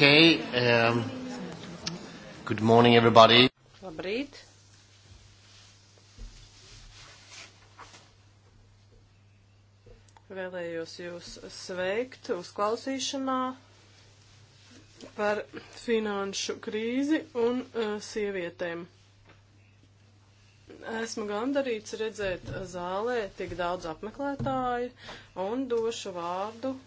Okay, um, good morning everybody. Labrīt. Vēlējos jūs sveikt uzklausīšanā par finanšu krīzi un uh, sievietēm. Esmu gandarīts redzēt zālē tik daudz apmeklētāju un došu vārdu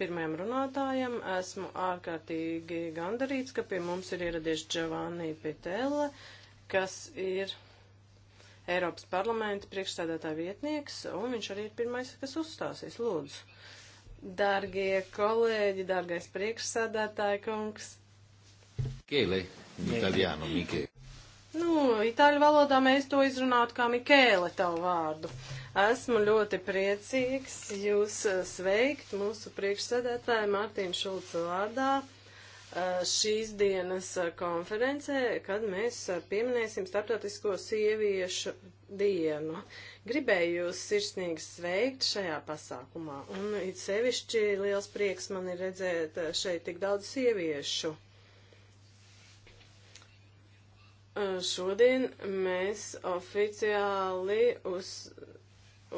pirmajam runātājam. Esmu ārkārtīgi gandarīts, ka pie mums ir ieradies Giovanni Pitele, kas ir Eiropas parlamenta priekšstādātāja vietnieks, un viņš arī ir pirmais, kas uzstāsies. Lūdzu, dārgie kolēģi, dārgais priekšstādātāja kungs. Kēlē, italiāno, Mikē. Nu, itāļu valodā mēs to izrunātu kā Mikēle tavu vārdu. Esmu ļoti priecīgs jūs eh, sveikt mūsu priekšsēdētāju Mārtiņu Šulcu vārdā eh, šīs dienas eh, konferencē, kad mēs pieminēsim Startautisko sieviešu dienu. Gribēju jūs sirsnīgi sveikt šajā pasākumā, un it sevišķi liels prieks man ir redzēt šeit tik daudz sieviešu. Eh, šodien mēs oficiāli uz,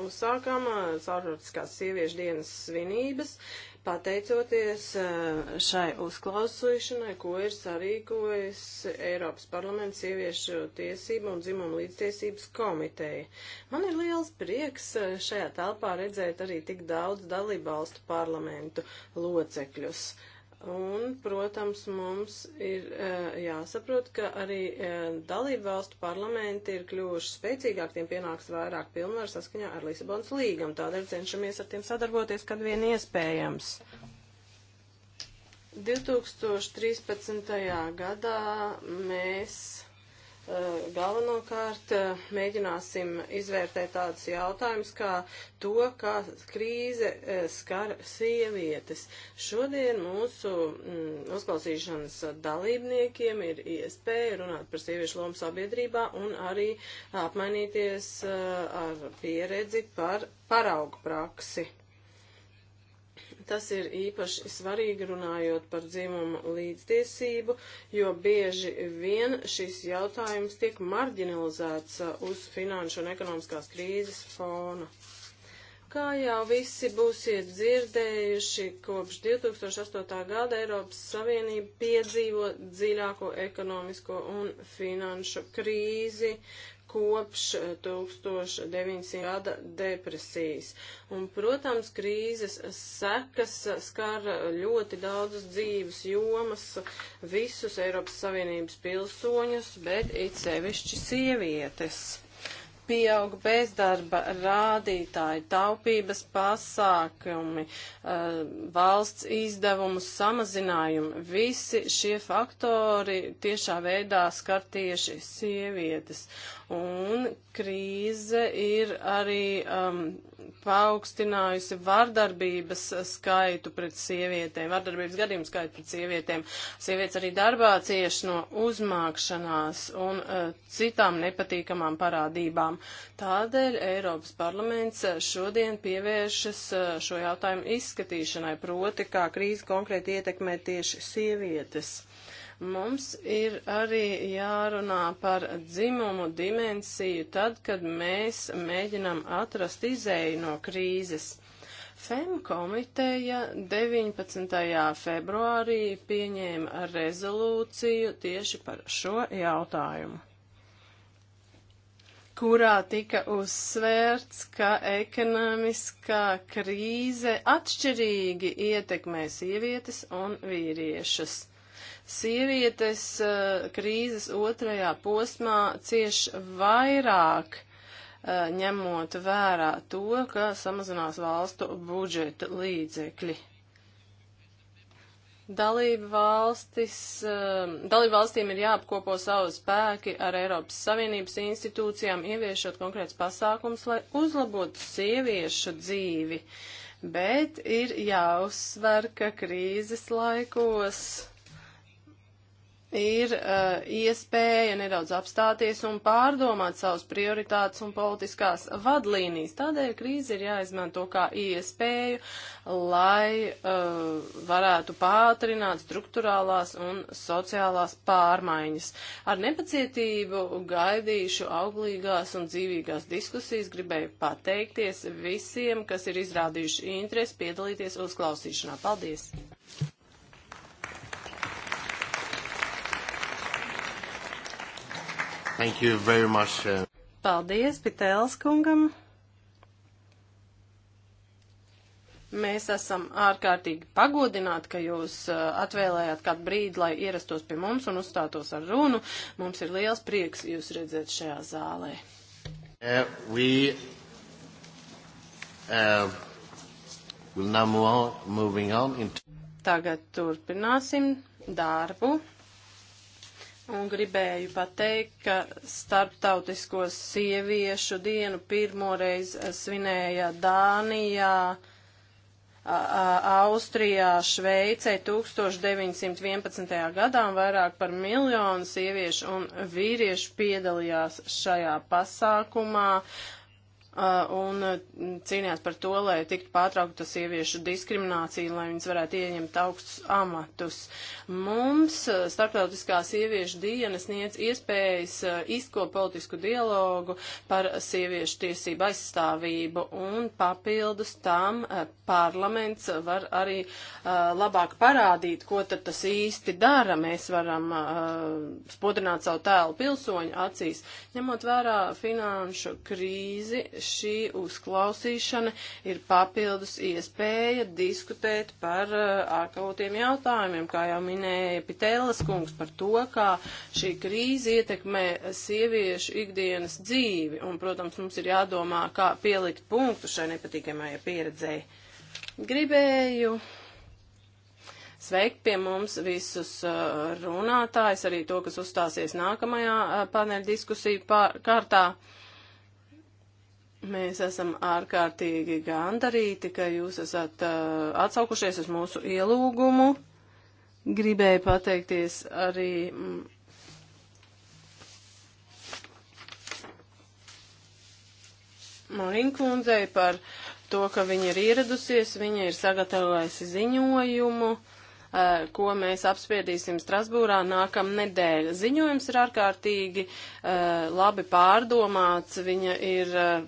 uzsākam eh, starptautiskās sieviešu dienas svinības, pateicoties eh, šai uzklausīšanai, ko ir sarīkojis Eiropas parlaments sieviešu tiesību un dzimumu līdztiesības komiteja. Man ir liels prieks šajā telpā redzēt arī tik daudz dalībvalstu parlamentu locekļus. Uh, Un, protams, mums ir e, jāsaprot, ka arī e, dalību valstu parlamenti ir kļuvuši spēcīgāk, tiem pienāks vairāk pilnvaru saskaņā ar Lisabonas līgumu. Tādēļ cenšamies ar tiem sadarboties, kad vien iespējams. 2013. gadā mēs Eh, galvenokārt eh, mēģināsim izvērtēt tādus jautājumus, kā to, kā krīze eh, skar sievietes. Šodien mūsu mm, uzklausīšanas dalībniekiem ir iespēja runāt par sieviešu lomu sabiedrībā un arī apmainīties ar pieredzi par paraugu praksi. Tas ir īpaši svarīgi runājot par dzimumu līdztiesību, jo bieži vien šis jautājums tiek marginalizēts uh, uz finanšu un ekonomiskās krīzes fona. Kā jau visi būsiet dzirdējuši, kopš 2008. gada Eiropas Savienība piedzīvo dziļāko ekonomisko un finanšu krīzi, kopš 1900 eh, gada depresijas. Un, protams, krīzes sekas skar ļoti daudzas dzīves jomas, visus Eiropas Savienības pilsoņus, bet it sevišķi sievietes. Pieauga bezdarba rādītāji, taupības pasākumi, eh, valsts izdevumu samazinājumi. Visi šie faktori tiešā veidā skar tieši sievietes un krīze ir arī um, paaugstinājusi vardarbības skaitu pret sievietēm, vardarbības gadījumu skaitu pret sievietēm. Sievietes arī darbā cieš no uzmākšanās un uh, citām nepatīkamām parādībām. Tādēļ Eiropas parlaments šodien pievēršas uh, šo jautājumu izskatīšanai, proti, kā krīze konkrēti ietekmē tieši sievietes. Mums ir arī jārunā par dzimumu dimensiju tad, kad mēs mēģinam atrast izēju no krīzes. FEM komiteja 19. februārī pieņēma rezolūciju tieši par šo jautājumu kurā tika uzsvērts, ka ekonomiskā krīze atšķirīgi ietekmē sievietes un vīriešus. Sievietes eh, krīzes otrajā posmā cieš vairāk eh, ņemot vērā to, ka samazinās valstu budžeta līdzekļi. Dalību, valstis, eh, dalību valstīm ir jāapkopo savu spēki ar Eiropas Savienības institūcijām, ieviešot konkrēts pasākums, lai uzlabotu sieviešu dzīvi, bet ir jāuzsver, ka krīzes laikos ir uh, iespēja nedaudz apstāties un pārdomāt savus prioritātes un politiskās vadlīnijas. Tādēļ krīze ir jāizmanto kā iespēju, lai uh, varētu pātrināt struktūrālās un sociālās pārmaiņas. Ar nepacietību gaidīšu auglīgās un dzīvīgās diskusijas. Gribēju pateikties visiem, kas ir izrādījuši interesi piedalīties uzklausīšanā. Paldies! Thank you very much. Uh... Paldies Pitēls kungam. Mēs esam ārkārtīgi pagodināti, ka jūs uh, atvēlējāt kādu brīdi, lai ierastos pie mums un uzstātos ar runu. Mums ir liels prieks jūs redzēt šajā zālē. Uh, we, uh, we'll now move on, moving on into... Tagad turpināsim darbu. Un gribēju pateikt, ka starptautisko sieviešu dienu pirmoreiz svinēja Dānijā, Austrijā, Šveicē 1911. gadā un vairāk par miljonu sieviešu un vīriešu piedalījās šajā pasākumā. Uh, Uh, un uh, cīnījās par to, lai tiktu pārtraukta sieviešu diskriminācija, lai viņas varētu ieņemt augstus amatus. Mums uh, starptautiskā sieviešu diena sniedz iespējas izko politisku dialogu par sieviešu tiesību aizstāvību, un papildus tam parlaments var arī labāk parādīt, ko tad tas īsti dara. Mēs varam spodrināt savu tēlu pilsoņu acīs, ņemot vērā finanšu krīzi šī uzklausīšana ir papildus iespēja diskutēt par uh, ārkārtiem jautājumiem, kā jau minēja Pitēlas kungs, par to, kā šī krīze ietekmē sieviešu ikdienas dzīvi. Un, protams, mums ir jādomā, kā pielikt punktu šai nepatīkamajai pieredzēji. Gribēju sveikt pie mums visus eh, runātājus, arī to, kas uzstāsies nākamajā eh, paneļa diskusiju pār, kārtā. Mēs esam ārkārtīgi gandarīti, ka jūs esat uh, atsaukušies uz mūsu ielūgumu. Gribēju pateikties arī. Mm, Marinkundzei par to, ka viņa ir ieradusies, viņa ir sagatavojusi ziņojumu. Uh, Eh, ko mēs apspriedīsim Strasbūrā nākam nedēļ. Ziņojums ir ārkārtīgi eh, labi pārdomāts, viņa ir eh,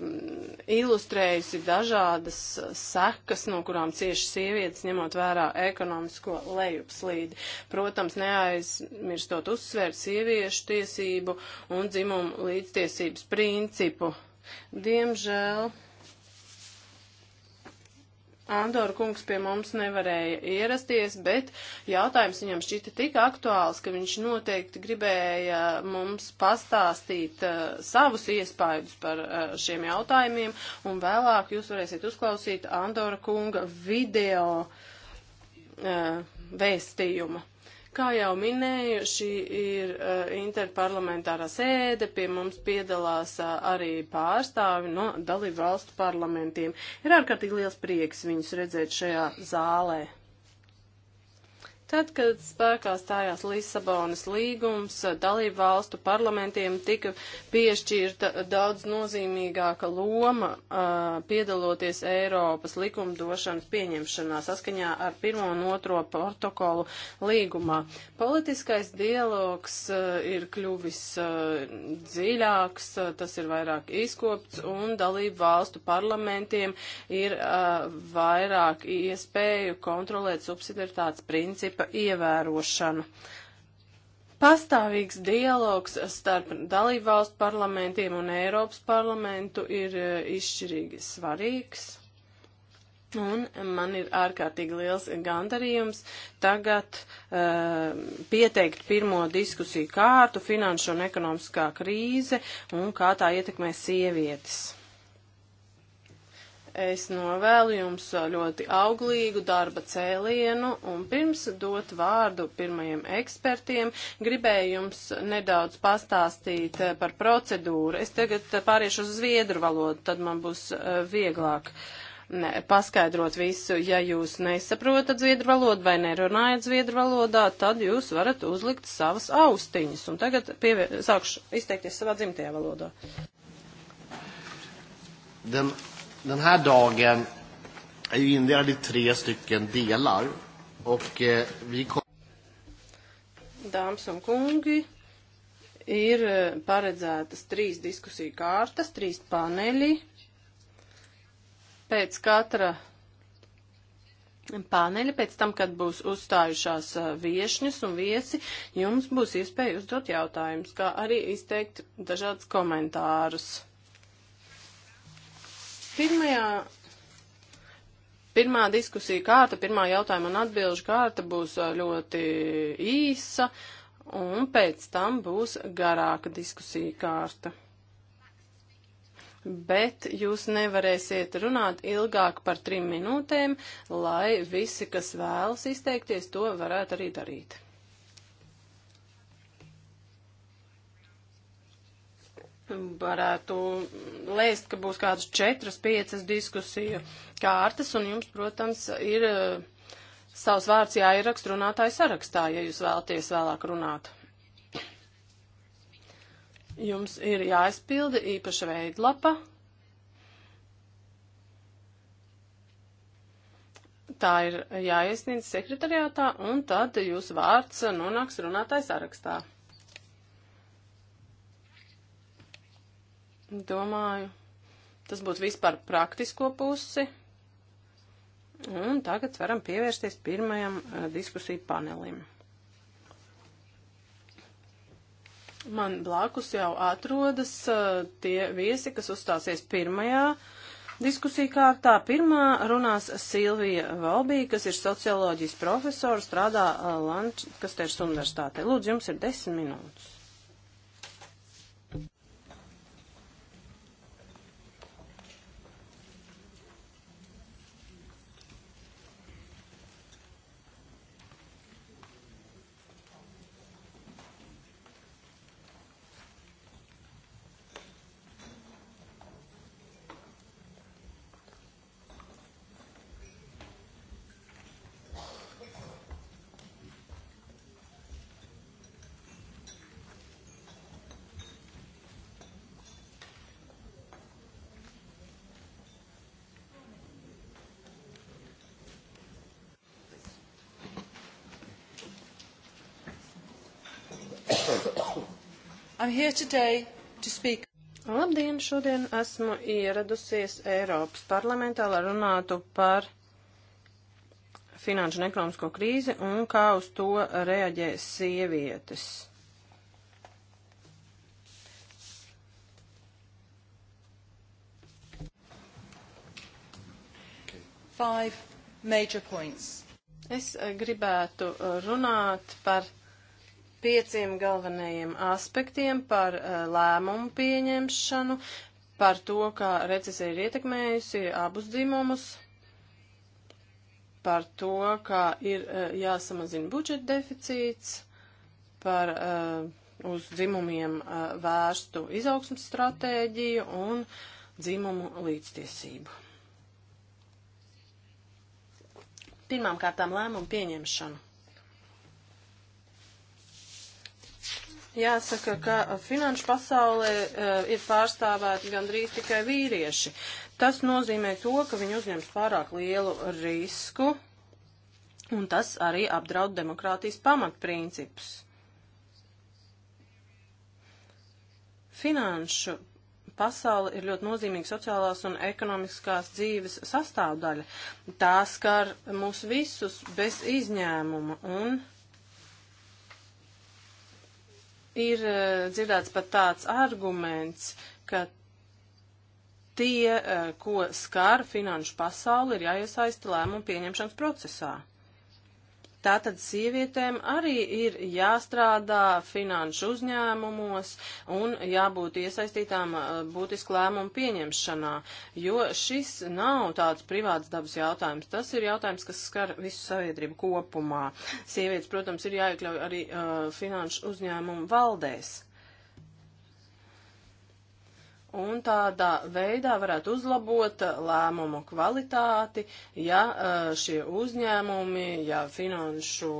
ilustrējusi dažādas sekas, no kurām cieši sievietes, ņemot vērā ekonomisko lejupslīdi. Protams, neaizmirstot uzsvērt sieviešu tiesību un dzimumu līdztiesības principu. Diemžēl Andor kungs pie mums nevarēja ierasties, bet jautājums viņam šķita tik aktuāls, ka viņš noteikti gribēja mums pastāstīt uh, savus iespaidus par uh, šiem jautājumiem, un vēlāk jūs varēsiet uzklausīt Andora kunga video uh, vēstījumu. Kā jau minēju, šī ir uh, interparlamentārā sēde, pie mums piedalās uh, arī pārstāvi no dalību valstu parlamentiem. Ir ārkārtīgi liels prieks viņus redzēt šajā zālē. Tad, kad spēkā stājās Lisabonas līgums, dalību valstu parlamentiem tika piešķirta daudz nozīmīgāka loma uh, piedaloties Eiropas likumdošanas pieņemšanā saskaņā ar pirmo un otro protokolu līgumā. Politiskais dialogs uh, ir kļuvis uh, dziļāks, uh, tas ir vairāk izkopts un dalību valstu parlamentiem ir uh, vairāk iespēju kontrolēt subsidiaritātes principu principa ievērošanu. Pastāvīgs dialogs starp dalībvalstu parlamentiem un Eiropas parlamentu ir e, izšķirīgi svarīgs. Un man ir ārkārtīgi liels gandarījums tagad uh, pieteikt pirmo diskusiju kārtu - finanšu un ekonomiskā krīze un kā tā ietekmē sievietes. Es novēlu jums ļoti auglīgu darba cēlienu un pirms dot vārdu pirmajiem ekspertiem gribēju jums nedaudz pastāstīt eh, par procedūru. Es tagad pāriešu uz zviedru valodu, tad man būs eh, vieglāk. Ne, paskaidrot visu, ja jūs nesaprotat zviedru valodu vai nerunājat zviedru valodā, tad jūs varat uzlikt savas austiņas. Un tagad pievē... sākšu izteikties savā dzimtajā valodā. Den Den här dagen är ju indelad i tre stycken delar. Och eh, vi kommer... Dāmas un kungi, ir eh, paredzētas trīs diskusiju kārtas, trīs paneļi. Pēc katra paneļa, pēc tam, kad būs uzstājušās eh, viešņas un viesi, jums būs iespēja uzdot jautājumus, kā arī izteikt dažādas komentārus. Pirmajā, pirmā diskusija kārta, pirmā jautājuma un atbilžu kārta būs uh, ļoti īsa, un pēc tam būs garāka diskusija kārta. Bet jūs nevarēsiet runāt ilgāk par trim minūtēm, lai visi, kas vēlas izteikties, to varētu arī darīt. varētu lēst, ka būs kādas četras, piecas diskusiju kārtas, un jums, protams, ir eh, savs vārds jāierakst runātāju sarakstā, ja jūs vēlaties vēlāk runāt. Jums ir jāizpilda īpaša veidlapa. Tā ir jāiesniedz sekretariātā, un tad jūsu vārds nonāks runātāju sarakstā. Domāju, tas būtu vispār praktisko pusi. Un tagad varam pievērsties pirmajam uh, diskusiju panelim. Man blakus jau atrodas uh, tie viesi, kas uzstāsies pirmajā diskusiju kārtā. Pirmā runās Silvija Valbī, kas ir socioloģijas profesora, strādā uh, eh, Lančkasters universitātē. Lūdzu, jums ir desmit minūtes. I'm here today to speak. Labdien, šodien esmu ieradusies Eiropas parlamentā, lai runātu par finanšu un ekonomisko krīzi un kā uz to reaģē sievietes. Five major points. Es gribētu runāt par pieciem galvenajiem aspektiem par uh, lēmumu pieņemšanu, par to, kā recesija ir ietekmējusi abus dzimumus, par to, kā ir uh, jāsamazina budžeta deficīts, par uh, uz dzimumiem vērstu izaugsmas stratēģiju un dzimumu līdztiesību. Pirmām kārtām lēmumu pieņemšanu. Jāsaka, ka finanšu pasaulē uh, ir pārstāvēti gandrīz tikai vīrieši. Tas nozīmē to, ka viņi uzņems pārāk lielu risku, un tas arī apdraud demokrātijas pamatprincipus. Finanšu pasaule ir ļoti nozīmīga sociālās un ekonomiskās dzīves sastāvdaļa. Tā skar mūs visus bez izņēmuma, un Ir eh, dzirdēts pat tāds arguments, ka tie, eh, ko skar finanšu pasauli, ir jāiesaista lēmumu pieņemšanas procesā. Tātad sievietēm arī ir jāstrādā finanšu uzņēmumos un jābūt iesaistītām uh, būtisku lēmumu pieņemšanā, jo šis nav tāds privāts dabas jautājums. Tas ir jautājums, kas skar visu sabiedrību kopumā. Sievietes, protams, ir jāiekļauj arī uh, finanšu uzņēmumu valdēs un tādā veidā varētu uzlabot uh, lēmumu kvalitāti, ja uh, šie uzņēmumi, ja finanšu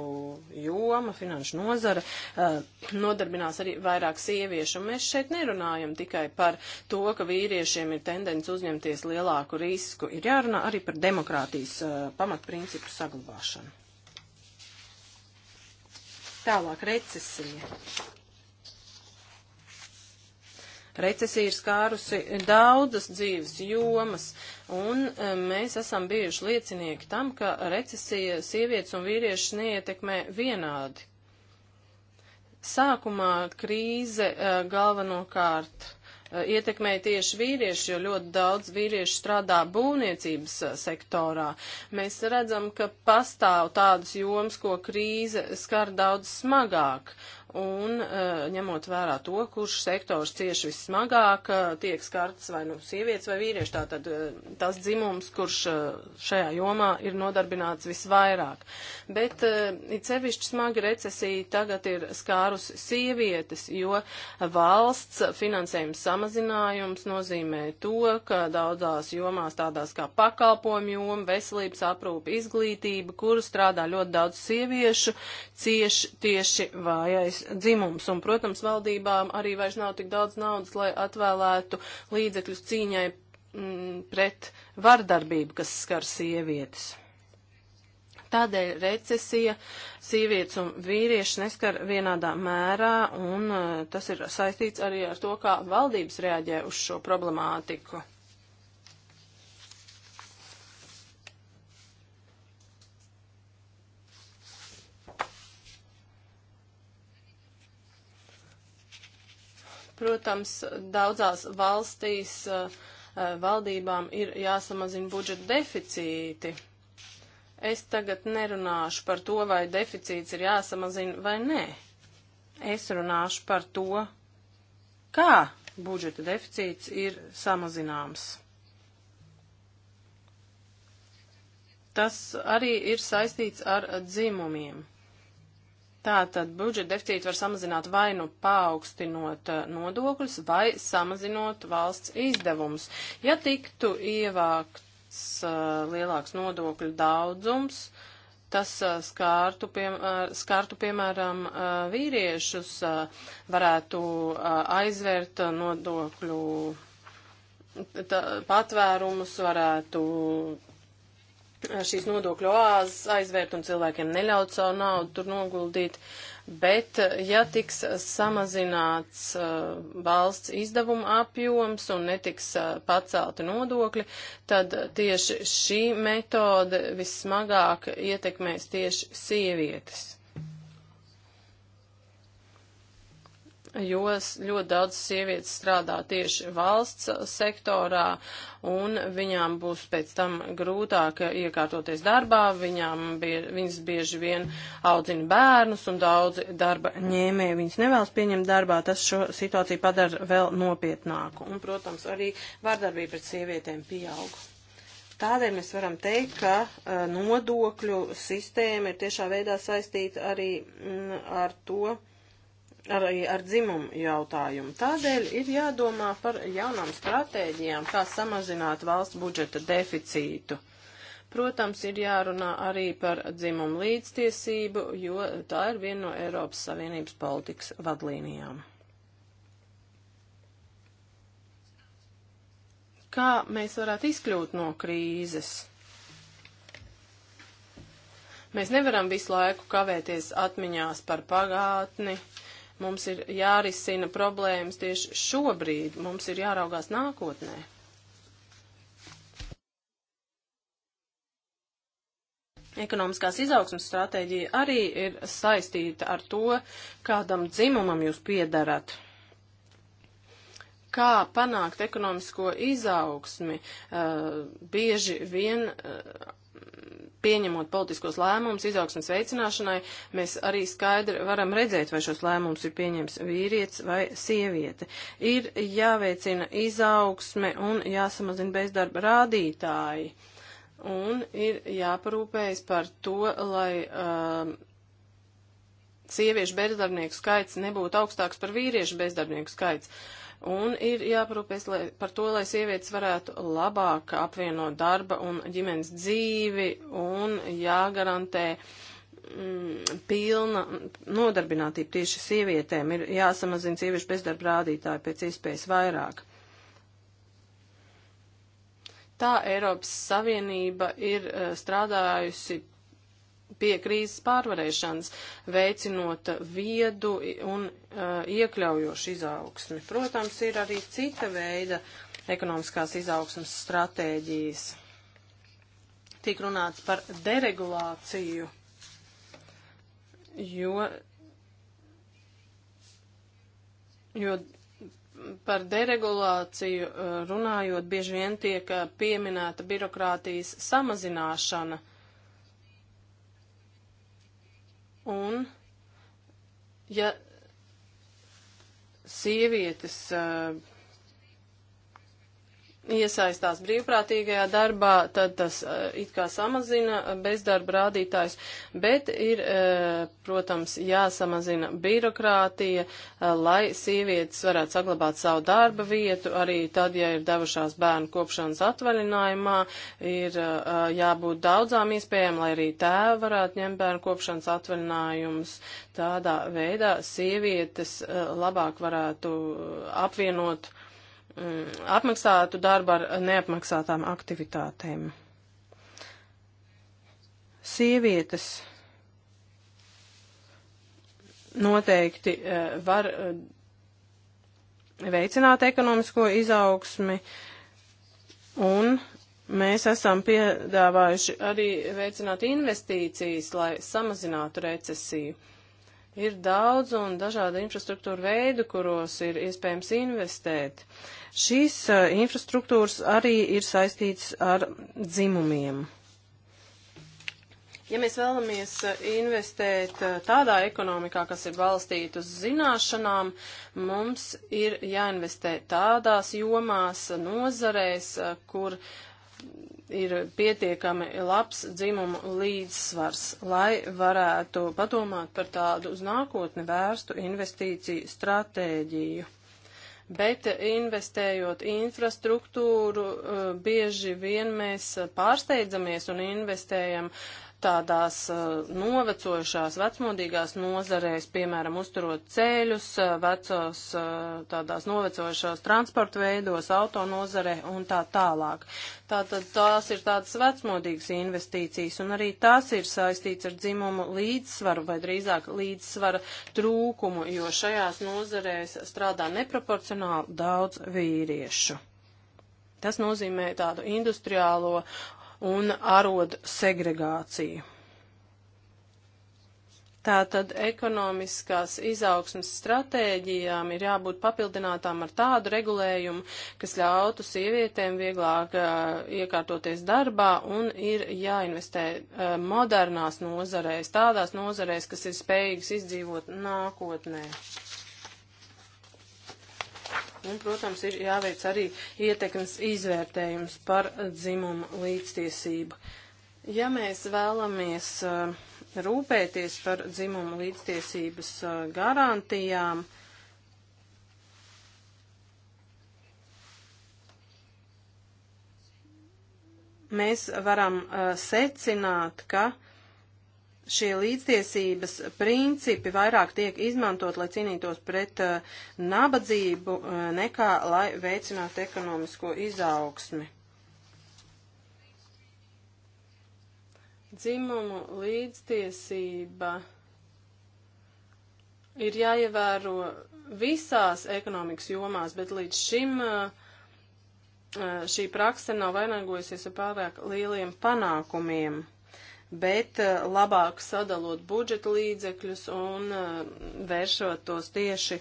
joma, finanšu nozara uh, nodarbinās arī vairāk sieviešu. Mēs šeit nerunājam tikai par to, ka vīriešiem ir tendence uzņemties lielāku risku. Ir jārunā arī par demokrātijas pamatprincipu saglabāšanu. Tālāk recesija. Recesija ir skārusi daudzas dzīves jomas, un e, mēs esam bijuši liecinieki tam, ka recesija sievietes un vīriešus neietekmē vienādi. Sākumā krīze e, galvenokārt e, ietekmēja tieši vīrieši, jo ļoti daudz vīriešu strādā būvniecības sektorā. Mēs redzam, ka pastāv tādas jomas, ko krīze skar daudz smagāk, un eh, ņemot vērā to, kurš sektors cieši vissmagāk, eh, tiek skartas vai nu sievietes vai vīrieši, tātad eh, tas dzimums, kurš šajā jomā ir nodarbināts visvairāk. Bet it sevišķi smagi recesija tagad ir skārus sievietes, jo valsts finansējums samazinājums nozīmē to, ka daudzās jomās tādās kā pakalpojumu joma, veselības aprūpe, izglītība, kuru strādā ļoti daudz sieviešu, cieši tieši vājais dzimums. Un, protams, valdībām arī vairs nav tik daudz naudas, lai atvēlētu līdzekļus cīņai m, mm, pret vardarbību, kas skar sievietes. Tādēļ recesija sievietes un vīrieši neskar vienādā mērā, un eh, tas ir saistīts arī ar to, kā valdības reaģē uz šo problemātiku. Protams, daudzās valstīs eh, eh, valdībām ir jāsamazina budžeta deficīti. Es tagad nerunāšu par to, vai deficīts ir jāsamazina vai nē. Es runāšu par to, kā budžeta deficīts ir samazināms. Tas arī ir saistīts ar dzimumiem. Tātad budžeta deficītu var samazināt vai nu paaugstinot eh, nodokļus, vai samazinot valsts izdevumus. Ja tiktu ievākts uh, lielāks nodokļu daudzums, tas uh, skārtu, pie, uh, skārtu piemēram vīriešus, varētu aizvērt nodokļu patvērumus, varētu šīs nodokļu oāzes aizvērt un cilvēkiem neļaut savu naudu tur noguldīt. Bet, eh, ja tiks samazināts uh, valsts izdevuma apjoms un netiks uh, pacelti nodokļi, tad tieši šī metode vissmagāk ietekmēs tieši sievietes. jo ļoti daudz sievietes strādā tieši valsts sektorā, un viņām būs pēc tam grūtāk iekārtoties darbā, viņām bie, viņas bieži vien audzina bērnus, un daudzi darba ņēmēji viņas nevēlas pieņemt darbā, tas šo situāciju padara vēl nopietnāku, un, protams, arī vardarbība pret sievietēm pieaug. Tādēļ mēs varam teikt, ka e, nodokļu sistēma ir tiešā veidā saistīta arī mm, ar to, arī ar dzimumu jautājumu. Tādēļ ir jādomā par jaunām stratēģijām, kā samazināt valsts budžeta deficītu. Protams, ir jārunā arī par dzimumu līdztiesību, jo tā ir viena no Eiropas Savienības politikas vadlīnijām. Kā mēs varētu izkļūt no krīzes? Mēs nevaram visu laiku kavēties atmiņās par pagātni, uh, Mums ir jārisina problēmas tieši šobrīd, mums ir jāraugās nākotnē. Ekonomiskās izaugsmas stratēģija arī ir saistīta ar to, kādam dzimumam jūs piedarat. Kā panākt ekonomisko izaugsmi? Uh, bieži vien uh, pieņemot politiskos lēmumus izaugsmas veicināšanai, mēs arī skaidri varam redzēt, vai šos lēmumus ir pieņems vīrietis vai sieviete. Ir jāveicina izaugsme un jāsamazina bezdarba rādītāji. Un ir jāparūpējas par to, lai um, sieviešu bezdarbnieku skaits nebūtu augstāks par vīriešu bezdarbnieku skaits. Uh, un ir jāparūpēs lai, par to, lai sievietes varētu labāk apvienot darba un ģimenes dzīvi un jāgarantē mm, pilna nodarbinātība tieši sievietēm. Ir jāsamazina sieviešu bezdarba rādītāji pēc iespējas vairāk. Tā Eiropas Savienība ir eh, strādājusi pie krīzes pārvarēšanas, veicinot viedu un uh, iekļaujošu izaugsmi. Protams, ir arī cita veida ekonomiskās izaugsmas stratēģijas. Tiek runāts par deregulāciju, jo, jo par deregulāciju uh, runājot, bieži vien tiek uh, pieminēta birokrātijas samazināšana. Uh, Un, ja sievietes uh, iesaistās brīvprātīgajā darbā, tad tas eh, it kā samazina eh, bezdarba rādītājs, bet ir, eh, protams, jāsamazina birokrātija, lai sievietes varētu saglabāt savu darba vietu, arī tad, ja ir devušās bērnu kopšanas atvaļinājumā, ir jābūt daudzām iespējām, lai arī tēvi varētu ņemt bērnu kopšanas atvaļinājumus. Tādā veidā sievietes labāk varētu apvienot uh, Mm, apmaksātu darbu ar neapmaksātām aktivitātēm. Sievietes noteikti eh, var eh, veicināt ekonomisko izaugsmi, un mēs esam piedāvājuši arī veicināt investīcijas, lai samazinātu recesiju. Ir daudz un dažādu infrastruktūru veidu, kuros ir iespējams investēt. Uh, Šīs uh, infrastruktūras arī ir saistītas ar dzimumiem. Ja mēs vēlamies uh, investēt uh, tādā ekonomikā, kas ir balstīta uz zināšanām, mums ir jāinvestē tādās jomās, nozarēs, kur ir pietiekami labs dzimumu līdzsvars, lai varētu padomāt par tādu uz nākotni vērstu investīciju stratēģiju bet investējot infrastruktūru, eh, bieži vien mēs eh, pārsteidzamies un investējam uh, tādās uh, novecojušās, vecmodīgās nozarēs, piemēram, uzturot ceļus, uh, vecos, uh, tādās novecojušās transporta veidos, autonozarē un tā tālāk. Tātad tās ir tādas vecmodīgas investīcijas, un arī tās ir saistīts ar dzimumu līdzsvaru vai drīzāk līdzsvara trūkumu, jo šajās nozarēs strādā neproporcionāli daudz vīriešu. Tas nozīmē tādu industriālo un arodu segregāciju. Tātad ekonomiskās izaugsmas stratēģijām ir jābūt papildinātām ar tādu regulējumu, kas ļautu sievietēm vieglāk uh, iekārtoties darbā un ir jāinvestē uh, modernās nozarēs, tādās nozarēs, kas ir spējīgas izdzīvot nākotnē. Un, protams, ir jāveic arī ietekmes izvērtējums par dzimumu līdztiesību. Ja mēs vēlamies eh, rūpēties par dzimumu līdztiesības eh, garantijām, mēs varam eh, secināt, ka uh, šie līdztiesības principi vairāk tiek izmantot, lai cīnītos pret uh, nabadzību, uh, nekā lai veicinātu ekonomisko izaugsmi. Dzimumu līdztiesība ir jāievēro visās ekonomikas jomās, bet līdz šim uh, uh šī prakse nav vainagojusies ar pārāk lieliem panākumiem bet eh, labāk sadalot budžeta līdzekļus un eh, vēršot tos tieši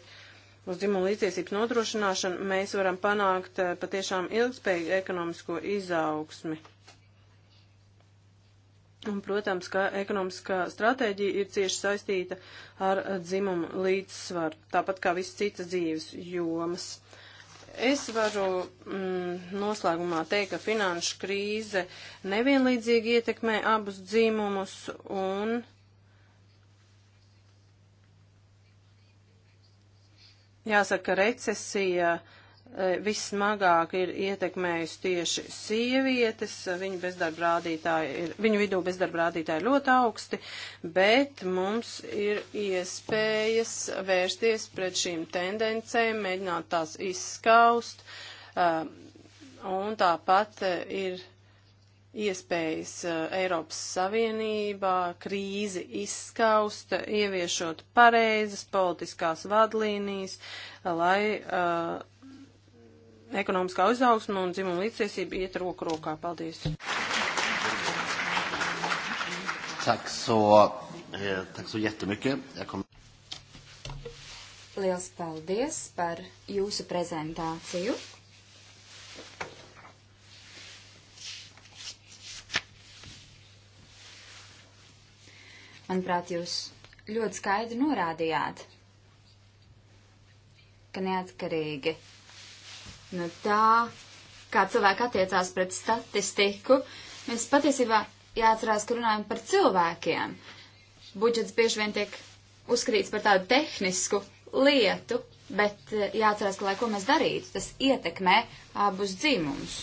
uz dzimumu līdztiesības nodrošināšanu, mēs varam panākt eh, patiešām ilgspējīgu ekonomisko izaugsmi. Un, protams, ka ekonomiskā stratēģija ir cieši saistīta ar dzimumu līdzsvaru, tāpat kā visas citas dzīves jomas. Es varu mm, noslēgumā teikt, ka finanšu krīze nevienlīdzīgi ietekmē abus dzīmumus un jāsaka, recesija uh, E, vissmagāk ir ietekmējusi tieši sievietes, viņu bezdarba rādītāji ir, viņu vidū bezdarba rādītāji ir ļoti augsti, bet mums ir iespējas vērsties pret šīm tendencēm, mēģināt tās izskaust, e, un tāpat e, ir iespējas Eiropas Savienībā krīzi izskaust, ieviešot pareizas politiskās vadlīnijas, lai uh, ekonomiskā uzaugšana un dzimuma līdztiesība iet roku rokā. Paldies! Tack så, eh, tack så jättemycket. Jag kommer... Liels paldies par jūsu prezentāciju. Manuprāt, jūs ļoti skaidri norādījāt, ka neatkarīgi no tā, kā cilvēki attiecās pret statistiku, mēs patiesībā jāatcerās, ka runājam par cilvēkiem. Budžets bieži vien tiek uzskatīts par tādu tehnisku lietu, bet eh, jāatcerās, ka lai ko mēs darītu, tas ietekmē abus dzimumus.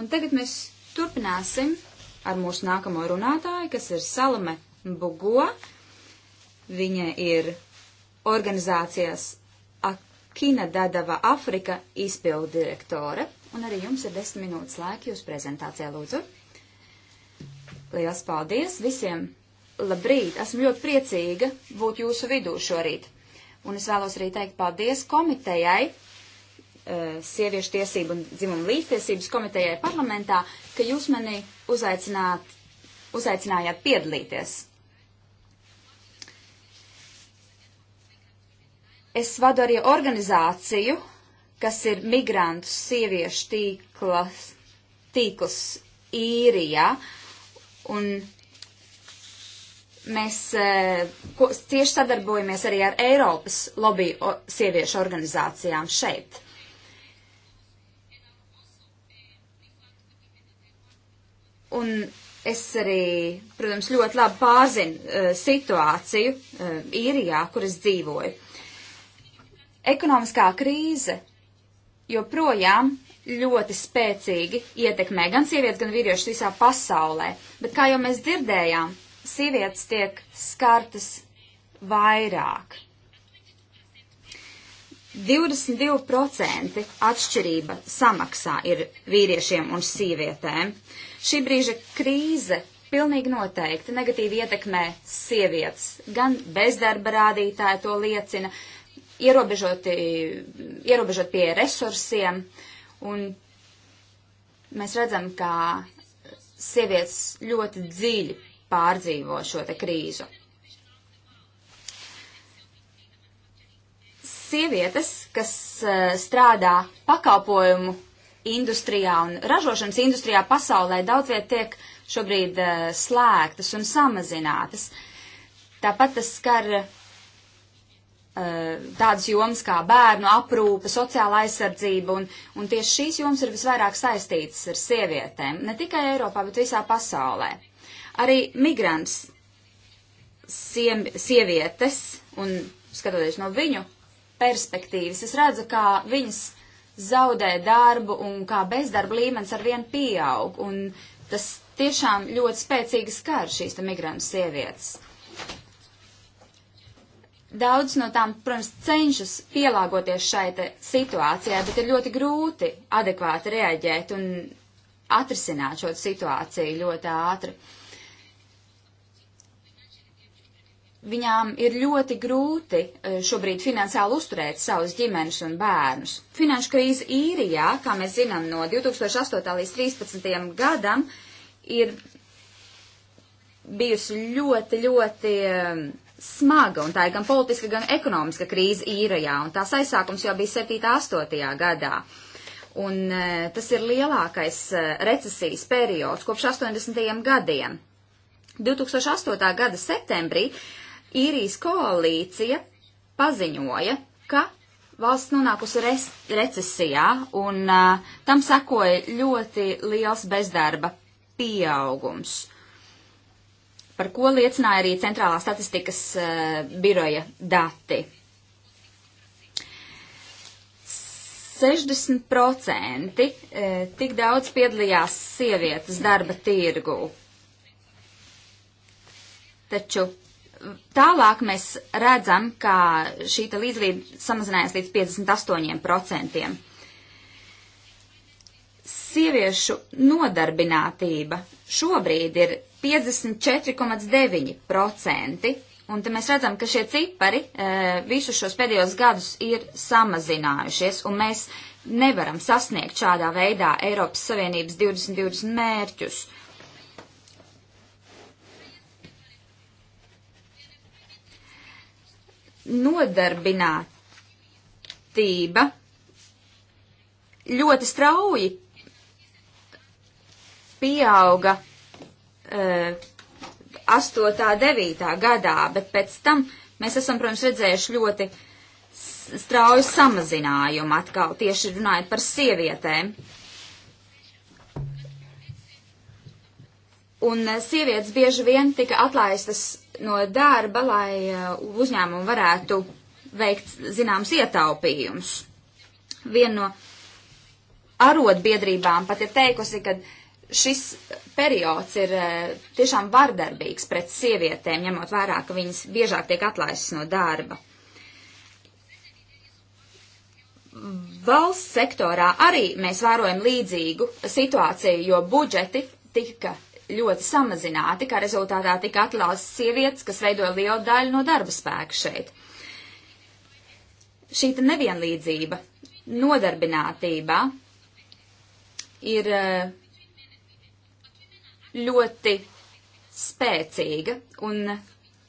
Un tagad mēs turpināsim ar mūsu nākamo runātāju, kas ir Salome Bugo. Viņa ir organizācijas Kina Dadava Afrika izpildu direktore, un arī jums ir desmit minūtes laika jūsu prezentācijā, lūdzu. Liels paldies visiem! Labrīt! Esmu ļoti priecīga būt jūsu vidū šorīt. Un es vēlos arī teikt paldies komitejai, eh, sieviešu tiesību un dzimumu līdztiesības komitejai parlamentā, ka jūs mani uzaicināt, uzaicinājāt piedalīties Es vadu arī organizāciju, kas ir migrantu sieviešu tīklas, tīkls īrijā, un mēs e, ko, tieši sadarbojamies arī ar Eiropas lobby o, sieviešu organizācijām šeit. Un es arī, protams, ļoti labi pārzinu uh, situāciju uh, īrijā, kur es dzīvoju. Ekonomiskā krīze joprojām ļoti spēcīgi ietekmē gan sievietes, gan vīriešus visā pasaulē. Bet, kā jau mēs dzirdējām, sievietes tiek skartas vairāk. 22% atšķirība samaksā ir vīriešiem un sievietēm. Šī brīža krīze pilnīgi noteikti negatīvi ietekmē sievietes. Gan bezdarba rādītāji to liecina, uh, ierobežoti, ierobežot pie resursiem, un mēs redzam, ka sievietes ļoti dziļi pārdzīvo šo te krīzu. Sievietes, kas eh, strādā pakalpojumu industrijā un ražošanas industrijā pasaulē daudz viet tiek šobrīd eh, slēgtas un samazinātas. Tāpat tas skar Eh, tādas jomas kā bērnu aprūpe, sociāla aizsardzība, un, un tieši šīs jomas ir visvairāk saistītas ar sievietēm, ne tikai Eiropā, bet visā pasaulē. Arī migrants siem, sievietes, un skatoties no viņu perspektīvas, es redzu, kā viņas zaudē darbu un kā bezdarba līmenis arvien pieaug, un tas tiešām ļoti spēcīgi skar šīs migrantu sievietes. Uh, Daudz no tām, protams, cenšas pielāgoties šai situācijai, bet ir ļoti grūti adekvāti reaģēt un atrisināt šo situāciju ļoti ātri. Viņām ir ļoti grūti eh, šobrīd finansiāli uzturēt savus ģimenes un bērnus. Finanšu krīze īrijā, kā mēs zinām, no 2008. līdz 2013. gadam ir bijusi ļoti, ļoti smaga, un tā ir gan politiska, gan ekonomiska krīze īrajā, un tās aizsākums jau bija 7. 8. gadā. Un e, tas ir lielākais e, recesijas periods kopš 80. gadiem. 2008. gada septembrī īrijas koalīcija paziņoja, ka valsts nonākusi res, recesijā, un uh, tam sekoja ļoti liels bezdarba pieaugums par ko liecināja arī Centrālā statistikas eh, biroja dati. 60% eh, tik daudz piedalījās sievietes darba tirgu. Taču tālāk mēs redzam, ka šī līdzlība samazinājās līdz 58%. Sieviešu nodarbinātība šobrīd ir 54,9%. Un te mēs redzam, ka šie cipari e, visu šos pēdējos gadus ir samazinājušies, un mēs nevaram sasniegt šādā veidā Eiropas Savienības 2020 mērķus. Nodarbinātība ļoti strauji pieauga 8. Eh, 9. gadā, bet pēc tam mēs esam, protams, redzējuši ļoti strauju samazinājumu atkal, tieši runājot par sievietēm. Un eh, sievietes bieži vien tika atlaistas no darba, lai eh, uzņēmumu varētu veikt zināms ietaupījums. Viena no arotbiedrībām pat ir teikusi, ka uh, šis periods ir eh, tiešām vardarbīgs pret sievietēm, ņemot vērā, ka viņas biežāk tiek atlaistas no darba. Valsts sektorā arī mēs vērojam līdzīgu situāciju, jo budžeti tika ļoti samazināti, kā rezultātā tika atlaistas sievietes, kas veidoja lielu daļu no darba spēka šeit. Šī nevienlīdzība nodarbinātībā ir uh, ļoti spēcīga, un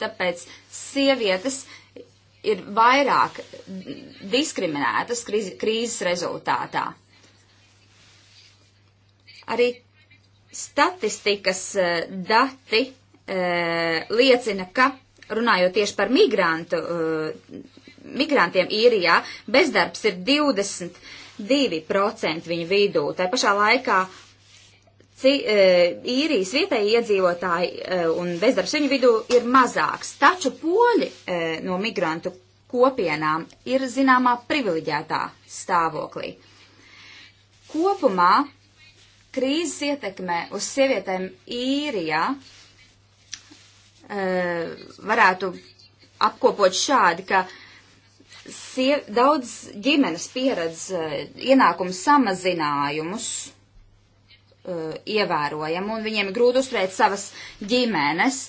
tāpēc sievietes ir vairāk diskriminētas krīzes rezultātā. Arī statistikas eh, dati e, liecina, ka runājot tieši par migrantu, e, migrantiem īrijā, bezdarbs ir 22% viņu vidū. Tā pašā laikā E, īrijas vietēji iedzīvotāji e, un bezdarbs viņu vidū ir mazāks. Taču poļi e, no migrantu kopienām ir zināmā privileģētā stāvoklī. Kopumā krīzes ietekme uz sievietēm īrijā varētu apkopot šādi, ka siev, daudz ģimenes pieredz ienākumu samazinājumus uh, eh, ievērojama, un viņiem ir grūti uzturēt savas ģimenes.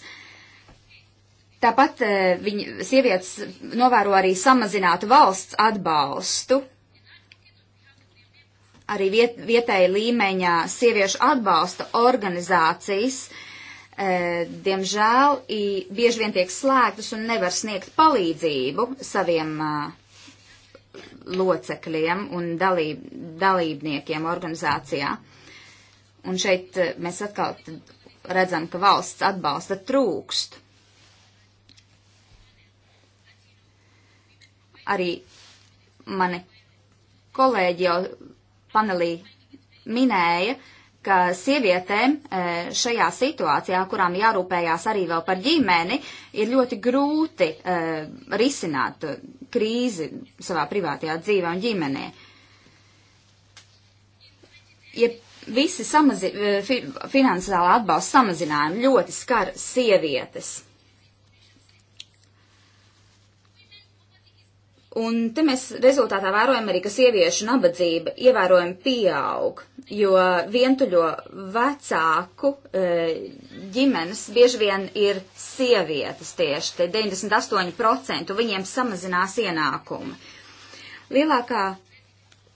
Tāpat uh, eh, viņa sievietes novēro arī samazinātu valsts atbalstu. Arī viet, vietēja līmeņa sieviešu atbalsta organizācijas, uh, diemžēl, i, bieži vien tiek slēgtas un nevar sniegt palīdzību saviem uh, locekļiem un dalīb, dalībniekiem organizācijā. Un šeit eh, mēs atkal redzam, ka valsts atbalsta trūkst. Arī mani kolēģi jau panelī minēja, ka sievietēm eh, šajā situācijā, kurām jārūpējās arī vēl par ģimeni, ir ļoti grūti eh, risināt krīzi savā privātajā dzīvē un ģimenē. Ja visi samazi, eh, fi, finansiāla atbalsta samazinājumi ļoti skar sievietes. Un te mēs rezultātā vērojam arī, ka sieviešu nabadzība ievērojami pieaug, jo vientuļo vecāku eh, ģimenes bieži vien ir sievietes tieši, te 98% viņiem samazinās ienākumi. Lielākā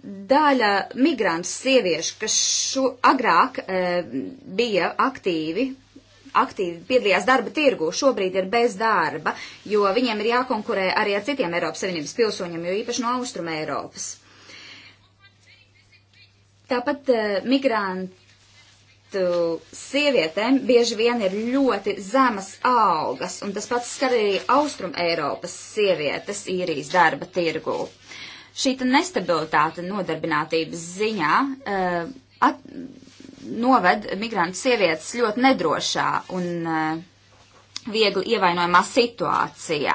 daļa migrantu sieviešu, kas šo agrāk e, bija aktīvi, aktīvi piedalījās darba tirgu, šobrīd ir bez darba, jo viņiem ir jākonkurē arī ar citiem Eiropas Savienības pilsoņiem, jo īpaši no Austrum Eiropas. Tāpat e, migrantu sievietēm bieži vien ir ļoti zemas algas, un tas pats skar arī Austrum Eiropas sievietes īrijas darba tirgu. Šī nestabilitāte nodarbinātības ziņā uh, at, noved migrantu sievietes ļoti nedrošā un uh, viegli ievainojamā situācijā.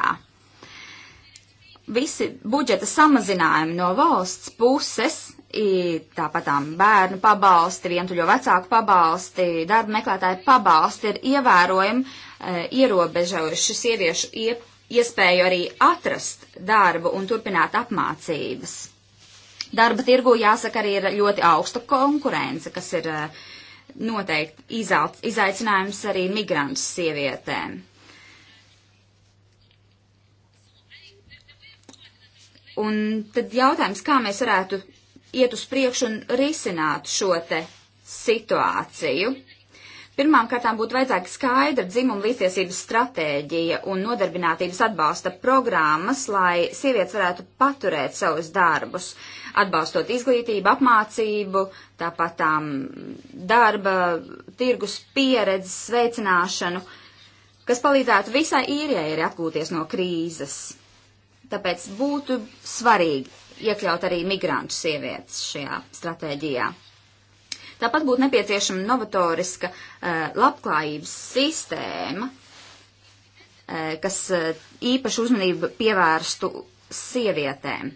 Visi budžeta samazinājumi no valsts puses, tāpatām bērnu pabalsti, vientuļo vecāku pabalsti, darba meklētāju pabalsti ir ievērojami uh, ierobežojuši sieviešu iepirkumu iespēju arī atrast darbu un turpināt apmācības. Darba tirgu, jāsaka, arī ir ļoti augsta konkurence, kas ir eh, noteikti izaicinājums arī migrantu sievietēm. Un tad jautājums, kā mēs varētu iet uz priekšu un risināt šo te situāciju. Pirmām kārtām būtu vajadzīga skaidra dzimuma līdztiesības stratēģija un nodarbinātības atbalsta programmas, lai sievietes varētu paturēt savus darbus, atbalstot izglītību, apmācību, tāpat tām um, darba, tirgus pieredzes, sveicināšanu, kas palīdzētu visai īrijai arī atgūties no krīzes. Tāpēc būtu svarīgi iekļaut arī migrantu sievietes šajā stratēģijā. Tāpat būtu nepieciešama novatoriska eh, labklājības sistēma, eh, kas eh, īpašu uzmanību pievērstu sievietēm.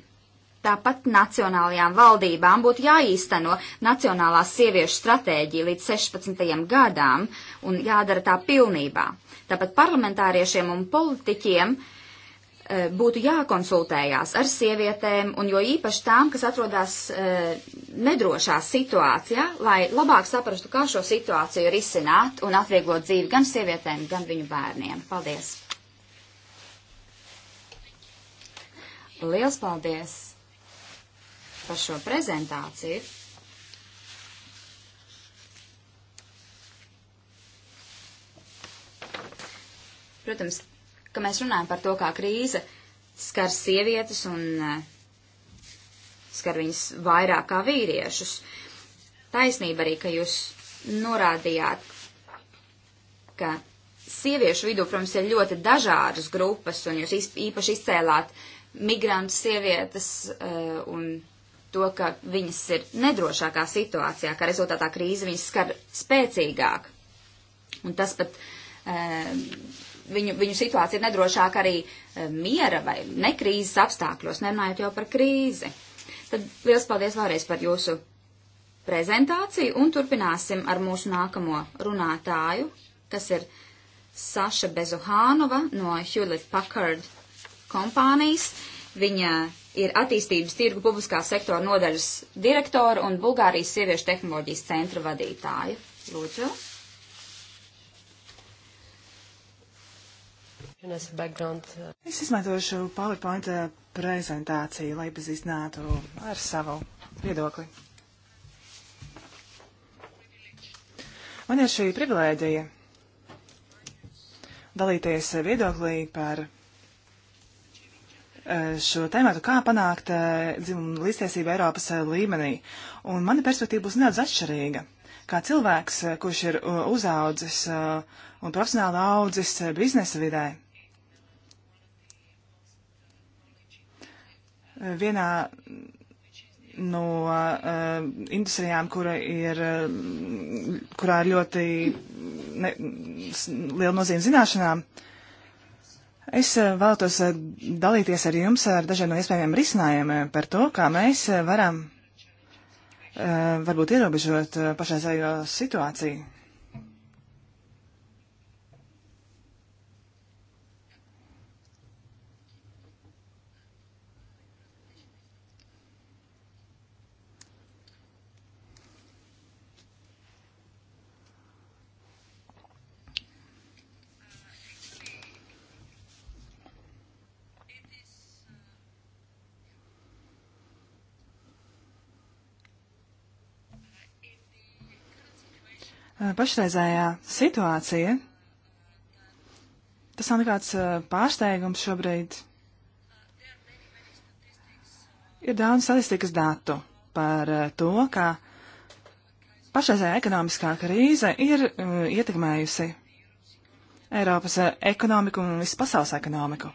Tāpat nacionālajām valdībām būtu jāīsteno nacionālā sieviešu stratēģija līdz 16. gadām un jādara tā pilnībā. Tāpat parlamentāriešiem un politiķiem uh, E, būtu jākonsultējās ar sievietēm, un jo īpaši tām, kas atrodas e, nedrošā situācijā, lai labāk saprastu, kā šo situāciju risināt un atvieglot dzīvi gan sievietēm, gan viņu bērniem. Paldies! Liels paldies par šo prezentāciju! Protams, ka mēs runājam par to, kā krīze skar sievietes un eh, skar viņas vairāk kā vīriešus. Taisnība arī, ka jūs norādījāt, ka sieviešu vidū, protams, ir ļoti dažādas grupas, un jūs īpaši izcēlāt migrantu sievietes uh, un to, ka viņas ir nedrošākā situācijā, ka rezultātā krīze viņas skar spēcīgāk. Un tas pat uh, viņu, viņu situācija ir nedrošāka arī eh, miera vai nekrīzes apstākļos, nerunājot jau par krīzi. Tad liels paldies vēlreiz par jūsu prezentāciju un turpināsim ar mūsu nākamo runātāju, kas ir Saša Bezuhānova no Hewlett Packard kompānijas. Viņa ir attīstības tirgu publiskā sektora nodaļas direktora un Bulgārijas sieviešu tehnoloģijas centra vadītāja. Lūdzu. Uh, es izmantošu PowerPoint uh, prezentāciju, lai pazīstinātu ar savu viedokli. Man ir šī privilēģija dalīties viedoklī par uh, šo tēmu, kā panākt dzimumu līdztiesību Eiropas līmenī. Un mana perspektīva būs nedaudz atšķirīga. Kā cilvēks, kurš ir uzaudzis un profesionāli audzis biznesa vidē, vienā no uh, industrijām, kura ir, eh, kurā ir ļoti ne, liela nozīme zināšanām, es eh, vēlētos dalīties ar jums ar dažiem no iespējamiem risinājumiem par to, kā mēs varam uh, varbūt ierobežot pašreizējo situāciju. pašreizējā situācija. Tas nav nekāds pārsteigums šobrīd. Ir daudz statistikas datu par to, ka pašreizējā ekonomiskā krīze ir ietekmējusi Eiropas ekonomiku un visu pasaules ekonomiku.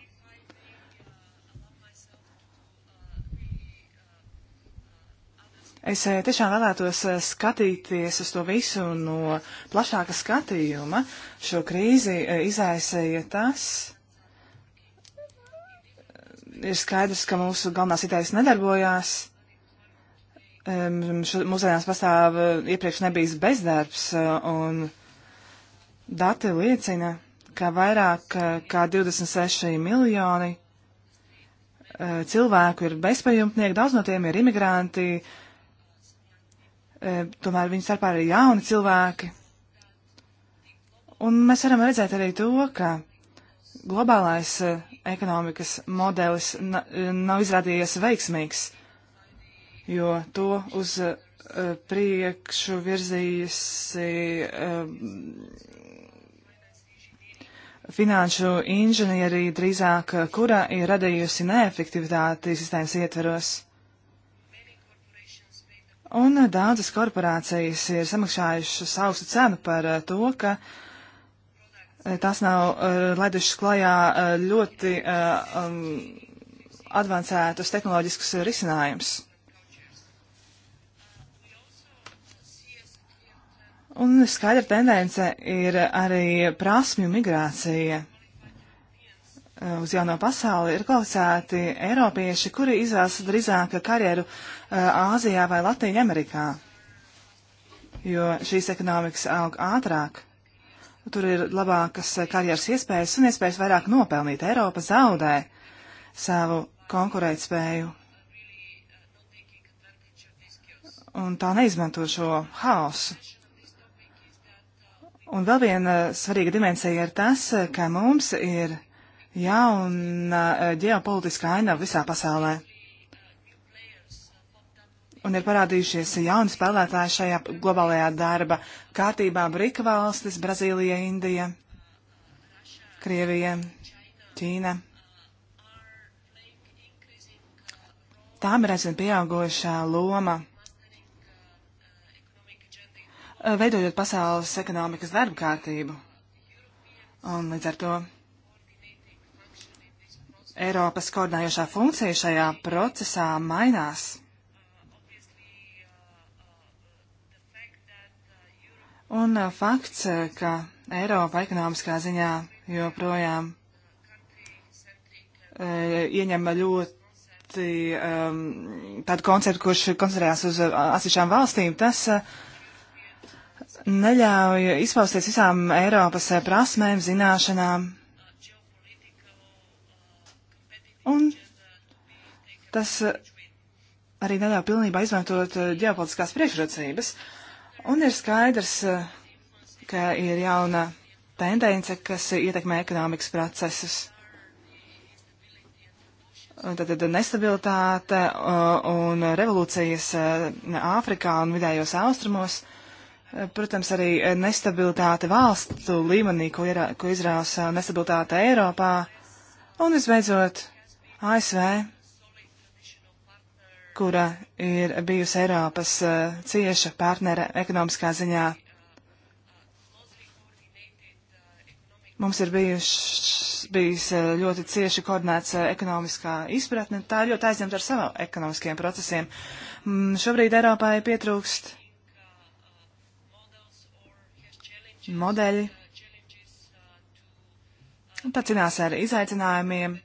Es eh, tiešām vēlētos eh, skatīties uz to visu no plašāka skatījuma. Šo krīzi eh, izaisēja tas. Ir skaidrs, ka mūsu galvenās idejas nedarbojās. Mūsdienās pastāv iepriekš nebijis bezdarbs, un dati liecina, ka vairāk kā 26 miljoni cilvēku ir bezpajumtnieki, daudz no tiem ir imigranti, uh, E, tomēr viņu starpā arī jauni cilvēki. Un mēs varam redzēt arī to, ka globālais e, ekonomikas modelis e, nav izrādījies veiksmīgs, jo to uz priekšu virzījusi finanšu inženierija drīzāk, kura ir radījusi neefektivitāti sistēmas ietveros. Un eh, daudzas korporācijas ir samaksājušas augstu cenu par eh, to, ka eh, tās nav laidušas klajā ļoti um, advancētus tehnoloģiskus risinājumus. Un skaidra tendence ir arī prasmju migrācija Uh, uz jauno pasauli ir kvalificēti eiropieši, kuri izvēlas drīzāk karjeru uh, Āzijā vai Latvijā Amerikā, jo šīs ekonomikas aug ātrāk. Tur ir labākas uh, karjeras iespējas un iespējas vairāk nopelnīt. Eiropa zaudē savu konkurētspēju. Un tā neizmanto šo haosu. Un vēl viena svarīga dimensija ir tas, ka mums ir uh, jauna eh, ģeopolitiska aina visā pasaulē. Un ir parādījušies jauni spēlētāji šajā globālajā darba kārtībā - Brika valstis, Brazīlija, Indija, Krievija, Ķīna. Tām ir aizvien pieaugošā loma eh, veidojot pasaules ekonomikas darba kārtību. Un līdz ar to Eiropas koordinējošā funkcija šajā procesā mainās. Un uh, fakts, uh, ka Eiropa ekonomiskā ziņā joprojām e, ieņem ļoti um, tādu konceptu, kurš koncentrējās uz atsevišķām valstīm, tas uh, neļauj izpausties visām Eiropas prasmēm, zināšanām Un tas eh, arī neļauj pilnībā izmantot eh, ģeopolitiskās priekšrocības. Un ir skaidrs, eh, ka ir jauna tendence, kas ietekmē ekonomikas procesus. Tad, tad nestabilitāte un revolūcijas Āfrikā un vidējos austrumos, protams, arī nestabilitāte valstu līmenī, ko, ir, ko izrāsa nestabilitāte Eiropā, un visbeidzot ASV, kura ir bijusi Eiropas uh, cieša partnere ekonomiskā ziņā. Mums ir bijuši, bijis e, ļoti cieši koordinēts e, ekonomiskā izpratne, tā ir ļoti aizņemta ar saviem ekonomiskiem procesiem. Mm, šobrīd Eiropai pietrūkst modeļi. Tā cīnās ar izaicinājumiem,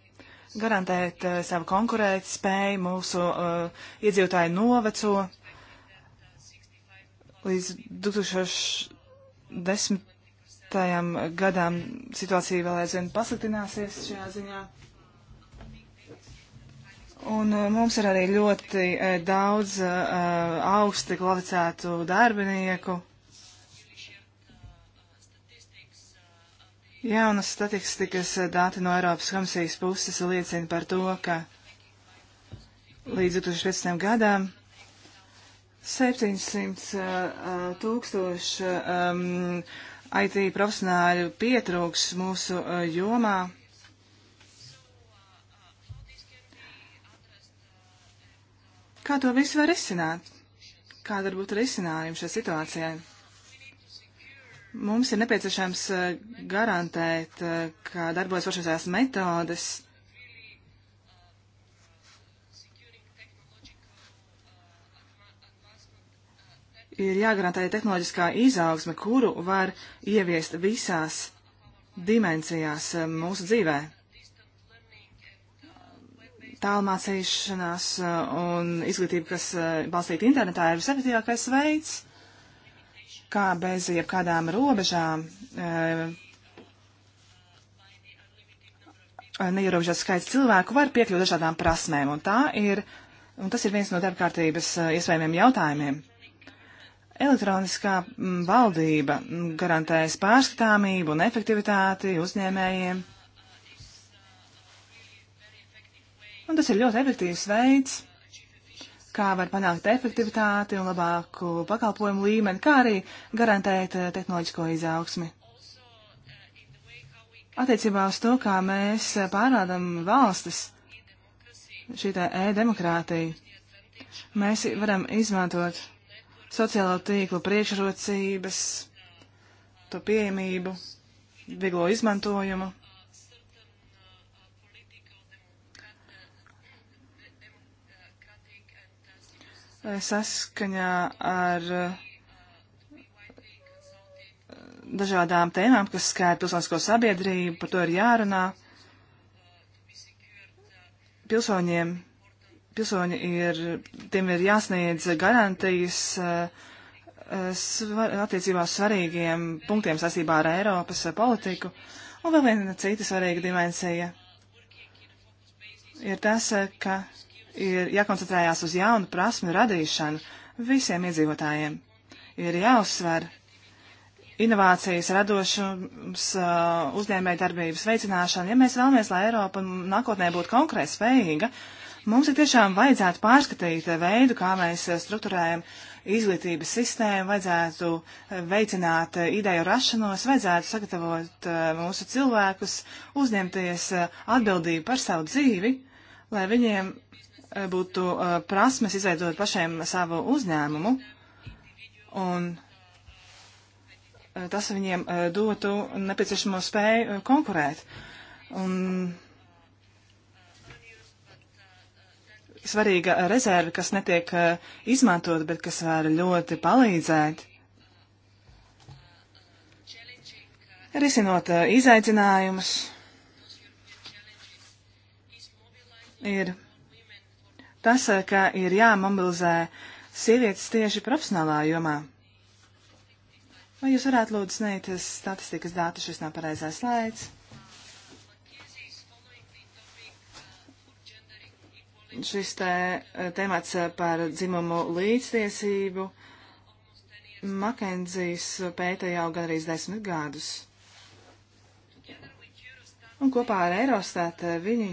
garantēt uh, savu konkurētspēju, mūsu uh, eh, iedzīvotāji noveco līdz 2010. gadam situācija vēl aizvien pasliktināsies šajā ziņā. Un eh, mums ir arī ļoti daudz uh, augsti kvalificētu darbinieku. Jaunas statistikas dati no Eiropas komisijas puses liecina par to, ka līdz 2015. gadam 700 uh, tūkstoši um, IT profesionāļu pietrūks mūsu uh, jomā. Kā to visu var risināt? Kāda būtu risinājuma šai situācijai? Mums ir nepieciešams eh, garantēt, eh, ka darbojas pašreizējās metodes. Ir jāgarantē tehnoloģiskā izaugsme, kuru var ieviest visās dimensijās eh, mūsu dzīvē. Tālmācīšanās un izglītība, kas balstīta internetā, ir visefektīvākais veids kā bez jebkādām robežām e, neierobežots skaits cilvēku var piekļūt dažādām prasmēm, un, ir, un tas ir viens no darbkārtības e, iespējamiem jautājumiem. Elektroniskā valdība garantēs pārskatāmību un efektivitāti uzņēmējiem. Un tas ir ļoti efektīvs veids, kā var panākt efektivitāti un labāku pakalpojumu līmeni, kā arī garantēt eh, tehnoloģisko izaugsmi. Attiecībā uz to, kā mēs pārādam valstis, šī tā e-demokrātija, mēs varam izmantot sociālo tīklu priekšrocības, to pieejamību, vieglo izmantojumu saskaņā ar eh, dažādām tēmām, kas skēr pilsonisko sabiedrību, par to ir jārunā. Pilsoņiem, pilsoņi ir, tiem ir jāsniedz garantijas eh, svar, attiecībā uz svarīgiem punktiem saistībā ar Eiropas politiku. Un vēl viena cita svarīga dimensija ir tas, eh, ka ir jākoncentrējās uz jaunu prasmu radīšanu visiem iedzīvotājiem. Ir jāuzsver inovācijas radošums, uh, uzņēmēja darbības veicināšana. Ja mēs vēlamies, lai Eiropa nākotnē būtu konkrēti spējīga, mums ir tiešām vajadzētu pārskatīt veidu, kā mēs strukturējam izglītības sistēmu, vajadzētu veicināt ideju rašanos, vajadzētu sagatavot uh, mūsu cilvēkus, uzņemties uh, atbildību par savu dzīvi, lai viņiem Eh, būtu eh, prasmes izveidot pašiem savu uzņēmumu, un eh, tas viņiem dotu nepieciešamo spēju konkurēt. Un svarīga rezerve, kas netiek izmantot, bet kas var ļoti palīdzēt. Risinot izaicinājumus, ir tas, eh, ka ir jāmobilizē sievietes tieši profesionālā jomā. Vai jūs varētu lūdzu sniegt statistikas dātu, šis nav pareizais slaids? Šis te, eh, temats eh, par dzimumu līdztiesību Makenzijas pēta jau gan arī desmit gadus. Un kopā ar Eurostat viņi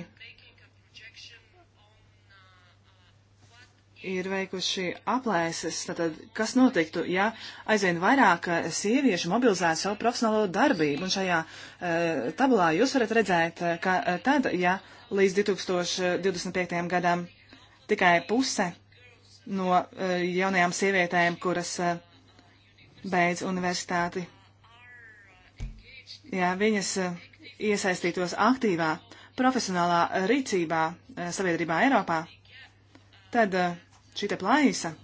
ir veikuši aplēses, tātad, kas notiktu, ja aizvien vairāk eh, sieviešu mobilizētu savu profesionālo darbību. Un šajā e, tabulā jūs varat redzēt, eh, ka tad, ja līdz 2025. gadam tikai puse no e, jaunajām sievietēm, kuras e, beidz universitāti, ja viņas iesaistītos aktīvā profesionālā rīcībā sabiedrībā Eiropā, tad uh, šī te plaisa,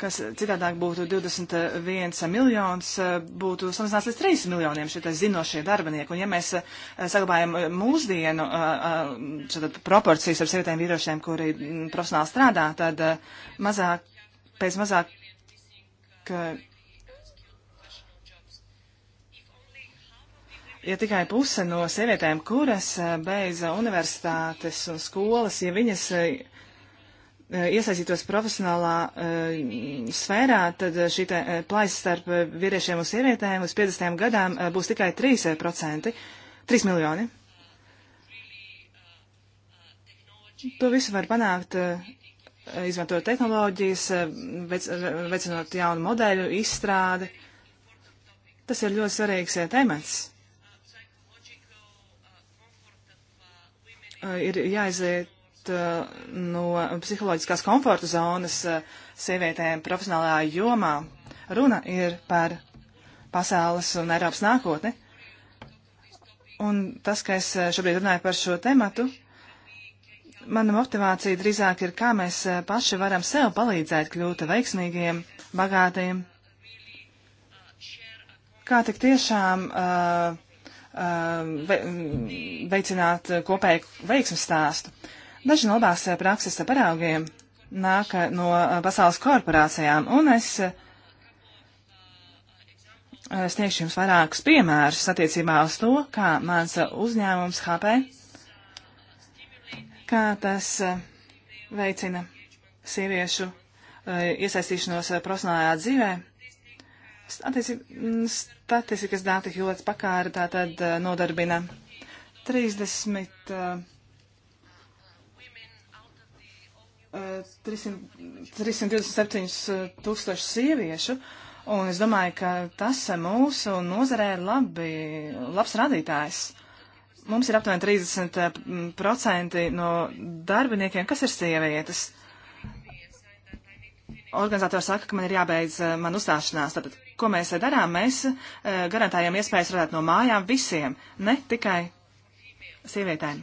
kas citādāk būtu 21 miljons, eh, būtu samazināts līdz 3 miljoniem šie zinošie darbinieki. Un ja mēs eh, saglabājam eh, mūsdienu proporcijas ar sievietēm vīrošiem, kuri mm, profesionāli strādā, tad mazāk, pēc mazāk ja tikai puse no sievietēm, kuras eh, beidza eh, universitātes un skolas, ja viņas eh, iesaistītos profesionālā uh, sfērā, tad šī plaisa starp vīriešiem un sievietēm uz 50 gadām būs tikai 3%, 3 miljoni. To visu var panākt, uh, izmantojot tehnoloģijas, veic, veicinot jaunu modeļu, izstrādi. Tas ir ļoti svarīgs uh, temats. Uh, ir jāiziet uh, no psiholoģiskās komforta zonas uh, sievietēm profesionālajā jomā. Runa ir par pasaules un Eiropas nākotni. Un tas, ka es šobrīd runāju par šo tematu, mana motivācija drīzāk ir, kā mēs paši varam sev palīdzēt kļūt veiksmīgiem, bagātiem. Kā tik tiešām uh, Um, um, veicināt kopēju veiksmu stāstu. Daži no labās uh, prakses paraugiem nāk uh, no uh, pasaules korporācijām, un es sniegšu jums vairākus piemērus attiecībā uz to, kā mans uzņēmums HP, kā tas veicina sieviešu iesaistīšanos profesionālajā dzīvē Mm, statistikas dati Hjulets pakāra tātad eh, nodarbina 30. Uh, 300, 327 tūkstoši sieviešu, un es domāju, ka tas mūsu nozarē ir labi, labs radītājs. Mums ir aptuveni 30% eh, no darbiniekiem, kas ir sievietes. Uh, organizatori saka, ka man ir jābeidz eh, man uzstāšanās. Tātad, ko mēs eh, darām? Mēs eh, garantējam iespējas strādāt no mājām visiem, ne tikai sievietēm.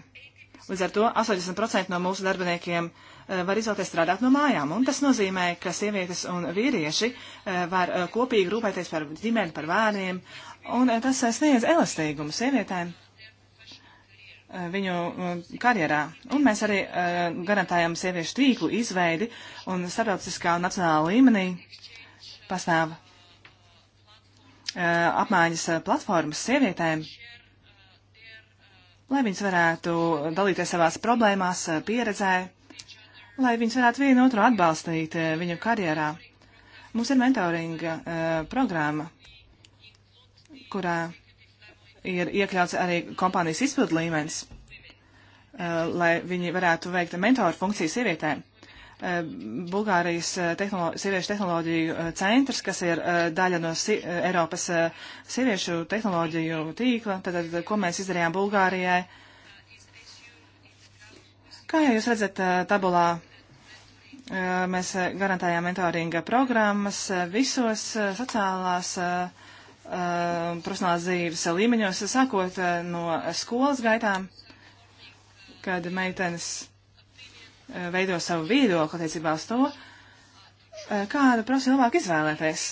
Līdz ar to 80% no mūsu darbiniekiem var izvēlēties strādāt no mājām, un tas nozīmē, ka sievietes un vīrieši var kopīgi rūpēties par ģimeni, par bērniem, un tas sniedz elastīgumu sievietēm Eh, viņu eh, karjerā. Un mēs arī eh, garantējam sieviešu tīklu izveidi un starptautiskā un nacionālā līmenī pastāv apmaiņas platformas sievietēm, lai viņas varētu dalīties savās problēmās, pieredzē, lai viņas varētu vienu otru atbalstīt viņu karjerā. Mums ir mentoringa programma, kurā ir iekļauts arī kompānijas izpildu līmenis, eh, lai viņi varētu veikt mentoru funkciju sievietēm. Eh, Bulgārijas eh, tehnolo sieviešu tehnoloģiju centrs, kas ir daļa no si Eiropas sieviešu tehnoloģiju tīkla. Tātad, ko mēs izdarījām Bulgārijai? Kā jau jūs redzat tabulā, mēs garantējām mentoringa programmas visos sociālās uh, Uh, profesionālās dzīves līmeņos, sākot uh, no skolas gaitām, kad meitenes uh, veido savu viedokli attiecībā uz to, kādu profesiju labāk izvēlēties.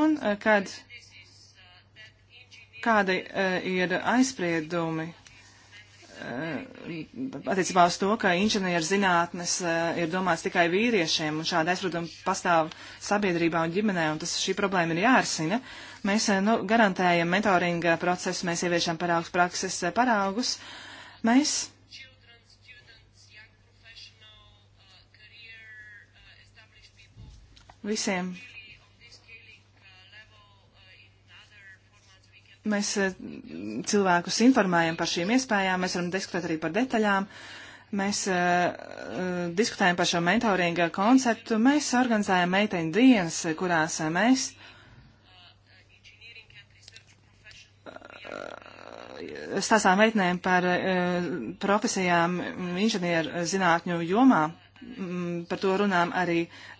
Un kad kādi ir aizspriedumi attiecībā uz to, ka inženieru zinātnes ir domāts tikai vīriešiem, un šāda aizsprieduma pastāv sabiedrībā un ģimenē, un tas šī problēma ir jārisina. Uh, Mēs eh, nu, garantējam mentoringa eh, procesu, mēs ieviešam paraugs prakses eh, paraugus. Mēs visiem. Mēs cilvēkus informējam par šīm iespējām, mēs varam diskutēt arī par detaļām. Mēs uh, diskutējam par šo mentoringa konceptu. Mēs organizējam meiteņu dienas, kurās mēs stāstām meitenēm par eh, profesijām mm, inženieru zinātņu jomā. Mm, par to runām arī,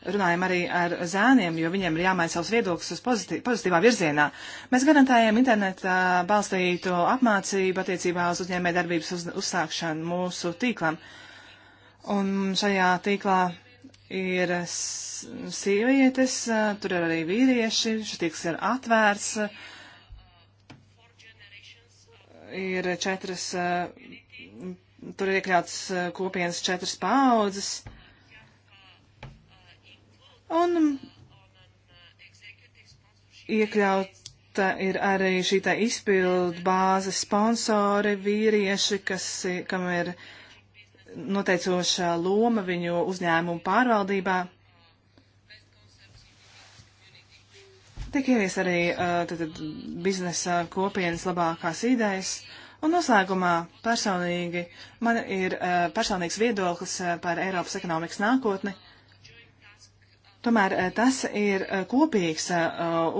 runājam arī ar zēniem, jo viņiem ir jāmaina savs viedoklis uz pozitīv, pozitīvā virzienā. Mēs garantējam internetā balstītu apmācību attiecībā uz uzņēmē darbības uz, uzsākšanu mūsu tīklam. Un šajā tīklā ir sievietes, tur ir arī vīrieši, šis tīkls ir atvērts ir četras, eh, tur ir iekļauts eh, kopienas četras paudzes. Un iekļauta ir arī šī tā izpildu bāze sponsori, vīrieši, kas, kam ir noteicošā loma viņu uzņēmumu pārvaldībā. Tiek ievies arī tātad, biznesa kopienas labākās idejas. Un noslēgumā personīgi man ir personīgs viedoklis par Eiropas ekonomikas nākotni. Tomēr tas ir kopīgs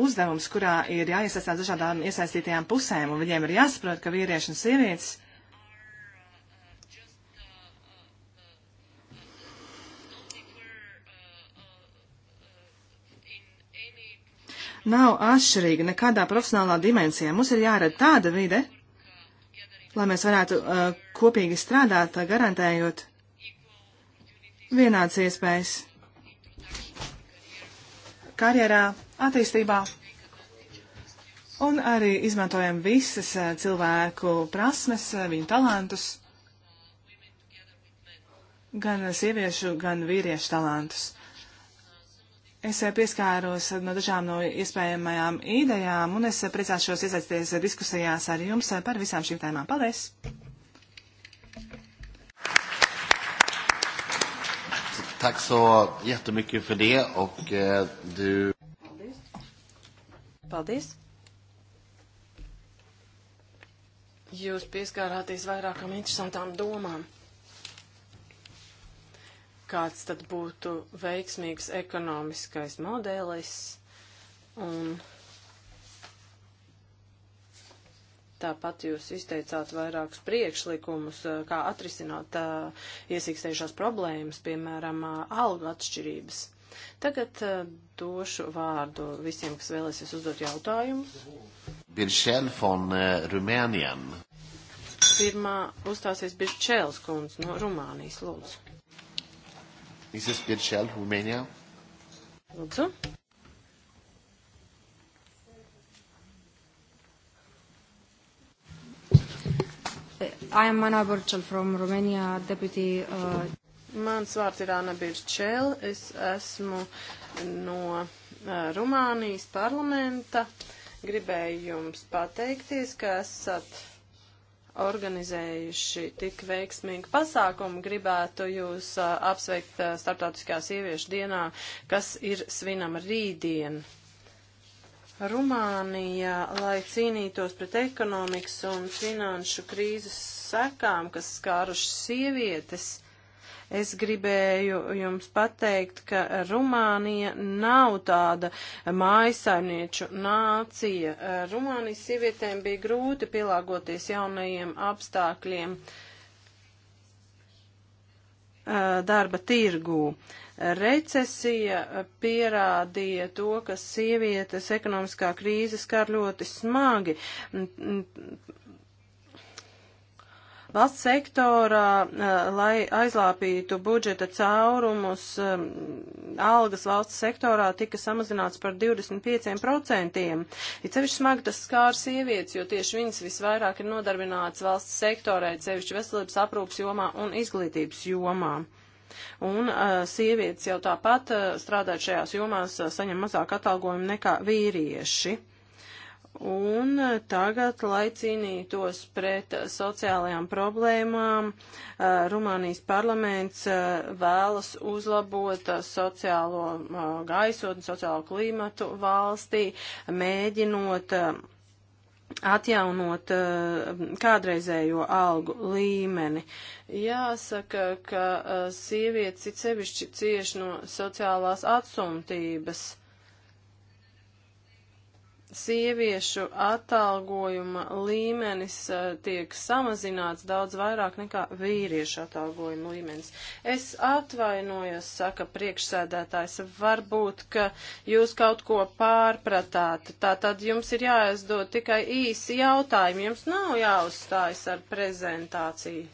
uzdevums, kurā ir jāiesaistās dažādām iesaistītajām pusēm, un viņiem ir jāsaprot, ka vīrieši un sievietes nav atšķirīga nekādā profesionālā dimensijā. Mums ir jārada tāda vide, lai mēs varētu uh, kopīgi strādāt, uh, garantējot vienādas iespējas karjerā, attīstībā. Un arī izmantojam visas uh, cilvēku prasmes, uh, viņu talantus, gan sieviešu, gan vīriešu talantus. Es eh, pieskāros eh, no dažām no iespējamajām idejām, un es eh, priecāšos iesaistīties diskusijās ar jums par visām šīm tēmām. Paldies! Tack så jättemycket för det och eh, du... Paldies. Paldies. Jūs pieskārāties vairākam interesantām domām kāds tad būtu veiksmīgs ekonomiskais modelis un Tāpat jūs izteicāt vairākus priekšlikumus, eh, kā atrisināt uh, iesīkstējušās problēmas, piemēram, uh, algu atšķirības. Tagad uh, došu vārdu visiem, kas vēlēsies uzdot jautājumu. Biršel von Rumēnijam. Pirmā uzstāsies Birčēls kundze no Rumānijas, lūdzu. Mrs. Pircel, Romania. Lūdzu. I am Ana Burchel from Romania, deputy. Uh... Mans vārds ir Ana Burchel. Es esmu no uh, Rumānijas parlamenta. Gribēju jums pateikties, ka esat organizējuši tik veiksmīgu pasākumu. Gribētu jūs uh, apsveikt uh, Startautiskā sieviešu dienā, kas ir svinama rītdien. Rumānija, lai cīnītos pret ekonomikas un finanšu krīzes sekām, kas skāruši sievietes, Es gribēju jums pateikt, ka Rumānija nav tāda mājasaimnieču nācija. Rumānijas sievietēm bija grūti pielāgoties jaunajiem apstākļiem eh, darba tirgū. Recesija pierādīja to, ka sievietes ekonomiskā krīze skar ļoti smagi valsts sektorā, eh, lai aizlāpītu budžeta caurumus, eh, algas valsts sektorā tika samazināts par 25%. Ir cevišķi smagi tas skār sievietes, jo tieši viņas visvairāk ir nodarbināts valsts sektorē, cevišķi veselības aprūpas jomā un izglītības jomā. Un uh, sievietes jau tāpat uh, strādājot šajās jomās uh, saņem mazāk atalgojumu nekā vīrieši. Un eh, tagad, lai cīnītos pret eh, sociālajām problēmām, eh, Rumānijas parlaments vēlas uzlabot sociālo gaisotni, sociālo klimatu valstī, mēģinot atjaunot kādreizējo algu līmeni. Jāsaka, ka sievietes ir sevišķi cieši no sociālās atsumtības sieviešu atalgojuma līmenis eh, tiek samazināts daudz vairāk nekā vīriešu atalgojuma līmenis. Es atvainojos, saka priekšsēdētājs, varbūt, ka jūs kaut ko pārpratāt. Tātad jums ir jāizdod tikai īsi jautājumi, jums nav jāuzstājas ar prezentāciju.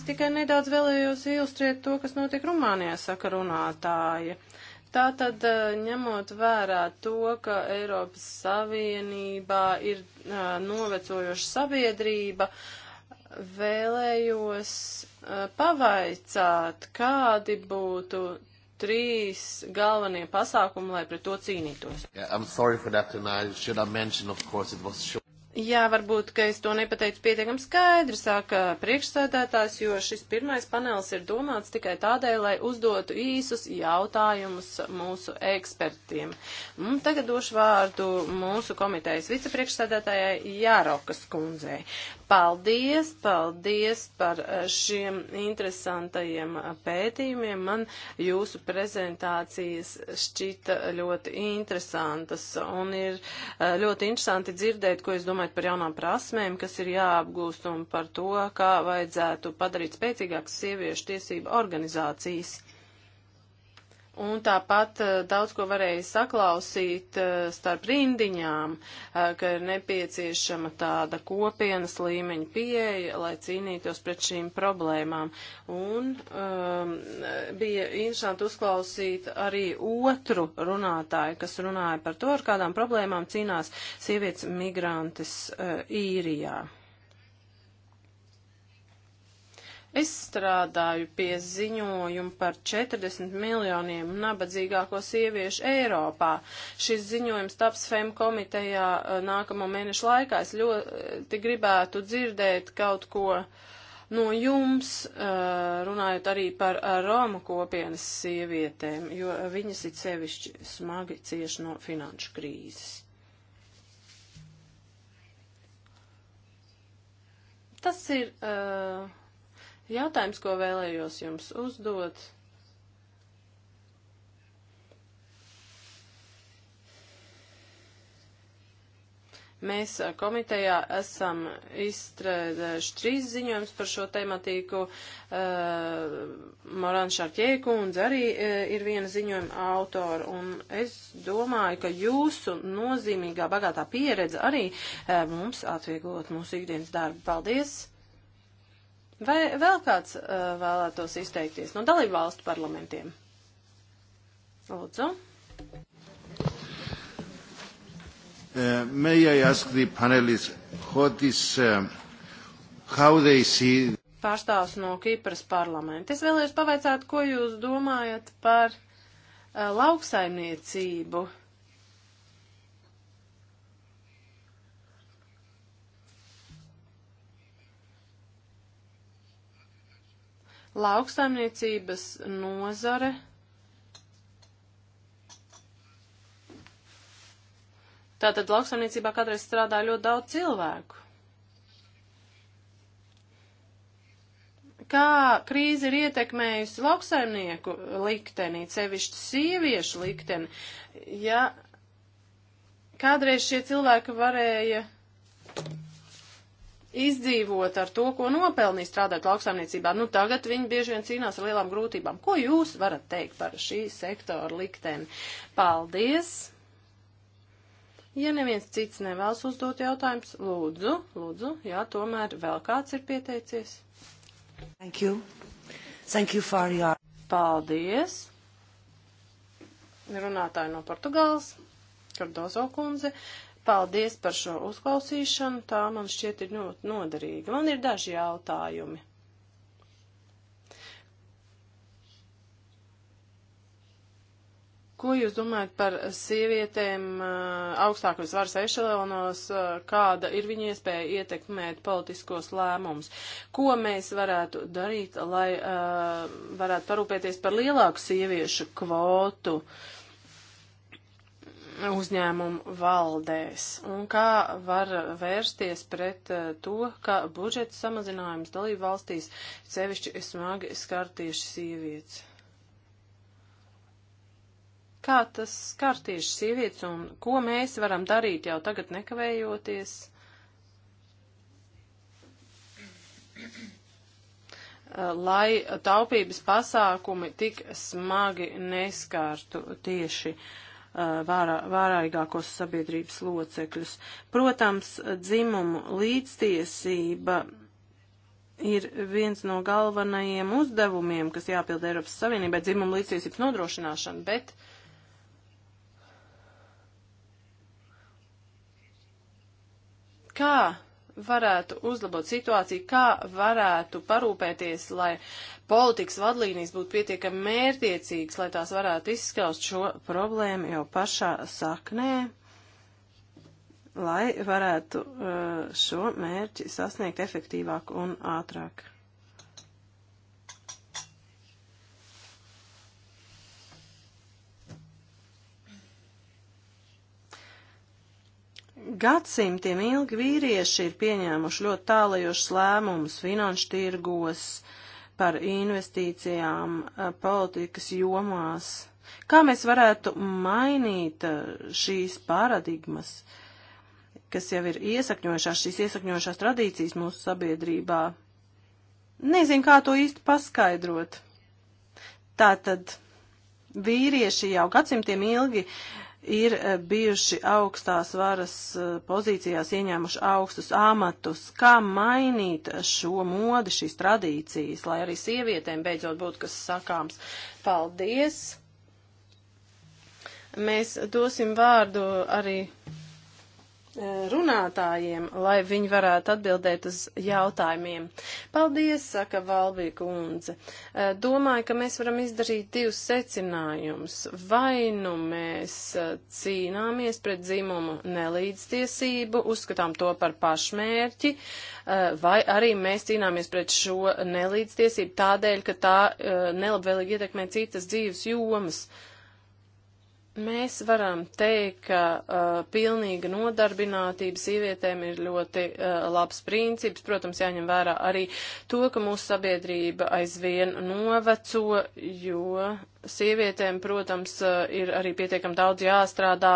Es tikai nedaudz vēlējos ilustrēt to, kas notiek Rumānijā, saka runātāja. Uh, Tātad, ņemot vērā to, ka Eiropas Savienībā ir novecojoša sabiedrība, vēlējos pavaicāt, kādi būtu trīs galvenie pasākumi, lai pret to cīnītos. Yeah, Jā, varbūt, ka es to nepateicu pietiekam skaidri, saka priekšsēdētājs, jo šis pirmais panels ir domāts tikai tādēļ, lai uzdotu īsus jautājumus mūsu ekspertiem. Un tagad došu vārdu mūsu komitejas vicepriekšsēdētājai Jārokas kundzei. Paldies, paldies par eh, šiem interesantajiem eh, pētījumiem. Man jūsu prezentācijas šķita ļoti interesantas un ir eh, ļoti interesanti dzirdēt, ko jūs domājat par jaunām prasmēm, kas ir jāapgūst un par to, kā vajadzētu padarīt spēcīgākas sieviešu tiesību organizācijas. Un tāpat eh, daudz ko varēja saklausīt eh, starp rindiņām, eh, ka ir nepieciešama tāda kopienas līmeņa pieeja, lai cīnītos pret šīm problēmām. Un um, bija interesanti uzklausīt arī otru runātāju, kas runāja par to, ar kādām problēmām cīnās sievietes migrantes uh, īrijā. Es strādāju pie ziņojuma par 40 miljoniem nabadzīgāko sieviešu Eiropā. Šis ziņojums taps FEM komitejā eh, nākamo mēnešu laikā. Es ļoti eh, gribētu dzirdēt kaut ko no jums, eh, runājot arī par Romu kopienas sievietēm, jo viņas ir sevišķi smagi cieši no finanšu krīzes. Tas ir uh, Jautājums, ko vēlējos jums uzdot. Mēs uh, komitejā esam izstrādājuši trīs ziņojums par šo tematiku. Uh, Morāna Šarķē kundze arī uh, ir viena ziņojuma autora, un es domāju, ka jūsu nozīmīgā bagātā pieredze arī uh, mums atvieglot mūsu ikdienas darbu. Paldies! Vai vēl kāds uh, vēlētos izteikties no dalību valstu parlamentiem? Lūdzu. Uh, may I ask the panelists what is, uh, how they see pārstāvs no Kipras parlamenta. Es vēlējos pavaicāt, ko jūs domājat par uh, lauksaimniecību. Uh, Lauksaimniecības nozare Tātad lauksaimniecībā kādreiz strādā ļoti daudz cilvēku. Kā krīze ir ietekmējusi lauksaimnieku likteni, sevišķi sieviešu likteni? Ja kādreiz šie cilvēki varēja izdzīvot ar to, ko nopelnīja strādāt lauksaimniecībā. Nu, tagad viņi bieži vien cīnās ar lielām grūtībām. Ko jūs varat teikt par šī sektora likteni? Paldies! Ja neviens cits nevēlas uzdot jautājums, lūdzu, lūdzu, jā, tomēr vēl kāds ir pieteicies. Thank you. Thank you for your... Paldies! Runātāji no Portugāles, Kardozo kundze. Uh, Paldies par šo uzklausīšanu, tā man šķiet ir ļoti noderīga. Man ir daži jautājumi. Ko jūs domājat par sievietēm augstākos varas ešelonos, kāda ir viņa iespēja ietekmēt politiskos lēmumus? Ko mēs varētu darīt, lai varētu parūpēties par lielāku sieviešu kvotu? Uh, uzņēmumu valdēs un kā var vērsties pret eh, to, ka budžeta samazinājums dalību valstīs sevišķi smagi skar tieši sievietes. Kā tas skar tieši sievietes un ko mēs varam darīt jau tagad nekavējoties? Eh, lai taupības pasākumi tik smagi neskārtu tieši uh, Uh, vārā, vārāīgākos sabiedrības locekļus. Protams, dzimumu līdztiesība ir viens no galvenajiem uzdevumiem, kas jāpilda Eiropas Savienībai dzimumu līdztiesības nodrošināšana, bet kā varētu uzlabot situāciju, kā varētu parūpēties, lai politikas vadlīnijas būtu pietiekami mērtiecīgas, lai tās varētu izskaust šo problēmu jau pašā saknē, lai varētu uh, šo mērķi sasniegt efektīvāk un ātrāk. Gadsimtiem ilgi vīrieši ir pieņēmuši ļoti tālajošas lēmumus finanšu tirgos par investīcijām eh, politikas jomās. Kā mēs varētu mainīt eh, šīs paradigmas, kas jau ir iesakņojušās, šīs iesakņojušās tradīcijas mūsu sabiedrībā? Nezinu, kā to īsti paskaidrot. Tātad vīrieši jau gadsimtiem ilgi uh, ir eh, bijuši augstās varas eh, pozīcijās ieņēmuši augstus amatus. Kā mainīt šo modi, šīs tradīcijas, lai arī sievietēm beidzot būtu kas sakāms? Paldies! Mēs dosim vārdu arī runātājiem, lai viņi varētu atbildēt uz jautājumiem. Paldies, saka Valbija kundze. Domāju, ka mēs varam izdarīt divus secinājumus. Vai nu mēs cīnāmies pret dzimumu nelīdztiesību, uzskatām to par pašmērķi, vai arī mēs cīnāmies pret šo nelīdztiesību tādēļ, ka tā nelabvēlīgi ietekmē citas dzīves jomas. Uh, Mēs varam teikt, ka uh, pilnīga nodarbinātība sievietēm ir ļoti uh, labs princips. Protams, jāņem vērā arī to, ka mūsu sabiedrība aizvien noveco, jo sievietēm, protams, uh, ir arī pietiekam daudz jāstrādā,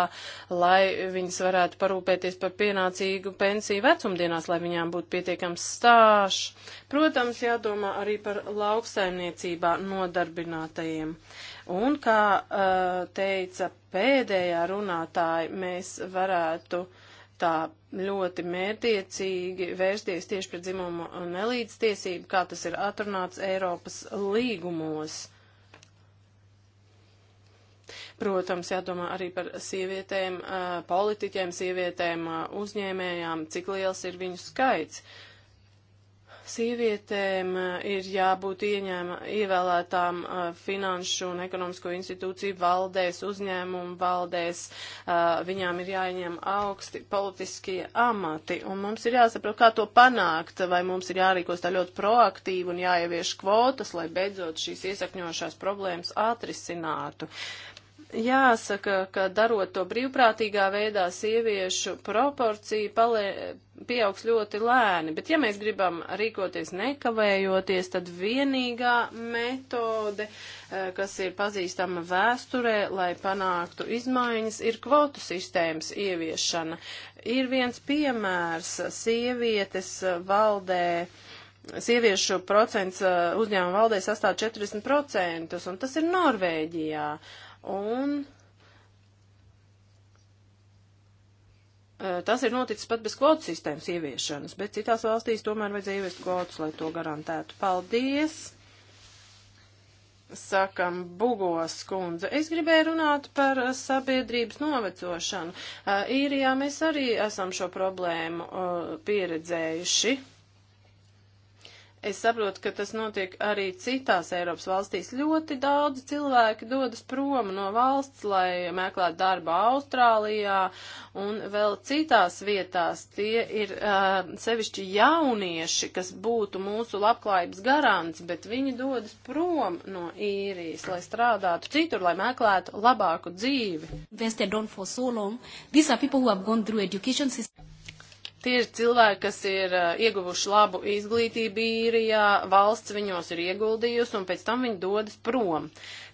lai viņas varētu parūpēties par pienācīgu pensiju vecumdienās, lai viņām būtu pietiekams stāžs. Protams, jādomā arī par lauksaimniecībā nodarbinātajiem. Uh, Un, kā uh, teica pēdējā runātāja, mēs varētu tā ļoti mērtiecīgi vērsties tieši pret dzimumu nelīdztiesību, kā tas ir atrunāts Eiropas līgumos. Protams, jādomā arī par sievietēm, eh, politiķiem, sievietēm, eh, uzņēmējām, cik liels ir viņu skaits. Uh, Sievietēm eh, ir jābūt ieņēma, ievēlētām eh, finanšu un ekonomisko institūciju valdēs, uzņēmumu valdēs, eh, viņām ir jāieņem augsti politiskie amati, un mums ir jāsaprot, kā to panākt, vai mums ir jārīkos tā ļoti proaktīvi un jāievieš kvotas, lai beidzot šīs iesakņojušās problēmas atrisinātu. Uh, Jāsaka, ka darot to brīvprātīgā veidā, sieviešu proporcija palē, pieaugs ļoti lēni, bet ja mēs gribam rīkoties nekavējoties, tad vienīgā metode, eh, kas ir pazīstama vēsturē, lai panāktu izmaiņas, ir kvotu sistēmas ieviešana. Ir viens piemērs sievietes valdē. Sieviešu procents eh, uzņēmuma valdē sastāv 40%, un tas ir Norvēģijā. Uh, Un eh, tas ir noticis pat bez kvotu sistēmas ieviešanas, bet citās valstīs tomēr vajadzēja ieviest kvotus, lai to garantētu. Paldies! Sakam, Bugos kundze, es gribēju runāt par eh, sabiedrības novecošanu. Eh, Īrijā mēs arī esam šo problēmu pieredzējuši. Es saprotu, ka tas notiek arī citās Eiropas valstīs. Ļoti daudz cilvēki dodas prom no valsts, lai meklētu darbu Austrālijā un vēl citās vietās. Tie ir uh, sevišķi jaunieši, kas būtu mūsu labklājības garants, bet viņi dodas prom no īrijas, lai strādātu citur, lai meklētu labāku dzīvi. Tie ir cilvēki, kas ir uh, ieguvuši labu izglītību īrijā, valsts viņos ir ieguldījusi un pēc tam viņi dodas prom.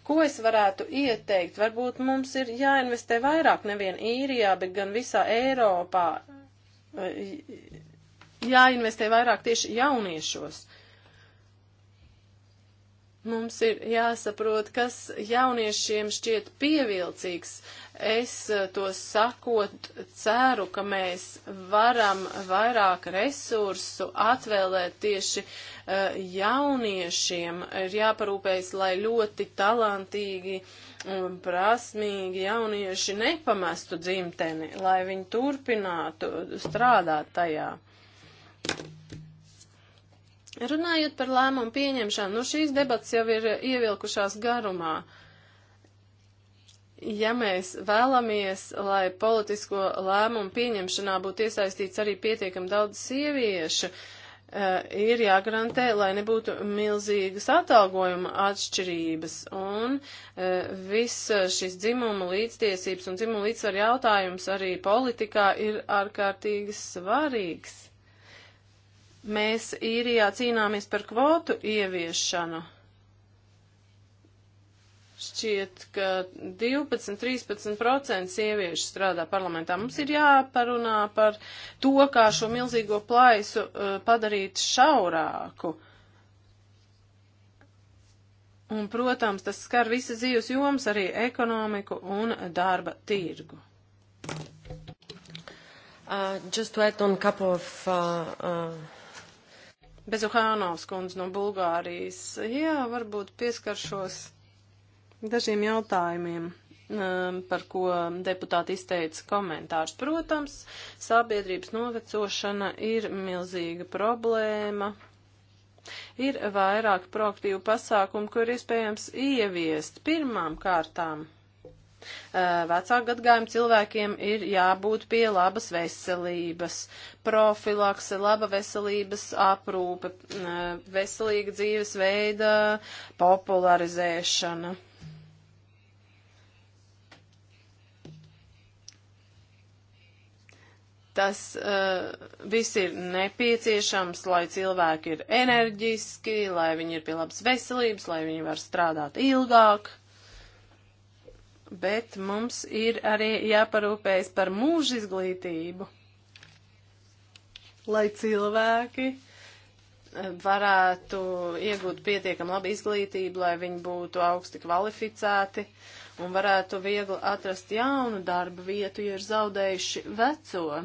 Ko es varētu ieteikt? Varbūt mums ir jāinvestē vairāk nevien īrijā, bet gan visā Eiropā. Uh, jāinvestē vairāk tieši jauniešos. Mums ir jāsaprot, kas jauniešiem šķiet pievilcīgs. Es eh, to sakot, ceru, ka mēs varam vairāk resursu atvēlēt tieši uh, jauniešiem. Ir jāparūpējas, lai ļoti talantīgi un prasmīgi jaunieši nepamestu dzimteni, lai viņi turpinātu strādāt tajā. Runājot par lēmumu pieņemšanu, nu šīs debats jau ir ievilkušās garumā. Ja mēs vēlamies, lai politisko lēmumu pieņemšanā būtu iesaistīts arī pietiekam daudz sieviešu, eh, ir jāgarantē, lai nebūtu milzīgas atalgojuma atšķirības. Un eh, viss šis dzimuma līdztiesības un dzimuma līdzsvar jautājums arī politikā ir ārkārtīgi svarīgs. Mēs īrijā cīnāmies par kvotu ieviešanu. Šķiet, ka 12-13% sieviešu strādā parlamentā. Mums ir jāparunā par to, kā šo milzīgo plaisu uh, padarīt šaurāku. Un, protams, tas skar visas dzīves jomas, arī ekonomiku un darba tirgu. Uh, just to add on a couple of uh, uh... Bezuhānovs kundze no Bulgārijas. Jā, varbūt pieskaršos dažiem jautājumiem, um, par ko deputāti izteica komentārus. Protams, sabiedrības novecošana ir milzīga problēma. Ir vairāk proaktīvu pasākumu, kur iespējams ieviest pirmām kārtām Eh, vecāku gadgājumu cilvēkiem ir jābūt pie labas veselības, profilakse, laba veselības aprūpe, eh, veselīga dzīvesveida popularizēšana. tas uh, viss ir nepieciešams, lai cilvēki ir enerģiski, lai viņi ir pie labas veselības, lai viņi var strādāt ilgāk bet mums ir arī jāparūpējas par mūža izglītību, lai cilvēki eh, varētu iegūt pietiekam labu izglītību, lai viņi būtu augsti kvalificēti un varētu viegli atrast jaunu darba vietu, ja ir zaudējuši veco.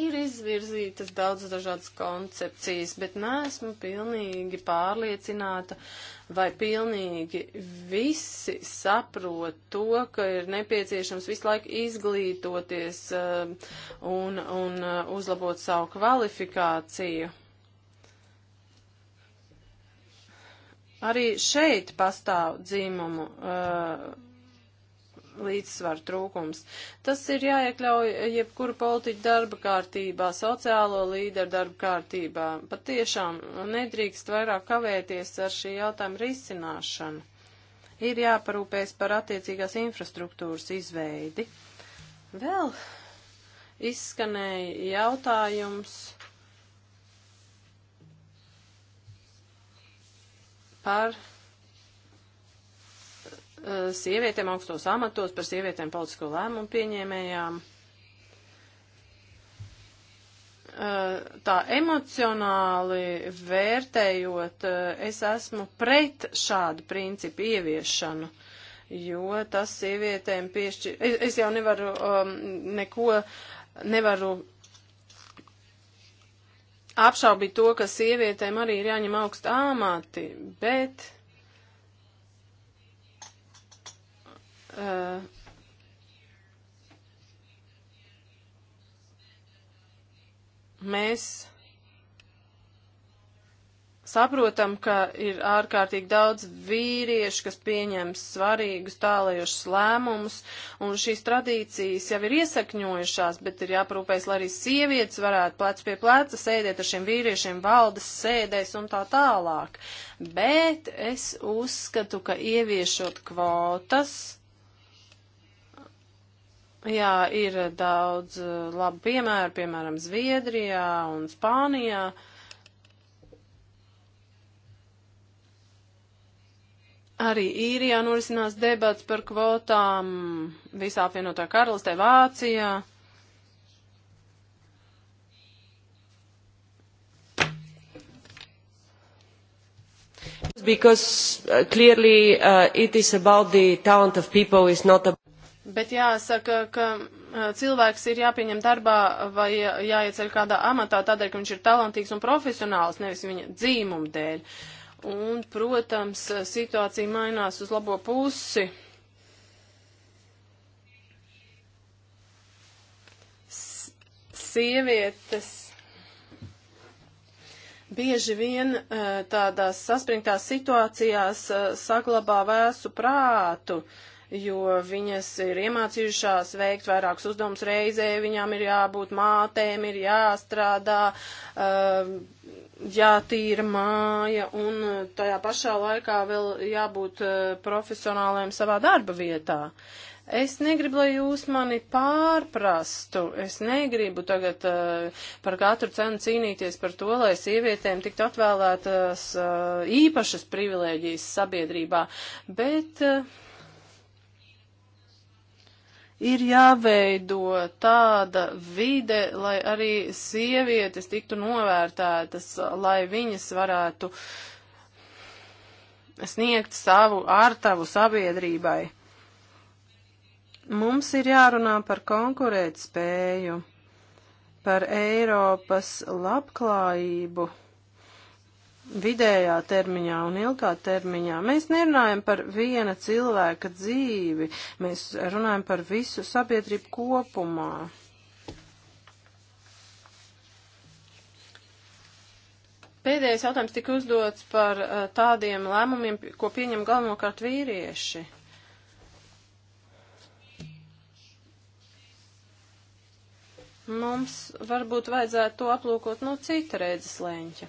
Ir izvirzītas daudz dažādas koncepcijas, bet neesmu pilnīgi pārliecināta, vai pilnīgi visi saprot to, ka ir nepieciešams visu laiku izglītoties uh, un, un uh, uzlabot savu kvalifikāciju. Arī šeit pastāv dzimumu. Uh, līdzsvaru trūkums. Tas ir jāiekļauj jebkura politiķa darba kārtībā, sociālo līderu darba kārtībā. Pat tiešām nedrīkst vairāk kavēties ar šī jautājuma risināšanu. Ir jāparūpēs par attiecīgās infrastruktūras izveidi. Vēl izskanēja jautājums. par Eh, sievietēm augstos amatos, par sievietēm politisko lēmumu pieņēmējām. Eh, tā emocionāli vērtējot, eh, es esmu pret šādu principu ieviešanu, jo tas sievietēm piešķir. Es, es jau nevaru um, neko, nevaru apšaubīt to, ka sievietēm arī ir jāņem augsta āmāti, bet Uh, mēs saprotam, ka ir ārkārtīgi daudz vīriešu, kas pieņem svarīgus tālējošus lēmumus, un šīs tradīcijas jau ir iesakņojušās, bet ir jāprūpēs, lai arī sievietes varētu plec pie pleca sēdēt ar šiem vīriešiem valdes sēdēs un tā tālāk. Bet es uzskatu, ka ieviešot kvotas, Jā, ir daudz eh, labu piemēru, piemēram, Zviedrijā un Spānijā. Arī īrijā norisinās debats par kvotām visā apvienotā karalistē Vācijā. because uh, clearly uh, it is about the talent of people, it's not about Bet jāsaka, ka uh, cilvēks ir jāpieņem darbā vai jāieceļ kādā amatā tādēļ, ka viņš ir talantīgs un profesionāls, nevis viņa dzīmuma dēļ. Un, protams, situācija mainās uz labo pusi. S sievietes bieži vien uh, tādās saspringtās situācijās uh, saglabā vēsu prātu. Uh, jo viņas ir iemācījušās veikt vairākus uzdevumus reizē, viņām ir jābūt mātēm, ir jāstrādā, uh, jātīra māja un tajā pašā laikā vēl jābūt uh, profesionāliem savā darba vietā. Es negribu, lai jūs mani pārprastu. Es negribu tagad uh, par katru cenu cīnīties par to, lai sievietēm tiktu atvēlētas uh, īpašas privilēģijas sabiedrībā, bet uh, Ir jāveido tāda vide, lai arī sievietes tiktu novērtētas, lai viņas varētu sniegt savu ārtavu sabiedrībai. Mums ir jārunā par konkurētspēju, par Eiropas labklājību vidējā termiņā un ilgā termiņā. Mēs nerunājam par viena cilvēka dzīvi, mēs runājam par visu sabiedrību kopumā. Pēdējais jautājums tika uzdots par uh, tādiem lēmumiem, ko pieņem galvenokārt vīrieši. Mums varbūt vajadzētu to aplūkot no cita redzes lēņa.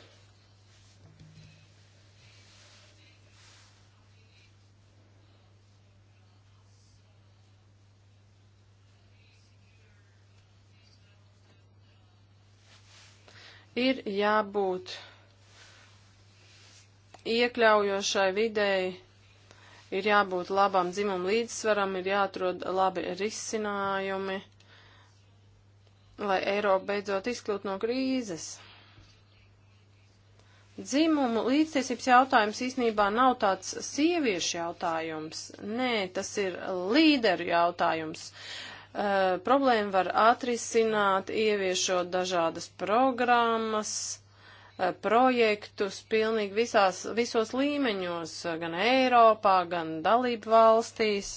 Ir jābūt iekļaujošai videi, ir jābūt labam dzimumu līdzsvaram, ir jāatrod labi risinājumi, lai Eiropa beidzot izkļūtu no krīzes. Dzimumu līdztiesības jautājums īstenībā nav tāds sieviešu jautājums. Nē, tas ir līderu jautājums. Uh, problēmu var atrisināt, ieviešot dažādas programmas, uh, projektus pilnīgi visās, visos līmeņos, eh, gan Eiropā, gan dalību valstīs.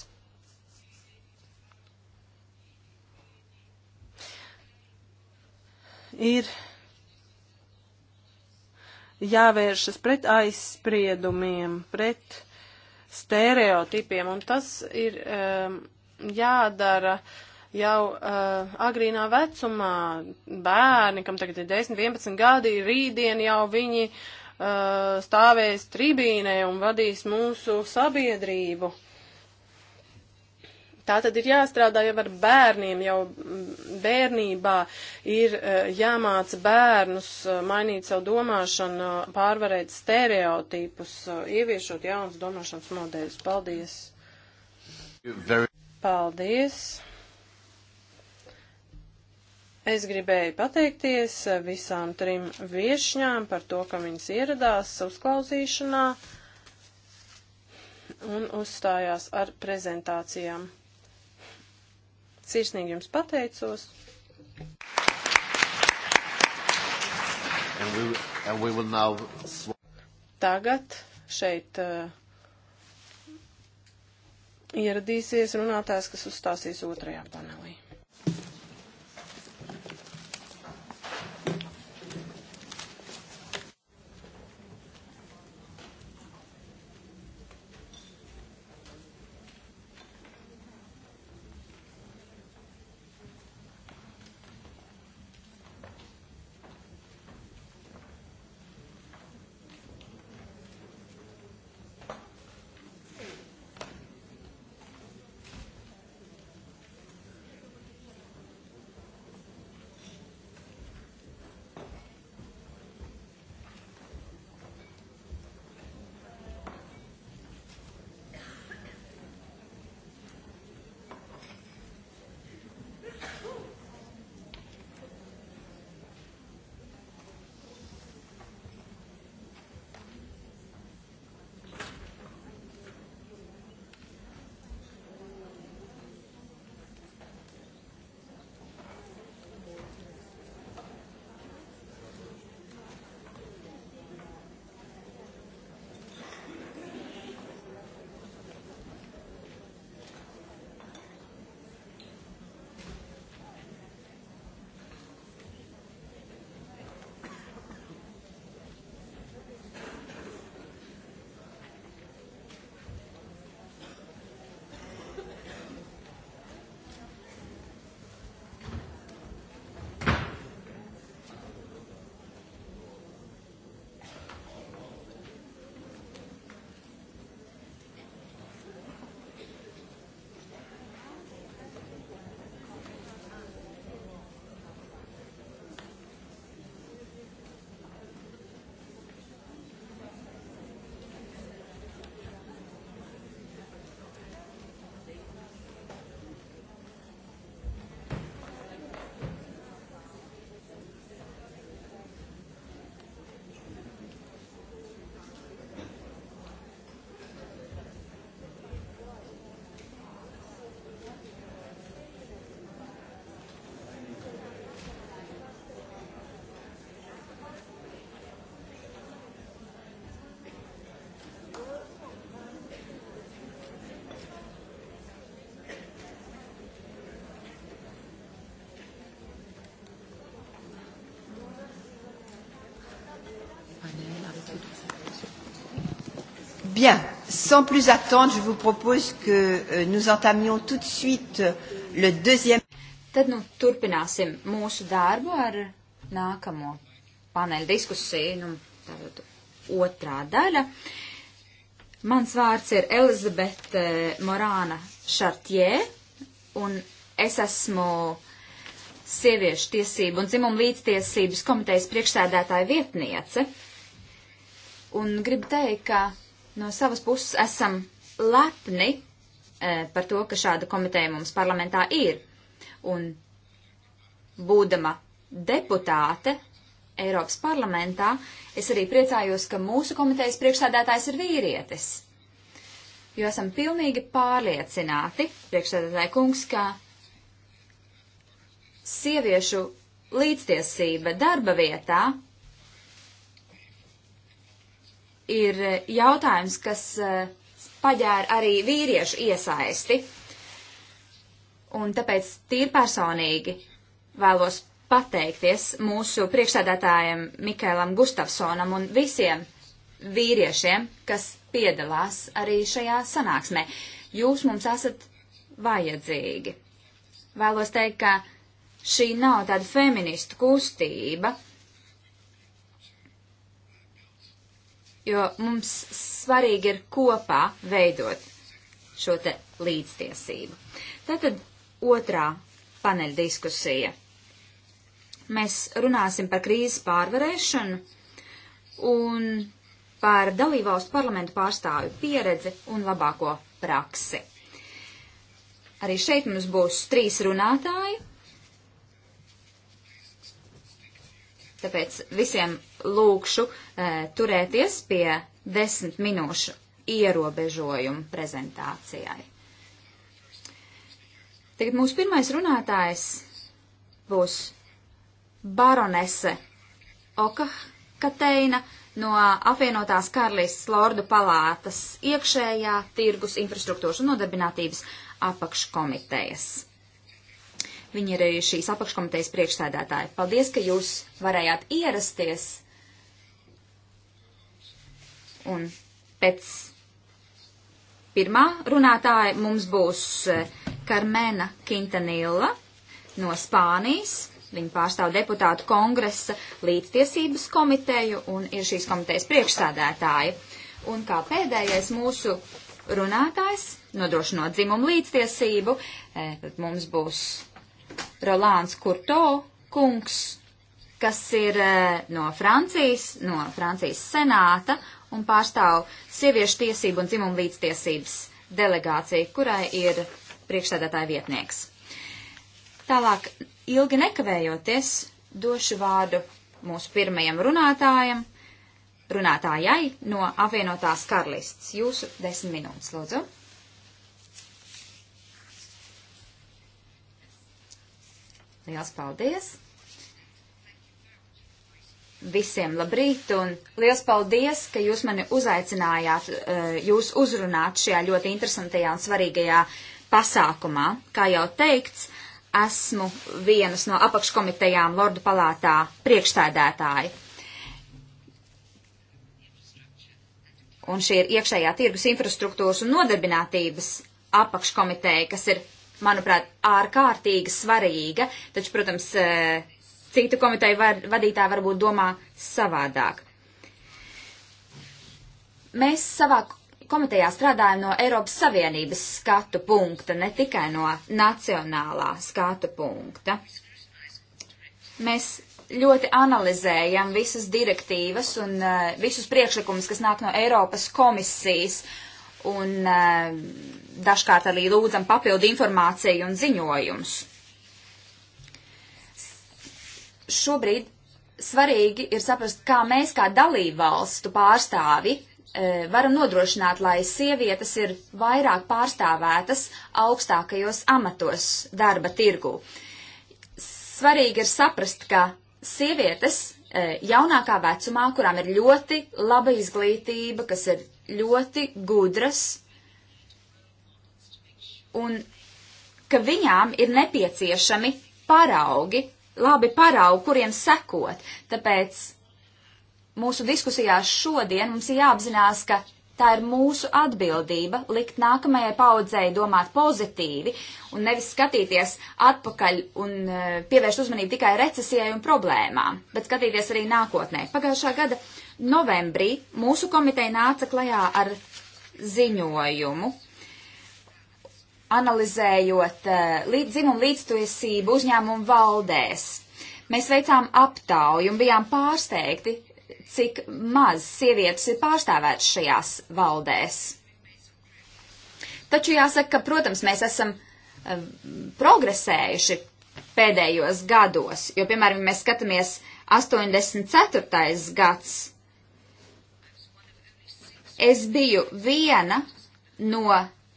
Ir jāvēršas pret aizspriedumiem, pret stereotipiem, un tas ir um, jādara uh, jau uh, agrīnā vecumā bērni, kam tagad ir 10, 11 gadi, rītdien jau viņi uh, stāvēs tribīnē un vadīs mūsu sabiedrību. Tā tad ir jāstrādā jau ar bērniem, jau bērnībā ir eh, jāmāca bērnus mainīt savu domāšanu, pārvarēt stereotipus, ieviešot jaunas domāšanas modeļus. Paldies! Very... Paldies! Es gribēju pateikties visām trim viešņām par to, ka viņas ieradās uzklausīšanā un uzstājās ar prezentācijām. Sirsnīgi jums pateicos. And we, and we now... Tagad šeit uh, ieradīsies runātājs, kas uzstāsies otrajā panelī. Bien, sans plus attendre, je vous propose que euh, nous entamions tout de suite le deuxième. Tad nu turpināsim mūsu darbu ar nākamo paneļu diskusiju, nu, tātad otrā daļa. Mans vārds ir Elizabete eh, Morāna Šartjē, un es esmu sieviešu tiesību un dzimumu līdztiesības komitejas priekšsēdētāja vietniece. Un gribu teikt, ka No savas puses esam lepni e, par to, ka šāda komiteja mums parlamentā ir. Un būdama deputāte Eiropas parlamentā, es arī priecājos, ka mūsu komitejas priekšsādātājs ir vīrietis. Jo esam pilnīgi pārliecināti, priekšsādātāja kungs, ka sieviešu līdztiesība darba vietā ir eh, jautājums, kas eh, paģēra arī vīriešu iesaisti. Un tāpēc tīri personīgi vēlos pateikties mūsu priekšsēdētājiem Mikēlam Gustafsonam un visiem vīriešiem, kas piedalās arī šajā sanāksmē. Jūs mums esat vajadzīgi. Vēlos teikt, ka šī nav tāda feministu kustība, jo mums svarīgi ir kopā veidot šo te līdztiesību. Tātad otrā paneļa diskusija. Mēs runāsim par krīzes pārvarēšanu un par dalībvalstu parlamentu pārstāvju pieredzi un labāko praksi. Arī šeit mums būs trīs runātāji, Tāpēc visiem lūkšu eh, turēties pie desmit minūšu ierobežojumu prezentācijai. Tagad mūsu pirmais runātājs būs baronese Okateina no apvienotās karalistas Lordu palātas iekšējā tirgus infrastruktūras un nodarbinātības apakškomitejas. Viņi ir arī šīs apakškomitejas priekšsēdētāji. Paldies, ka jūs varējāt ierasties. Un pēc pirmā runātāja mums būs Karmena eh, Kintanilla no Spānijas. Viņa pārstāv deputātu kongresa līdztiesības komiteju un ir šīs komitejas priekšsādētāja. Un kā pēdējais mūsu runātājs, nodrošinot dzimumu līdztiesību, eh, mums būs Rolāns Kurto kungs, kas ir eh, no Francijas, no Francijas senāta un pārstāv sieviešu tiesību un dzimumu līdztiesības delegāciju, kurai ir priekšsēdētāja vietnieks. Tālāk, ilgi nekavējoties, došu vārdu mūsu pirmajam runātājam, runātājai no apvienotās karalists. Jūsu desmit minūtes, lūdzu. Liels paldies! Visiem labrīt un liels paldies, ka jūs mani uzaicinājāt, eh, jūs uzrunāt šajā ļoti interesantajā un svarīgajā pasākumā. Kā jau teikts, esmu vienas no apakškomitejām Lordu palātā priekšstādētāji. Un šī ir iekšējā tirgus infrastruktūras un nodarbinātības apakškomiteja, kas ir manuprāt, ārkārtīgi svarīga, taču, protams, e, citu komiteju var, vadītāji varbūt domā savādāk. Mēs savā komitejā strādājam no Eiropas Savienības skatu punkta, ne tikai no nacionālā skatu punkta. Mēs ļoti analizējam visas direktīvas un uh, visus priekšlikumus, kas nāk no Eiropas komisijas. Uh, un eh, dažkārt arī lūdzam papildu informāciju un ziņojumus. Šobrīd svarīgi ir saprast, kā mēs kā dalībvalstu pārstāvi eh, varam nodrošināt, lai sievietes ir vairāk pārstāvētas augstākajos amatos darba tirgu. Svarīgi ir saprast, ka sievietes eh, jaunākā vecumā, kurām ir ļoti laba izglītība, kas ir ļoti gudras un ka viņām ir nepieciešami paraugi, labi paraugi, kuriem sekot. Tāpēc mūsu diskusijās šodien mums ir jāapzinās, ka tā ir mūsu atbildība likt nākamajai paudzei domāt pozitīvi un nevis skatīties atpakaļ un eh, pievērst uzmanību tikai recesijai un problēmām, bet skatīties arī nākotnē. Pagājušā gada uh, Novembrī mūsu komiteja nāca klajā ar ziņojumu, analizējot eh, līdz, dzimumu līdztiesību uzņēmumu valdēs. Mēs veicām aptauju un bijām pārsteigti, cik maz sievietes ir pārstāvētas šajās valdēs. Taču jāsaka, ka, protams, mēs esam eh, progresējuši pēdējos gados, jo, piemēram, mēs skatāmies 84. gads, Es biju viena no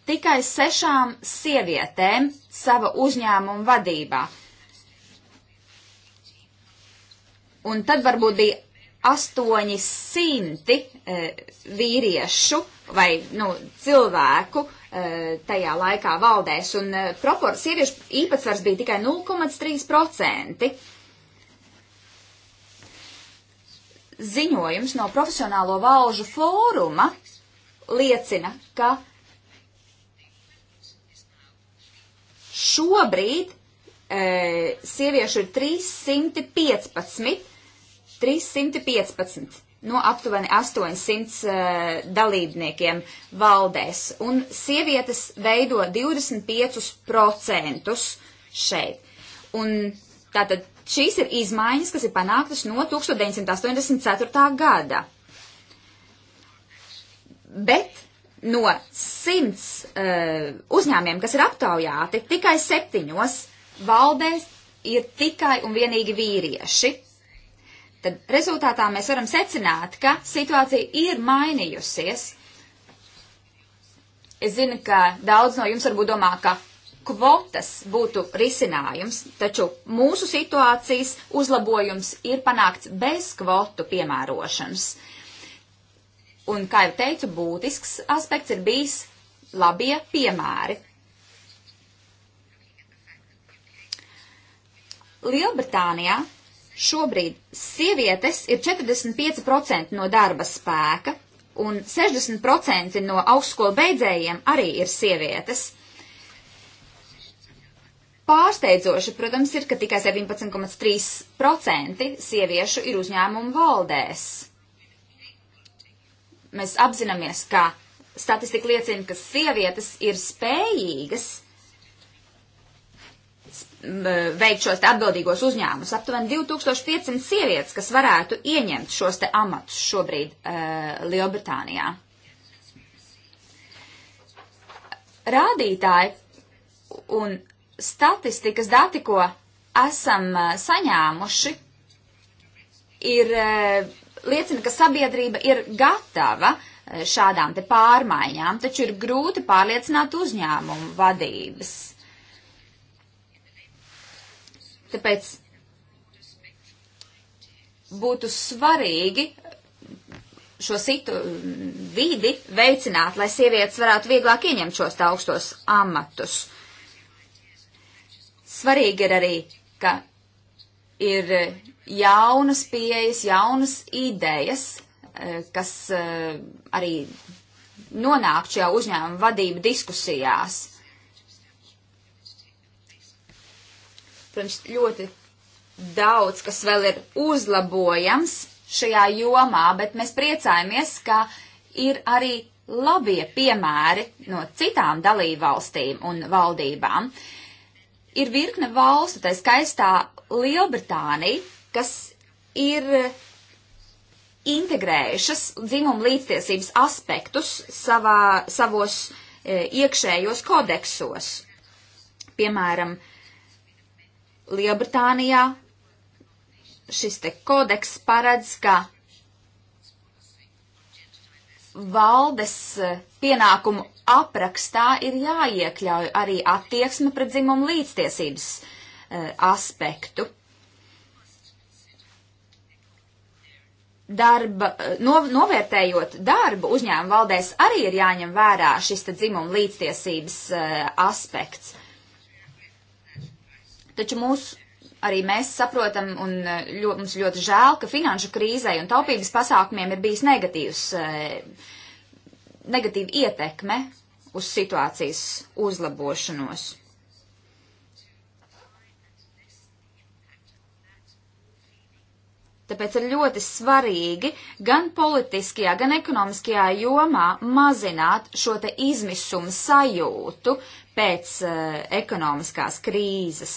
tikai sešām sievietēm sava uzņēmuma vadībā. Un tad varbūt bija 800 e, vīriešu vai nu, cilvēku e, tajā laikā valdēs, un e, propor, sieviešu īpatsvars bija tikai 0,3%. ziņojums no profesionālo valžu fóruma liecina, ka šobrīd e, sieviešu ir 315, 315 no aptuveni 800 uh, e, dalībniekiem valdēs, un sievietes veido 25% šeit. Un tātad Šīs ir izmaiņas, kas ir panāktas no 1984. gada. Bet no simts uh, uzņēmiem, kas ir aptaujāti, tikai septiņos valdēs ir tikai un vienīgi vīrieši. Tad rezultātā mēs varam secināt, ka situācija ir mainījusies. Es zinu, ka daudz no jums varbūt domā, ka kvotas būtu risinājums, taču mūsu situācijas uzlabojums ir panākts bez kvotu piemērošanas. Un, kā jau teicu, būtisks aspekts ir bijis labie piemēri. Lielbritānijā šobrīd sievietes ir 45% no darba spēka, un 60% no augstskolu beidzējiem arī ir sievietes. Pārsteidzoši, protams, ir, ka tikai 17,3% sieviešu ir uzņēmumu valdēs. Mēs apzināmies, ka statistika liecina, ka sievietes ir spējīgas veikt šos atbildīgos uzņēmumus. Aptuveni 2500 sievietes, kas varētu ieņemt šos te amatus šobrīd uh, Lielbritānijā. Rādītāji un statistikas dati, ko esam eh, saņēmuši, ir eh, liecina, ka sabiedrība ir gatava eh, šādām te pārmaiņām, taču ir grūti pārliecināt uzņēmumu vadības. Tāpēc būtu svarīgi šo situ vidi veicināt, lai sievietes varētu vieglāk ieņemt šos augstos amatus. Uh, Svarīgi ir arī, ka ir eh, jaunas pieejas, jaunas idejas, eh, kas eh, arī nonāk šajā uzņēmuma vadību diskusijās. Protams, ļoti daudz, kas vēl ir uzlabojams šajā jomā, bet mēs priecājamies, ka ir arī labie piemēri no citām dalībvalstīm un valdībām. Uh, ir virkne valstu, tā skaistā Lielbritānija, kas ir eh, integrējušas dzimumu līdztiesības aspektus savā, savos e, iekšējos kodeksos. Piemēram, Lielbritānijā šis te kodeks paredz, ka valdes eh, pienākumu aprakstā ir jāiekļauj arī attieksme pret dzimumu līdztiesības uh, aspektu. Darba, eh, no, novērtējot darbu, uzņēmuma valdēs arī ir jāņem vērā šis dzimuma līdztiesības uh, aspekts. Taču mūsu arī mēs saprotam un ļo, mums ļoti žēl, ka finanšu krīzai un taupības pasākumiem ir bijis negatīvs, negatīva ietekme uz situācijas uzlabošanos. Tāpēc ir ļoti svarīgi gan politiskajā, gan ekonomiskajā jomā mazināt šo te izmisuma sajūtu pēc uh, ekonomiskās krīzes.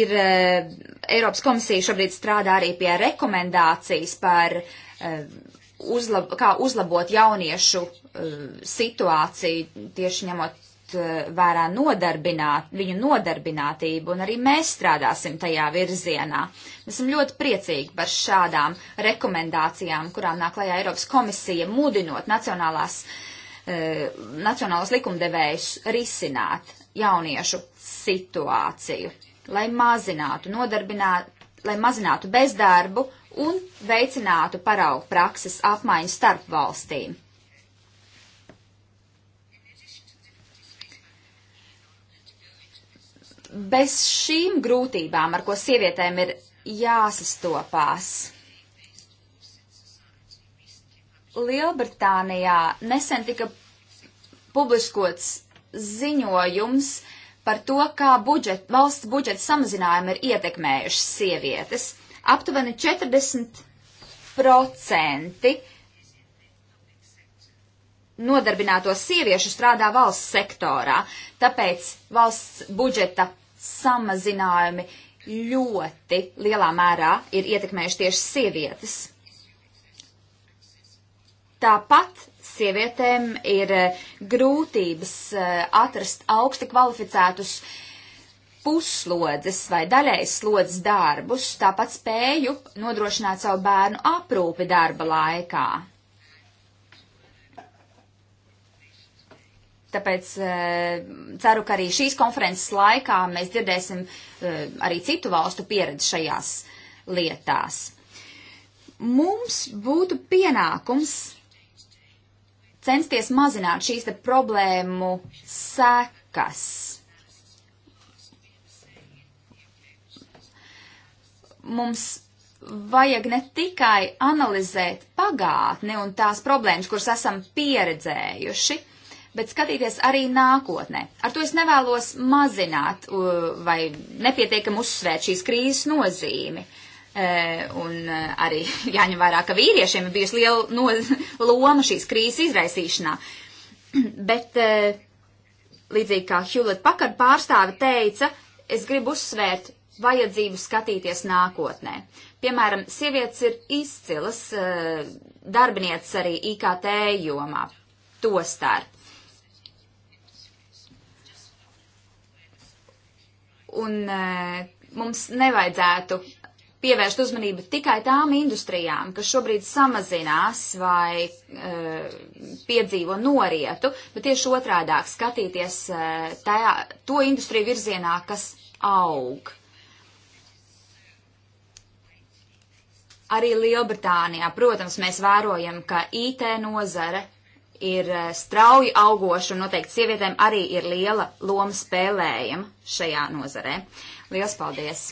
Ir uh, Eiropas komisija šobrīd strādā arī pie rekomendācijas par uh, uzlab, kā uzlabot jauniešu uh, situāciju, tieši ņemot eh, vērā nodarbināt, viņu nodarbinātību, un arī mēs strādāsim tajā virzienā. Mēs esam ļoti priecīgi par šādām rekomendācijām, kurām nāk lajā Eiropas komisija, mudinot nacionālās, eh, nacionālās likumdevējus risināt jauniešu situāciju, lai mazinātu nodarbināt, lai mazinātu bezdarbu un veicinātu paraugu prakses apmaiņu starp valstīm. Bez šīm grūtībām, ar ko sievietēm ir jāsastopās, Lielbritānijā nesen tika publiskots ziņojums par to, kā budžet, valsts budžeta samazinājumi ir ietekmējuši sievietes aptuveni 40% nodarbināto sieviešu strādā valsts sektorā, tāpēc valsts budžeta samazinājumi ļoti lielā mērā ir ietekmējuši tieši sievietes. Tāpat sievietēm ir grūtības eh, atrast augsti kvalificētus uh, puslodes vai daļējas slodzes darbus, tāpat spēju nodrošināt savu bērnu aprūpi darba laikā. Tāpēc eh, ceru, ka arī šīs konferences laikā mēs dzirdēsim eh, arī citu valstu pieredzi šajās lietās. Mums būtu pienākums censties mazināt šīs problēmu sekas mums vajag ne tikai analizēt pagātni un tās problēmas, kuras esam pieredzējuši, bet skatīties arī nākotnē. Ar to es nevēlos mazināt vai nepietiekam uzsvērt šīs krīzes nozīmi. E, un e, arī jāņem vērā, ka vīriešiem ir bijusi liela no, loma šīs krīzes izraisīšanā. Bet e, līdzīgi kā Hewlett Pakard pārstāve teica, es gribu uzsvērt vajadzību skatīties nākotnē. Piemēram, sievietes ir izcilas eh, darbinieces arī IKT jomā, to starp. Un eh, mums nevajadzētu pievērst uzmanību tikai tām industrijām, kas šobrīd samazinās vai e, piedzīvo norietu, bet tieši otrādāk skatīties e, tajā, to industriju virzienā, kas aug. Arī Lielbritānijā, protams, mēs vērojam, ka IT nozare ir eh, strauji augoša un noteikti sievietēm arī ir liela loma spēlējama šajā nozarē. Lielas paldies!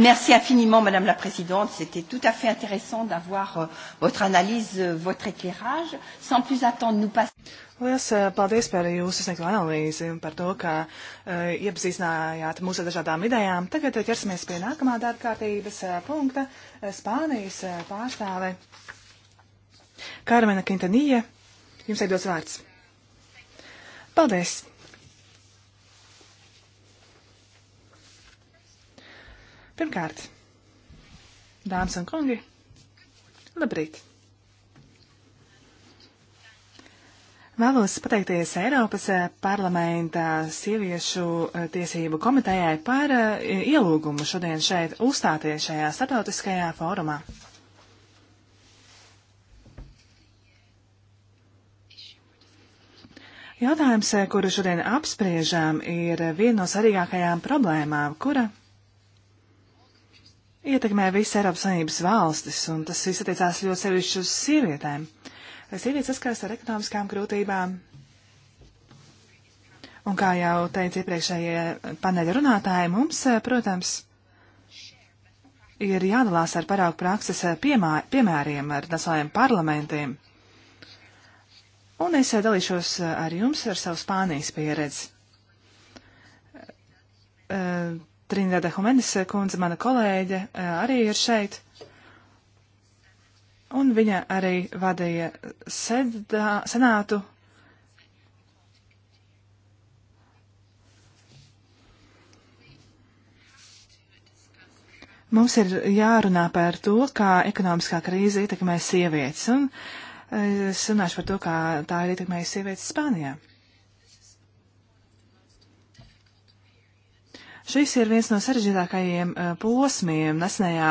Merci infiniment, Madame la Présidente. C'était tout à fait intéressant d'avoir uh, votre analyse, uh, votre éclairage. Sans plus attendre, nous passons. Lielas euh, paldies par jūsu sniegto analīzi un par to, ka uh, iepazīstinājāt mūsu dažādām idejām. Tagad ķersimies pie nākamā darba kārtības uh, punkta uh, - Spānijas uh, pārstāve Karmena Kintanija. Jums ir dots vārds. Paldies! Pirmkārt, dāmas un kungi, labrīt! Vēlos pateikties Eiropas eh, parlamenta sieviešu eh, tiesību komitejai par eh, ielūgumu šodien šeit uzstāties šajā starptautiskajā fórumā. Jautājums, kuru šodien apspriežam, ir viena no svarīgākajām problēmām, kura ietekmē visas Eiropas Savienības valstis, un tas viss attiecās ļoti sevišķi uz sievietēm. Sievietes saskars ar ekonomiskām grūtībām. Un kā jau teica iepriekšējie paneļa runātāji, mums, eh, protams, ir jādalās ar paraugu prakses eh, piemā, piemēriem ar nacionālajiem parlamentiem. Un es eh, dalīšos ar jums ar savu Spānijas pieredzi. Trinidada Homenis kundze, mana kolēģe, eh, arī ir šeit. Un viņa arī vadīja sedā, senātu. Mums ir jārunā par to, kā ekonomiskā krīze ietekmē sievietes, un eh, es runāšu par to, kā tā ir ietekmējusi sievietes Spānijā. Šis ir viens no sarežģītākajiem eh, posmiem nesenajā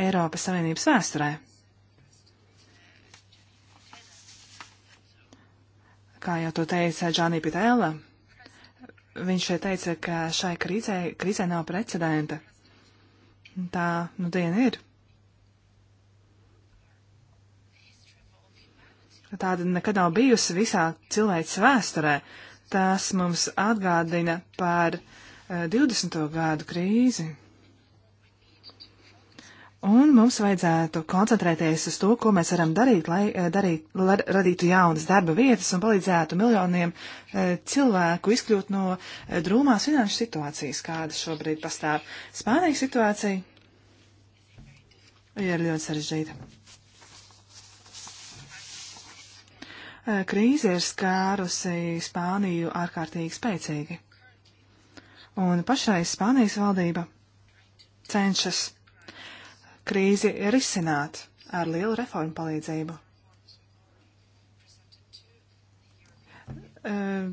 Eiropas Savienības vēsturē. Kā jau to teica Džānī Pitēla, viņš šeit teica, ka šai krīzē, krīzē nav precedenta. Tā nu diena ir. Tāda nekad nav bijusi visā cilvēks vēsturē. Tas mums atgādina par uh, 20. Eh, gadu krīzi. Un mums vajadzētu koncentrēties uz to, ko mēs varam darīt, lai, eh, darīt, lai radītu jaunas darba vietas un palīdzētu miljoniem eh, cilvēku izkļūt no drūmās finanšu situācijas, kāda šobrīd pastāv. Spānija situācija ir ļoti sarežģīta. Krīze ir skārusi Spāniju ārkārtīgi spēcīgi un pašreiz Spānijas valdība cenšas krīzi risināt ar lielu reformu palīdzību. Ehm,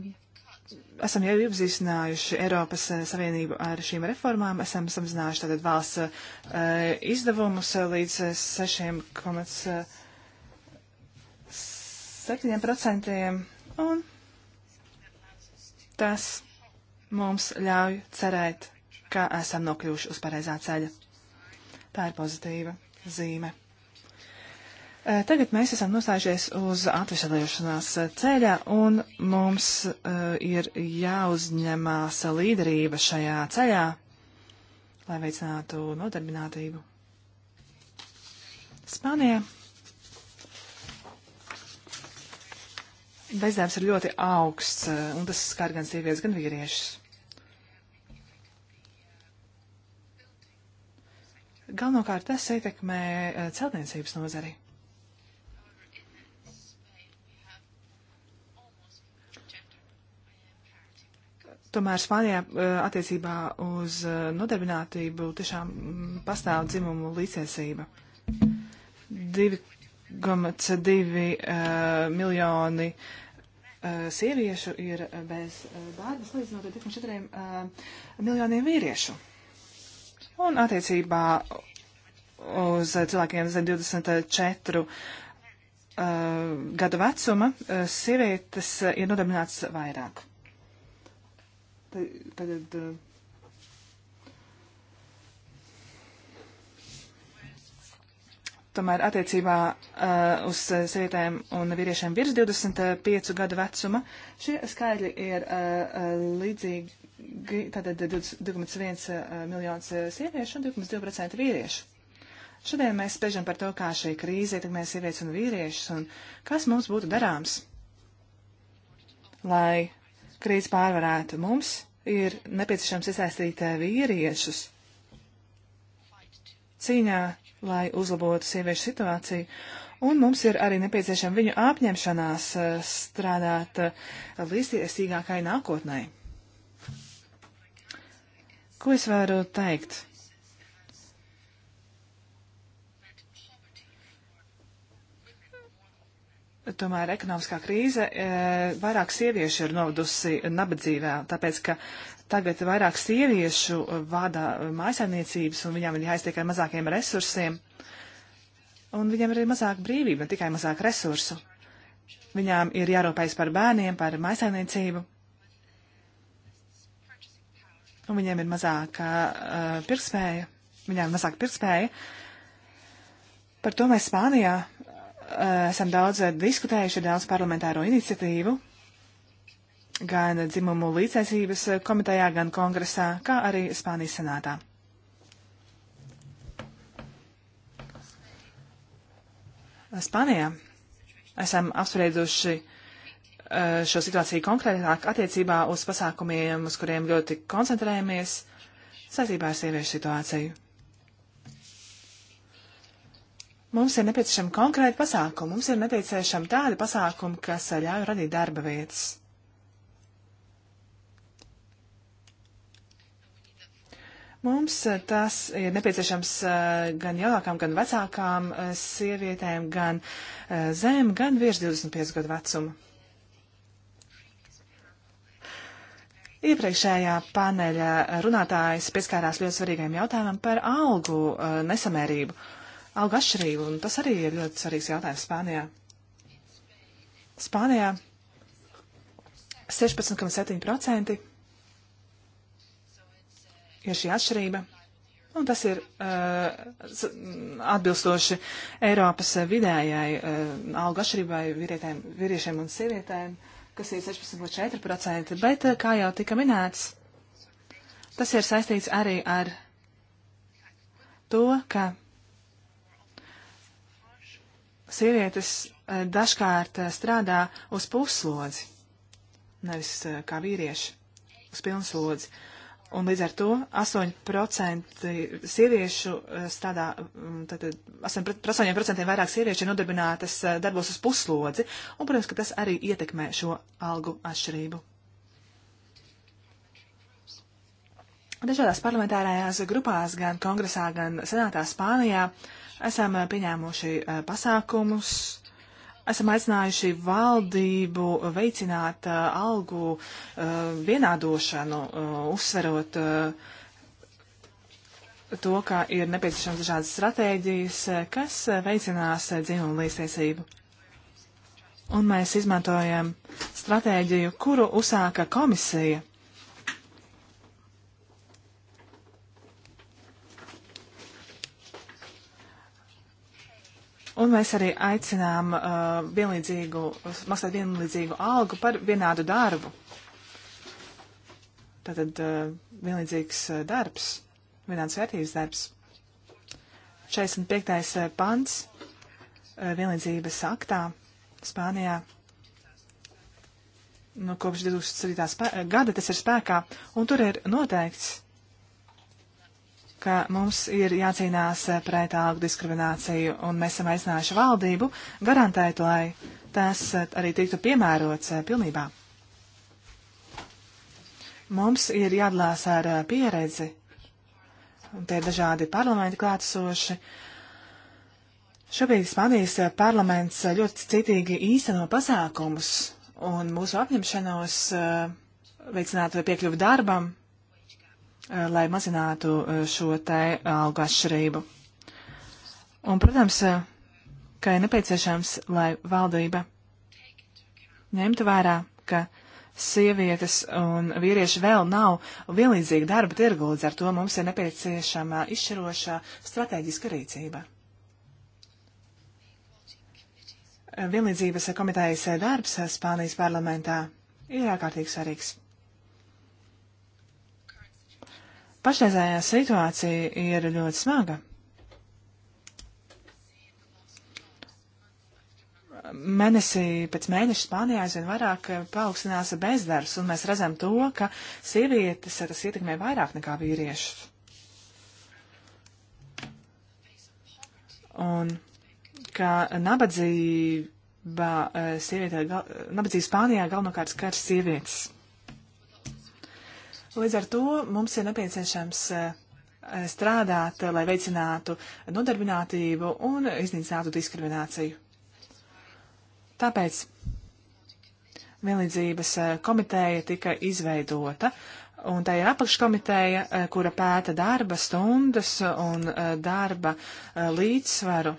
esam jau iepazīstinājuši Eiropas eh, Savienību ar šīm reformām, esam samazinājuši tātad valsts eh, izdevumus eh, līdz 6,7% un tas mums ļauj cerēt, ka esam nokļuvuši uz pareizā ceļa. Tā ir pozitīva zīme. E, tagad mēs esam nostājušies uz atvesaļošanās ceļa, un mums uh, ir jāuzņemās līderība šajā ceļā, lai veicinātu nodarbinātību. Spānijā bezdarbs ir ļoti augsts, e, un tas skar gan sievietes, gan vīriešus. Galvenokārt tas ietekmē eh, celtniecības nozari. Tomēr Spānijā eh, attiecībā uz eh, nodarbinātību tiešām mm, pastāv dzimumu līdztiesība. 2,2 miljoni sieviešu ir bez darba, salīdzinot ar 2,4 miljoniem vīriešu un attiecībā uz cilvēkiem zem 24 uh, gadu vecuma uh, sievietes uh, ir nodarbināts vairāk. Tagad, uh, tomēr attiecībā uh, uz sievietēm un vīriešiem virs 25 gadu vecuma šie skaidri ir uh, uh līdzīgi tātad 2,1 eh, miljonus eh, sieviešu un 2,2% vīriešu. Šodien mēs spēļam par to, kā šī krīze ietekmē sievietes un vīriešus un kas mums būtu darāms, lai krīze pārvarētu. Mums ir nepieciešams iesaistīt eh, vīriešus cīņā, lai uzlabotu sieviešu situāciju. Un mums ir arī nepieciešama viņu apņemšanās strādāt līdztiesīgākai nākotnēji. Ko es varu teikt? Tomēr ekonomiskā krīze e, vairāk sieviešu ir novadusi nabadzībā, tāpēc ka tagad vairāk sieviešu vada mājasainiecības un viņām ir jāiztiek ar mazākiem resursiem. Un viņiem ir arī mazāk brīvība, ne tikai mazāk resursu. Viņām ir jārūpējas par bērniem, par mājasainiecību un viņiem ir mazāka uh, pirkspēja, viņiem ir mazāka pirkspēja. Par to mēs Spānijā uh, esam daudz diskutējuši, ir daudz parlamentāro iniciatīvu, gan dzimumu līdzēsības komitejā, gan kongresā, kā arī Spānijas senātā. Spānijā esam apsprieduši uh, Eh, šo situāciju konkrētāk attiecībā uz pasākumiem, uz kuriem ļoti koncentrējamies saistībā ar sieviešu situāciju. Mums ir nepieciešama konkrēta pasākuma, mums ir nepieciešama tāda pasākuma, kas ļauj radīt darba vietas. Mums eh, tas ir nepieciešams eh, gan jaunākām, gan vecākām sievietēm, gan zem, gan virs 25 gadu vecuma. Iepriekšējā paneļa runātājs pieskārās ļoti svarīgiem jautājumam par algu uh, nesamērību, algu atšķirību, un tas arī ir ļoti svarīgs jautājums Spānijā. Spānijā 16,7% ir šī atšķirība, un tas ir uh, mm, atbilstoši Eiropas vidējai uh, algu atšķirībai vīrietēm, vīriešiem un sievietēm kas ir 16,4%, bet, eh, kā jau tika minēts, tas ir saistīts arī ar to, ka sievietes eh, dažkārt eh, strādā uz puslodzi, nevis kā vīrieši, uz pilnslodzi. Un līdz ar to 8% sieviešu eh, strādā, mm, tad 8% vairāk sieviešu ir nodarbinātas eh, darbos uz puslodzi, un, protams, ka tas arī ietekmē šo algu atšķirību. Dažādās parlamentārajās grupās, gan kongresā, gan senātā Spānijā, esam eh, pieņēmuši pasākumus, esam aicinājuši valdību veicināt uh, algu uh, vienādošanu, uh, uzsverot uh, to, ka ir nepieciešams dažādas stratēģijas, uh, kas uh, veicinās dzimumu līdztiesību. Un mēs izmantojam stratēģiju, kuru uzsāka komisija Un mēs arī aicinām uh, vienlīdzīgu, maksāt vienlīdzīgu algu par vienādu darbu. Tātad uh, vienlīdzīgs uh, darbs, vienāds vērtības darbs. 45. Uh, pants uh, vienlīdzības aktā Spānijā. Nu, kopš 2007. Uh, gada tas ir spēkā, un tur ir noteikts, ka mums ir jācīnās pret algu diskrimināciju, un mēs esam aicinājuši valdību garantēt, lai tas arī tiktu piemērots pilnībā. Mums ir jādalās ar pieredzi, un tie ir dažādi parlamenti klātesoši. Šobrīd Spānijas parlaments ļoti citīgi īsteno pasākumus, un mūsu apņemšanos eh, veicināt piekļuvu darbam Eh, lai mazinātu eh, šo te eh, algu atšķirību. Un, protams, ka ir nepieciešams, lai valdība ņemtu vērā, ka sievietes un vīrieši vēl nav vienlīdzīgi darba tirgu, līdz ar to mums ir nepieciešama izšķirošā stratēģiska rīcība. Vienlīdzības komitejas darbs Spānijas parlamentā ir ārkārtīgi svarīgs. Pašreizējā situācija ir ļoti smaga. Mēnesī pēc mēneša Spānijā aizvien vairāk paaugstinās bezdarbs, un mēs redzam to, ka sievietes tas ietekmē vairāk nekā vīriešus. Un ka nabadzība, eh, sievietē, gal, nabadzība Spānijā galvenokārt skar sievietes. Līdz ar to mums ir nepieciešams eh, strādāt, lai veicinātu nodarbinātību un iznīcinātu diskrimināciju. Tāpēc vienlīdzības eh, komiteja tika izveidota, un tā ir apakškomiteja, eh, kura pēta darba stundas un darba līdzsvaru,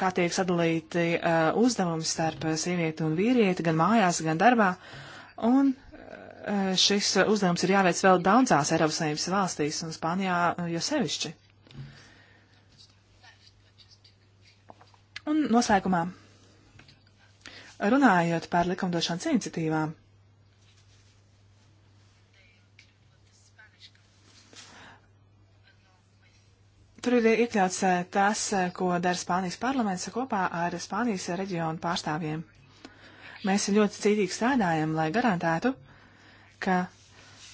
kā tiek sadalīti uzdevumi starp sievieti un vīrieti, gan mājās, gan darbā. Un Eh, šis eh, uzdevums ir jāveic vēl daudzās Eiropas Savienības valstīs un Spānijā eh, jo sevišķi. Un noslēgumā, runājot par likumdošanas iniciatīvām, tur ir iekļauts tas, ko dara Spānijas parlaments kopā ar Spānijas reģionu pārstāvjiem. Mēs ļoti cītīgi strādājam, lai garantētu, ka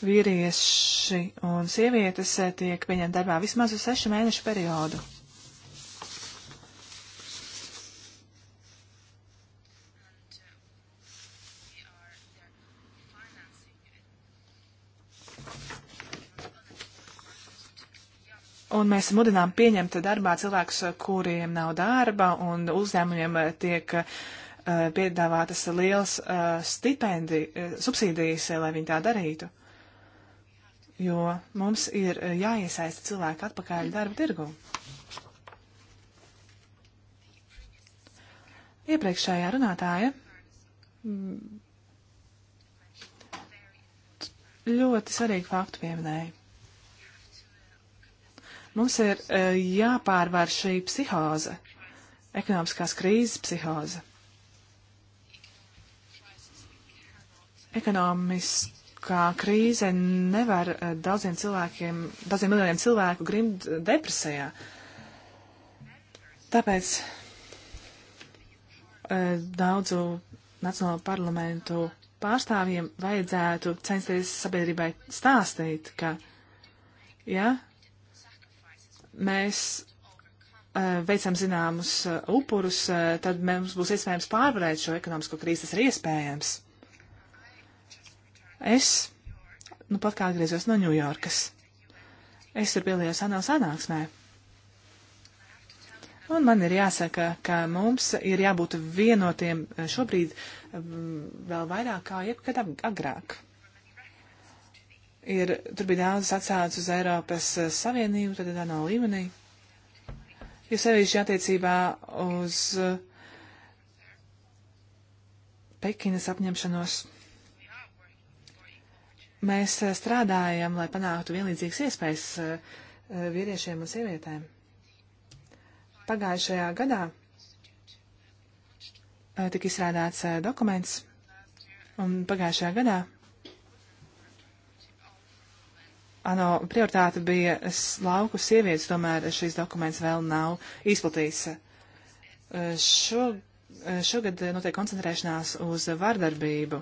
vīrieši un sievietes eh, tiek pieņemti darbā vismaz uz sešu mēnešu periodu. Un mēs mudinām pieņemt darbā cilvēkus, kuriem nav darba, un uzņēmumiem eh, tiek uh, Eh, piedāvātas liels eh, stipendi, eh, subsīdijas, lai viņi tā darītu. Jo mums ir jāiesaista cilvēki atpakaļ darba tirgu. Iepriekšējā runātāja mm, ļoti svarīgu faktu pieminēja. Mums ir jāpārvar šī psihoze, ekonomiskās krīzes psihoze. Ekonomiskā krīze nevar eh, daudziem cilvēkiem, daudziem miljoniem cilvēku grimt depresijā. Tāpēc eh, daudzu nacionālo parlamentu pārstāvjiem vajadzētu censties sabiedrībai stāstīt, ka, ja mēs uh, veicam zināmus uh, upurus, uh, tad mums būs iespējams pārvarēt šo ekonomisko krīzi, tas ir iespējams. Es, nu pat kā atgriezos no Ņujorkas, es tur piedalījos ANO sanāksmē. Un man ir jāsaka, ka mums ir jābūt vienotiem šobrīd mm, vēl vairāk kā jebkad agrāk. Ir, tur bija daudz atsācis uz Eiropas Savienību, tad ANO līmenī. Jo sevišķi attiecībā uz Pekinas apņemšanos Mēs eh, strādājam, lai panāktu vienlīdzīgas iespējas eh, vīriešiem un sievietēm. Pagājušajā gadā eh, tika izstrādāts dokuments, un pagājušajā gadā ano prioritāte bija lauku sievietes, tomēr šis dokuments vēl nav izplatīts. Šo, šogad notiek koncentrēšanās uz vardarbību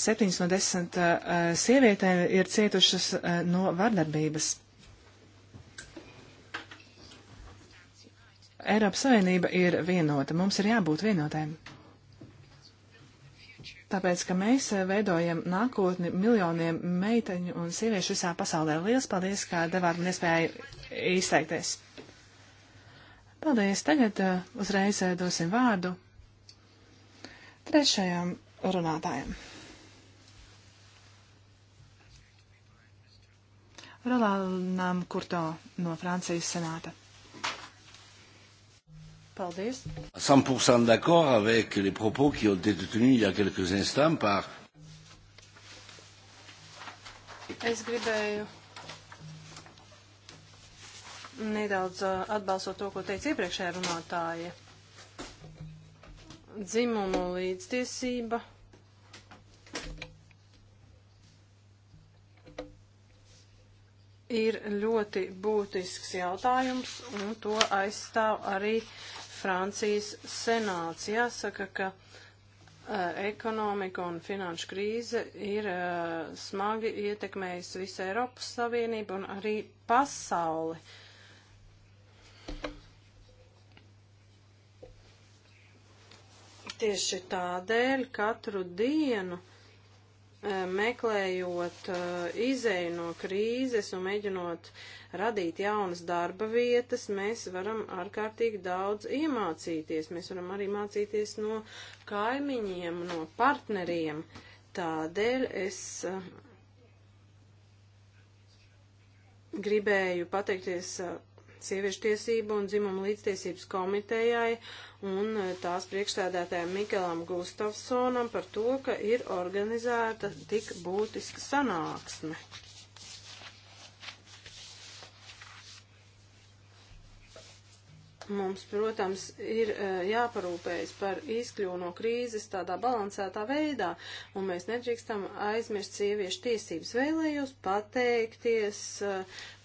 Septiņas no desmit eh, eh, sievietēm ir cietušas eh, no vardarbības. Eiropas Savienība ir vienota, mums ir jābūt vienotēm. Tāpēc, ka mēs veidojam nākotni miljoniem meiteņu un sieviešu visā pasaulē. Lielas paldies, kā devāt man iespēju izteikties. Paldies! Tagad uzreiz dosim vārdu trešajam runātājam. Rolānām Kurto no Francijas senāta. Paldies. 100% d'accord avec les propos qui ont été tenus il y a quelques instants par. Es gribēju nedaudz atbalstot to, ko teica iepriekšējā runātāja. Dzimumu līdztiesība ir ļoti būtisks jautājums, un to aizstāv arī Francijas senāts. Jāsaka, ka ekonomika un finanšu krīze ir uh, smagi ietekmējusi visu Eiropas Savienību un arī pasauli. Tieši tādēļ katru dienu uh, Eh, meklējot eh, izēju no krīzes un mēģinot radīt jaunas darba vietas, mēs varam ārkārtīgi daudz iemācīties. Mēs varam arī mācīties no kaimiņiem, no partneriem. Tādēļ es eh, gribēju pateikties sieviešu tiesību un dzimumu līdztiesības komitejai un eh, tās priekšstādātājiem Mikelam Gustafsonam par to, ka ir organizēta tik būtiska sanāksme. Mums, protams, ir e, jāparūpējas par izkļuvu no krīzes tādā balansētā veidā, un mēs nedrīkstam aizmirst sieviešu tiesības. Vēlējos pateikties e,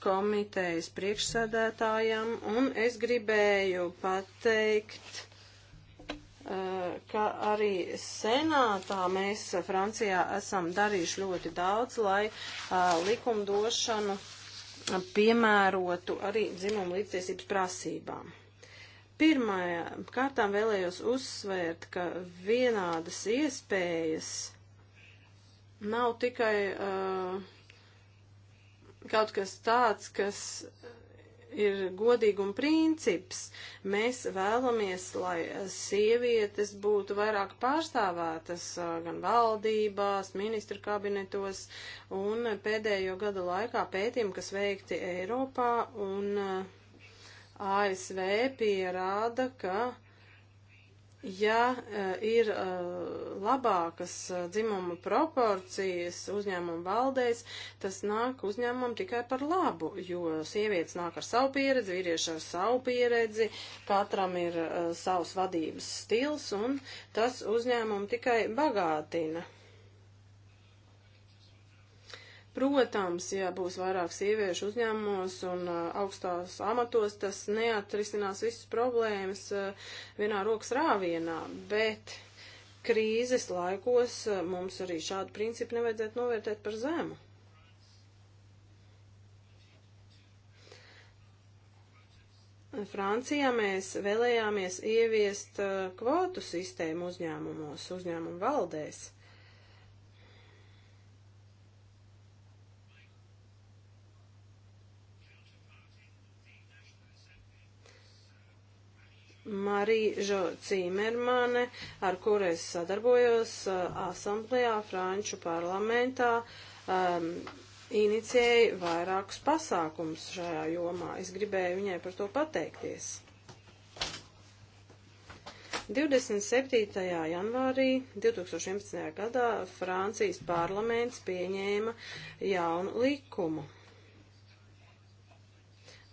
komitejas priekšsēdētājam, un es gribēju pateikt, e, ka arī senātā mēs Francijā esam darījuši ļoti daudz, lai likumdošanu piemērotu arī dzimumu līdztiesības prasībām. Pirmajā kārtām vēlējos uzsvērt, ka vienādas iespējas nav tikai uh, kaut kas tāds, kas ir godīguma princips. Mēs vēlamies, lai sievietes būtu vairāk pārstāvētas uh, gan valdībās, ministru kabinetos un pēdējo gadu laikā pētījumi, kas veikti Eiropā un uh, ASV pierāda, ka ja e, ir e, labākas e, dzimuma proporcijas uzņēmuma valdēs, tas nāk uzņēmumam tikai par labu, jo sievietes nāk ar savu pieredzi, vīrieši ar savu pieredzi, katram ir savs vadības stils un tas uzņēmumu tikai bagātina. Protams, ja būs vairāk sieviešu uzņēmumos un uh, augstās amatos, tas neatrisinās visas problēmas uh, vienā rokas rāvienā, bet krīzes laikos uh, mums arī šādu principu nevajadzētu novērtēt par zemu. Francijā mēs vēlējāmies ieviest kvotu sistēmu uzņēmumos, uzņēmumu valdēs. Marija Žo Cīmermane, ar kuru es sadarbojos uh, asamblējā Franču parlamentā, um, inicijēja vairākus pasākumus šajā jomā. Es gribēju viņai par to pateikties. 27. janvārī 2011. gadā Francijas parlaments pieņēma jaunu likumu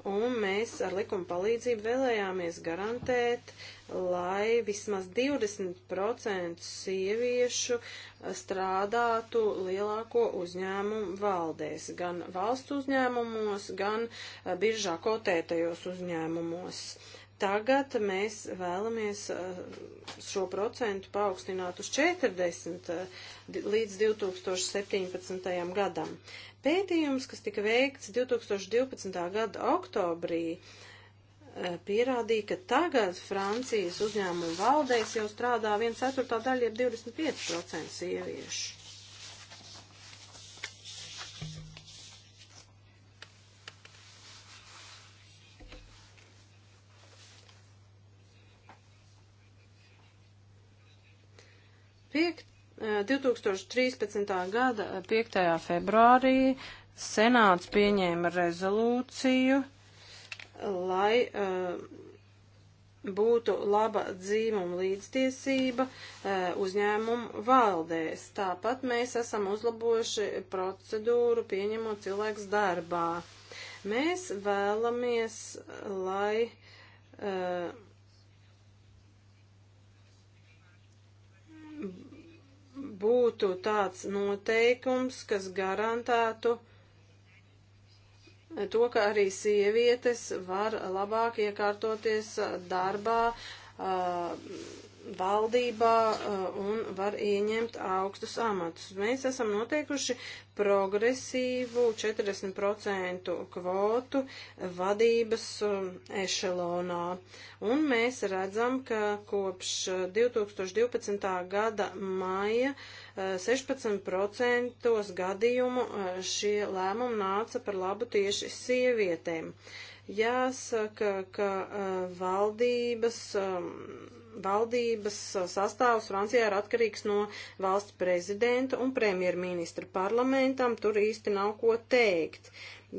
un mēs ar likuma palīdzību vēlējāmies garantēt, lai vismaz 20% sieviešu strādātu lielāko uzņēmumu valdēs, gan valsts uzņēmumos, gan eh, biržā kotētajos uzņēmumos. Tagad mēs vēlamies eh, šo procentu paaugstināt uz 40 eh, līdz 2017. gadam. Pētījums, kas tika veikts 2012. gada oktobrī, eh, pierādīja, ka tagad Francijas uzņēmumu valdēs jau strādā 1 ceturtā daļa, jeb 25% sieviešu. Piekt, 2013. gada 5. Eh, februārī Senāts pieņēma rezolūciju, lai eh, būtu laba dzīvuma līdztiesība eh, uzņēmumu valdēs. Tāpat mēs esam uzlabojuši procedūru pieņemot cilvēks darbā. Mēs vēlamies, lai uh, būtu tāds noteikums, kas garantētu to, ka arī sievietes var labāk iekārtoties darbā, valdībā uh, un var ieņemt augstus amatus. Mēs esam noteikuši progresīvu 40% kvotu vadības um, ešelonā. Un mēs redzam, ka kopš 2012. Uh, gada maija 16% uh, gadījumu šie lēmumi nāca par labu tieši sievietēm. Uh, Jāsaka, ka uh, valdības, um, valdības uh, sastāvs Francijā ir atkarīgs no valsts prezidenta un premjerministra parlamentam, tur īsti nav ko teikt.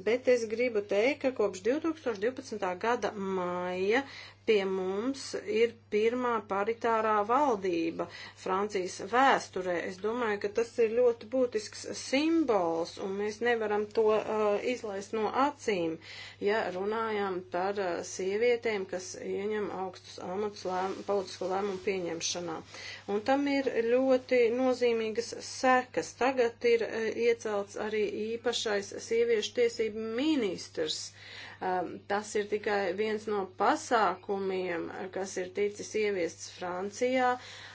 Bet es gribu teikt, ka kopš 2012. gada māja pie mums ir pirmā paritārā valdība Francijas vēsturē. Es domāju, ka tas ir ļoti būtisks simbols, un mēs nevaram to uh, izlaist no acīm, ja runājam par uh, sievietēm, kas ieņem augstus amatus lēm, politisko lēmumu pieņemšanā. Un tam ir ļoti nozīmīgas sekas. Tagad ir uh, iecelts arī īpašais sieviešu tiesību ministrs. Uh, Um, tas ir tikai viens no pasākumiem, kas ir ticis ieviests Francijā,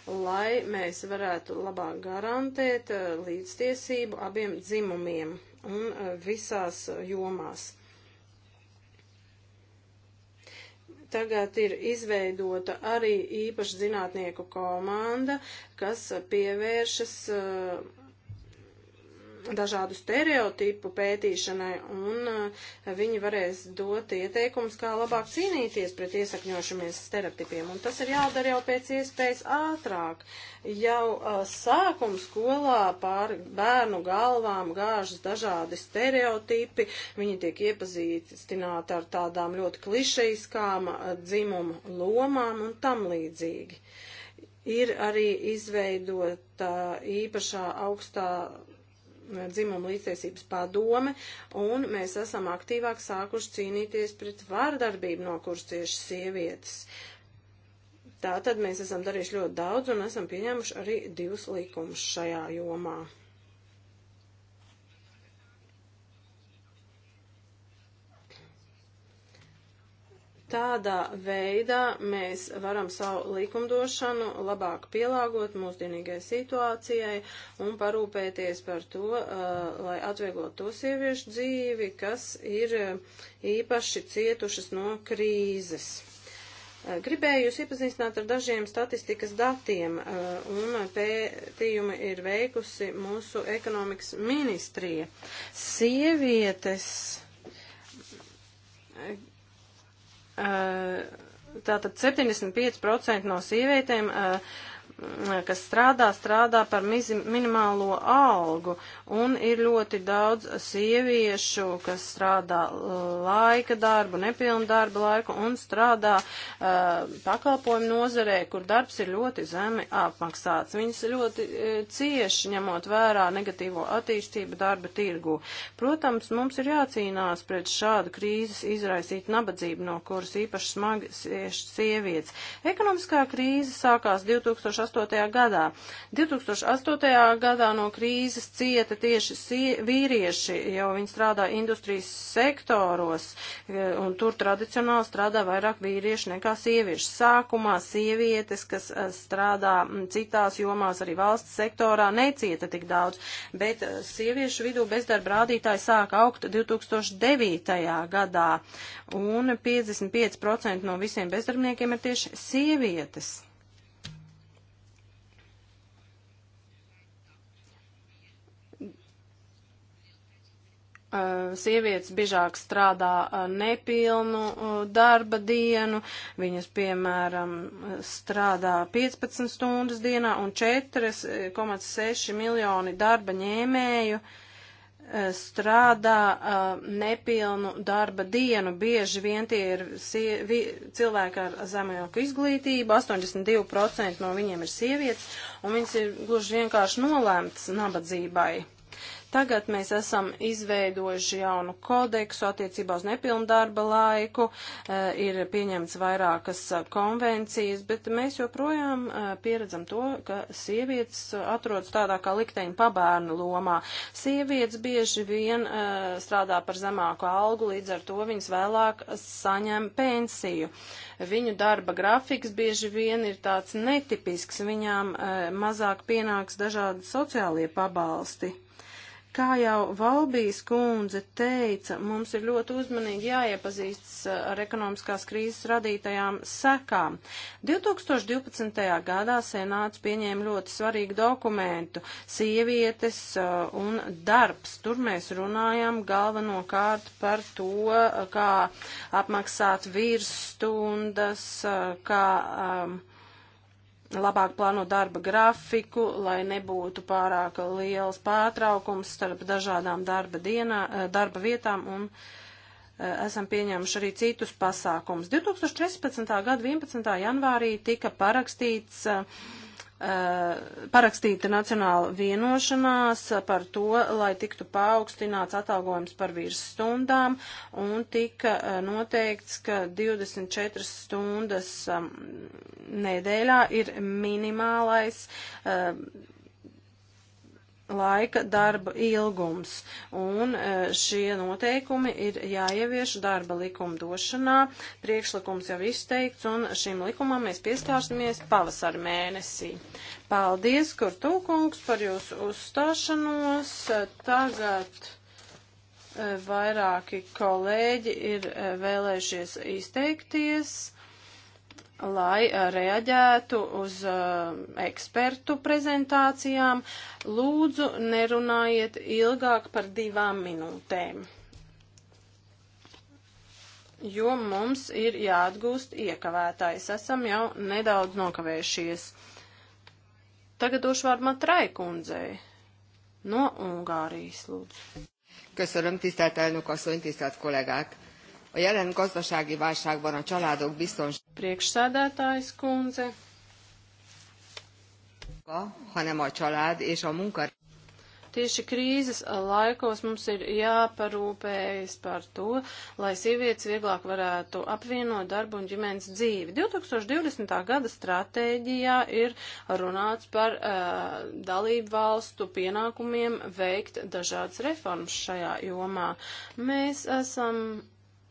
lai mēs varētu labāk garantēt uh, līdztiesību abiem dzimumiem un uh, visās jomās. Tagad ir izveidota arī īpaša zinātnieku komanda, kas pievēršas uh, dažādu stereotipu pētīšanai, un uh, viņi varēs dot ieteikumus, kā labāk cīnīties pret iesakņošamies stereotipiem. Un tas ir jādara jau pēc iespējas ātrāk. Jau uh, sākuma skolā pār bērnu galvām gāžas dažādi stereotipi, viņi tiek iepazīstināti ar tādām ļoti klišejiskām uh, dzimumu lomām un tam līdzīgi. Ir arī izveidota īpašā augstā dzimuma līdztiesības padome, un mēs esam aktīvāk sākuši cīnīties pret vārdarbību, no kuras cieši sievietes. Tātad mēs esam darījuši ļoti daudz un esam pieņēmuši arī divus likumus šajā jomā. Tādā veidā mēs varam savu likumdošanu labāk pielāgot mūsdienīgai situācijai un parūpēties par to, uh, lai atvieglot to sieviešu dzīvi, kas ir uh, īpaši cietušas no krīzes. Uh, gribēju jūs iepazīstināt ar dažiem statistikas datiem, un pētījumi ir veikusi mūsu ekonomikas ministrija. Sievietes Tātad 75% no sievietēm uh, kas strādā, strādā par mizim, minimālo algu, un ir ļoti daudz sieviešu, kas strādā uh, laika darbu, nepilnu darba laiku, un strādā uh, pakalpojumu nozarē, kur darbs ir ļoti zemi apmaksāts. Viņas ļoti uh, cieši ņemot vērā negatīvo attīstību darba tirgu. Protams, mums ir jācīnās pret šādu krīzes izraisīt nabadzību, no kuras īpaši smagi sievietes. Ekonomiskā krīze sākās 2008. 2008. gadā. 2008. gadā no krīzes cieta tieši vīrieši, jo viņi strādā industrijas sektoros, e, un tur tradicionāli strādā vairāk vīrieši nekā sievieši. Sākumā sievietes, kas e, strādā citās jomās, arī valsts sektorā, necieta tik daudz, bet e, sieviešu vidū bezdarba rādītāji sāka augt 2009. gadā, un 55% no visiem bezdarbniekiem ir tieši sievietes. Eh, sievietes biežāk strādā eh, nepilnu eh, darba dienu, viņas, piemēram, strādā 15 stundas dienā un 4,6 miljoni darba ņēmēju strādā nepilnu darba dienu. Bieži vien tie ir sievi, cilvēki ar zemāku izglītību, 82% no viņiem ir sievietes, un viņas ir gluži vienkārši nolēmtas nabadzībai. Tagad mēs esam izveidojuši jaunu kodeksu attiecībā uz nepilndarba laiku, e, ir pieņemts vairākas e, konvencijas, bet mēs joprojām e, pieredzam to, ka sievietes atrodas tādā kā likteņa pabērnu lomā. Sievietes bieži vien strādā par zemāku algu, līdz ar to viņas vēlāk saņem pensiju viņu darba grafiks bieži vien ir tāds netipisks, viņām e, mazāk pienāks dažādi sociālie pabalsti. Kā jau Valbijas kundze teica, mums ir ļoti uzmanīgi jāiepazīstas uh, ar ekonomiskās krīzes radītajām sekām. 2012. gadā Senāts pieņēma ļoti svarīgu dokumentu - sievietes uh, un darbs. Tur mēs runājam galvenokārt par to, uh, kā apmaksāt virsstundas, kā. Um, labāk plānot darba grafiku, lai nebūtu pārāk liels pārtraukums starp dažādām darba, dienā, eh, darba vietām un eh, esam pieņēmuši arī citus pasākumus. 2014. gada 11. janvārī tika parakstīts uh, Eh, parakstīta nacionāla vienošanās par to, lai tiktu paaugstināts atalgojums par virsstundām un tika eh, noteikts, ka 24 stundas ehm, nedēļā ir minimālais ehm, laika darba ilgums, un e, šie noteikumi ir jāievieš darba likumdošanā. Priekšlikums jau izteikts, un šim likumam mēs pieskārsimies pavasar mēnesī. Paldies, Kurtūkungs, par jūsu uzstāšanos. E, tagad e, vairāki kolēģi ir vēlējušies izteikties lai eh, reaģētu uz uh, ekspertu prezentācijām. Lūdzu, nerunājiet ilgāk par divām minūtēm, jo mums ir jāatgūst iekavētājs. Esam jau nedaudz nokavējušies. Tagad došu vārdu Matrai kundzei no Ungārijas, lūdzu. Köszönöm, tisztelt elnök asszony, tisztelt kollégák! A jelen gazdasági válságban a családok biztonsága... Priekšsādātājs kundze. ...hanem a család és a munka... Tieši krīzes laikos mums ir jāparūpējas par to, lai sievietes vieglāk varētu apvienot darbu un ģimenes dzīvi. 2020. gada stratēģijā ir runāts par uh, dalību valstu pienākumiem veikt dažādas reformas šajā jomā. Mēs esam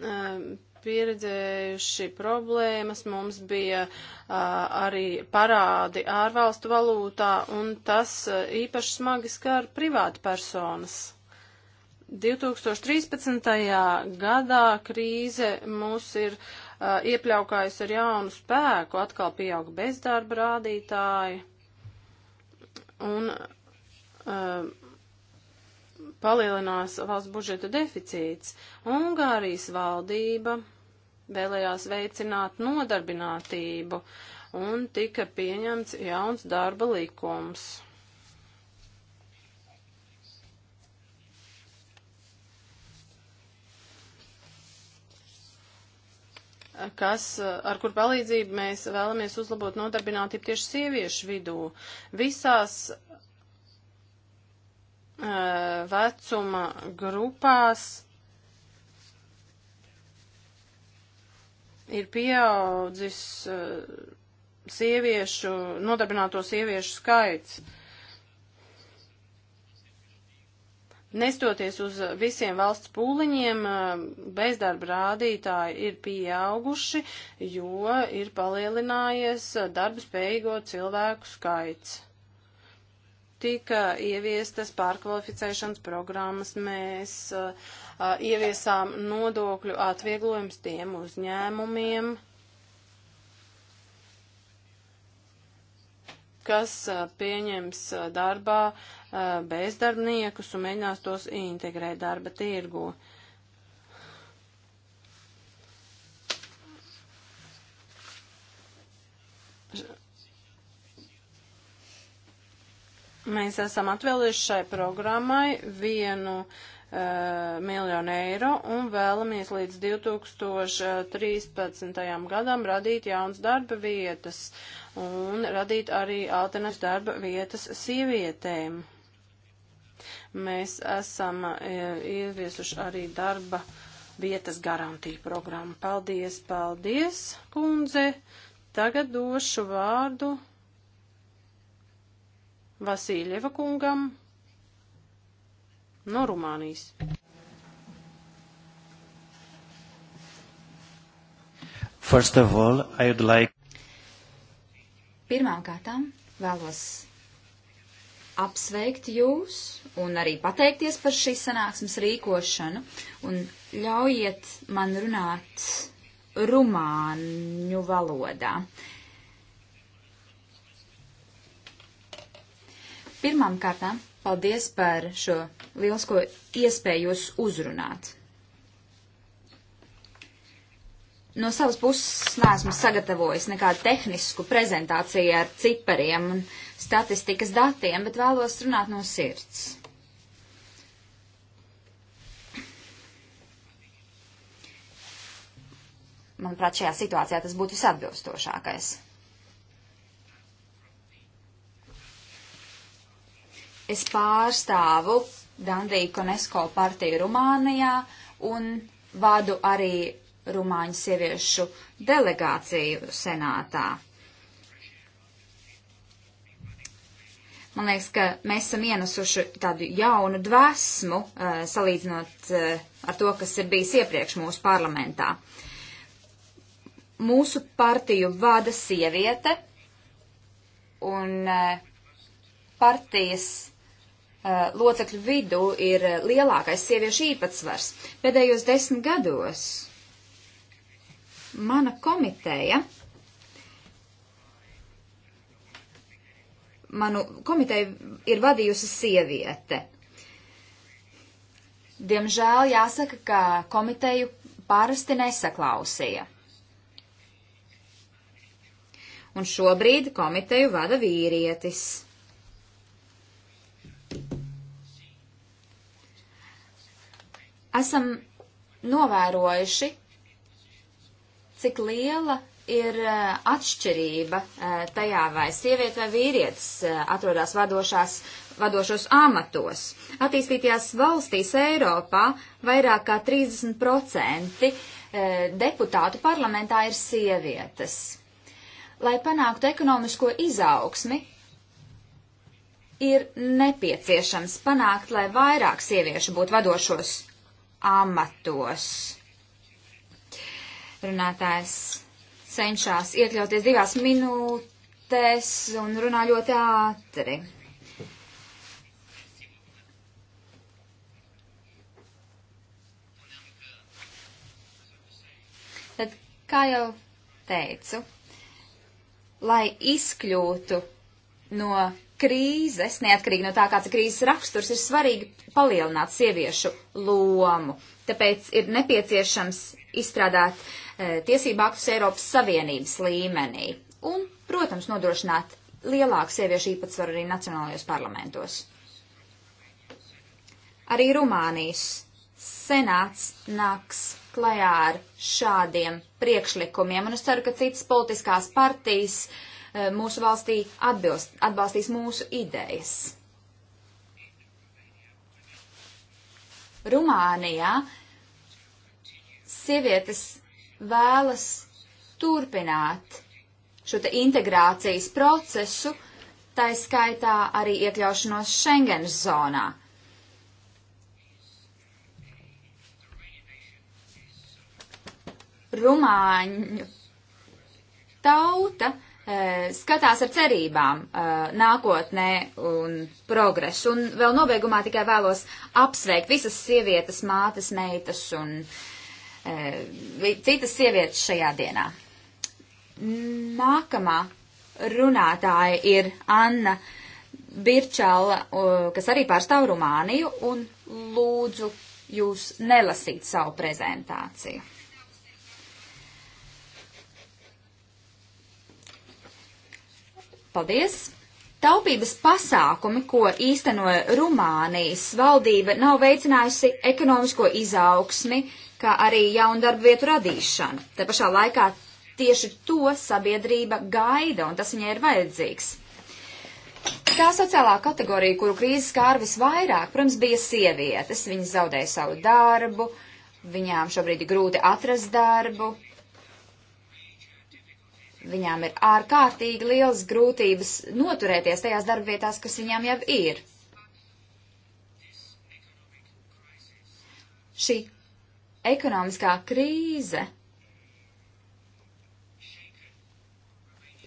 Um, pieredzējuši problēmas, mums bija uh, arī parādi ārvalstu valūtā, un tas uh, īpaši smagi skar privāti personas. 2013. gadā krīze mūs ir uh, iepļaukājusi ar jaunu spēku, atkal pieauga bezdarba rādītāji, un uh, palielinās valsts budžeta deficīts. Ungārijas valdība vēlējās veicināt nodarbinātību un tika pieņemts jauns darba likums. kas, ar kur palīdzību mēs vēlamies uzlabot nodarbinātību tieši sieviešu vidū. Visās Eh, vecuma grupās ir pieaudzis eh, sieviešu, nodarbināto sieviešu skaits. Nestoties uz visiem valsts pūliņiem, eh, bezdarba rādītāji ir pieauguši, jo ir palielinājies darba spējīgo cilvēku skaits tika ieviestas pārkvalificēšanas programmas, mēs uh, uh, ieviesām nodokļu atvieglojums tiem uzņēmumiem, kas uh, pieņems uh, darbā bezdarbniekus un mēģinās tos integrēt darba tirgu. Uh, Mēs esam atvēlējuši šai programmai vienu uh, miljonu eiro un vēlamies līdz 2013. gadam radīt jauns darba vietas un radīt arī alternatīvas darba vietas sievietēm. Mēs esam uh, ieviesuši arī darba vietas garantiju programmu. Paldies, paldies, kundze! Tagad došu vārdu Vasīļeva kungam no Rumānijas. First of all, I would like. Pirmām kārtām vēlos apsveikt jūs un arī pateikties par šīs sanāksmes rīkošanu un ļaujiet man runāt rumāņu valodā. Uh, Pirmām kārtām, paldies par šo lielisko iespēju jūs uzrunāt. No savas puses neesmu sagatavojis nekādu tehnisku prezentāciju ar cipariem un statistikas datiem, bet vēlos runāt no sirds. Manuprāt, šajā situācijā tas būtu visatbilstošākais. Es pārstāvu Dandiju Konesko partiju Rumānijā un vadu arī Rumāņu sieviešu delegāciju senātā. Man liekas, ka mēs esam ienesuši tādu jaunu dvēsmu, eh, salīdzinot eh, ar to, kas ir bijis iepriekš mūsu parlamentā. Mūsu partiju vada sieviete, un eh, partijas Eh, locekļu vidū ir eh, lielākais sieviešu īpatsvars. Pēdējos desmit gados mana komiteja, manu komiteju ir vadījusi sieviete. Diemžēl jāsaka, ka komiteju parasti nesaklausīja. Un šobrīd komiteju vada vīrietis. esam novērojuši, cik liela ir eh, atšķirība eh, tajā, vai sieviete vai vīrietis eh, atrodas vadošās, vadošos amatos. Attīstītajās valstīs Eiropā vairāk kā 30% deputātu parlamentā ir sievietes. Lai panāktu ekonomisko izaugsmi, ir nepieciešams panākt, lai vairāk sieviešu būtu vadošos amatos. Runātājs cenšas iekļauties divās minūtēs un runā ļoti ātri. Tad, kā jau teicu, lai izkļūtu no krīzes, neatkarīgi no tā, kāds ir krīzes raksturs, ir svarīgi palielināt sieviešu lomu. Tāpēc ir nepieciešams izstrādāt e, tiesību aktus Eiropas Savienības līmenī un, protams, nodrošināt lielāku sieviešu īpatsvaru arī nacionālajos parlamentos. Arī Rumānijas senāts nāks klajā ar šādiem priekšlikumiem, un es ceru, ka citas politiskās partijas uh, Eh, mūsu valstī atbilst, atbalstīs mūsu idejas. Rumānijā sievietes vēlas turpināt šo te integrācijas procesu, tā skaitā arī iekļaušanos Schengenas zonā. Rumāņu tauta Eh, skatās ar cerībām eh, nākotnē un progresu. Un vēl nobeigumā tikai vēlos apsveikt visas sievietes, mātes, meitas un eh, citas sievietes šajā dienā. Nākamā runātāja ir Anna Birčala, kas arī pārstāv Rumāniju, un lūdzu jūs nelasīt savu prezentāciju. Paldies! Taupības pasākumi, ko īstenoja Rumānijas valdība, nav veicinājusi ekonomisko izaugsmi, kā arī jaunu darbu vietu radīšanu. Te pašā laikā tieši to sabiedrība gaida, un tas viņai ir vajadzīgs. Tā sociālā kategorija, kuru krīze skāra visvairāk, protams, bija sievietes. Viņas zaudēja savu darbu, viņām šobrīd ir grūti atrast darbu, Viņām ir ārkārtīgi liels grūtības noturēties tajās darbvietās, kas viņām jau ir. Šī ekonomiskā krīze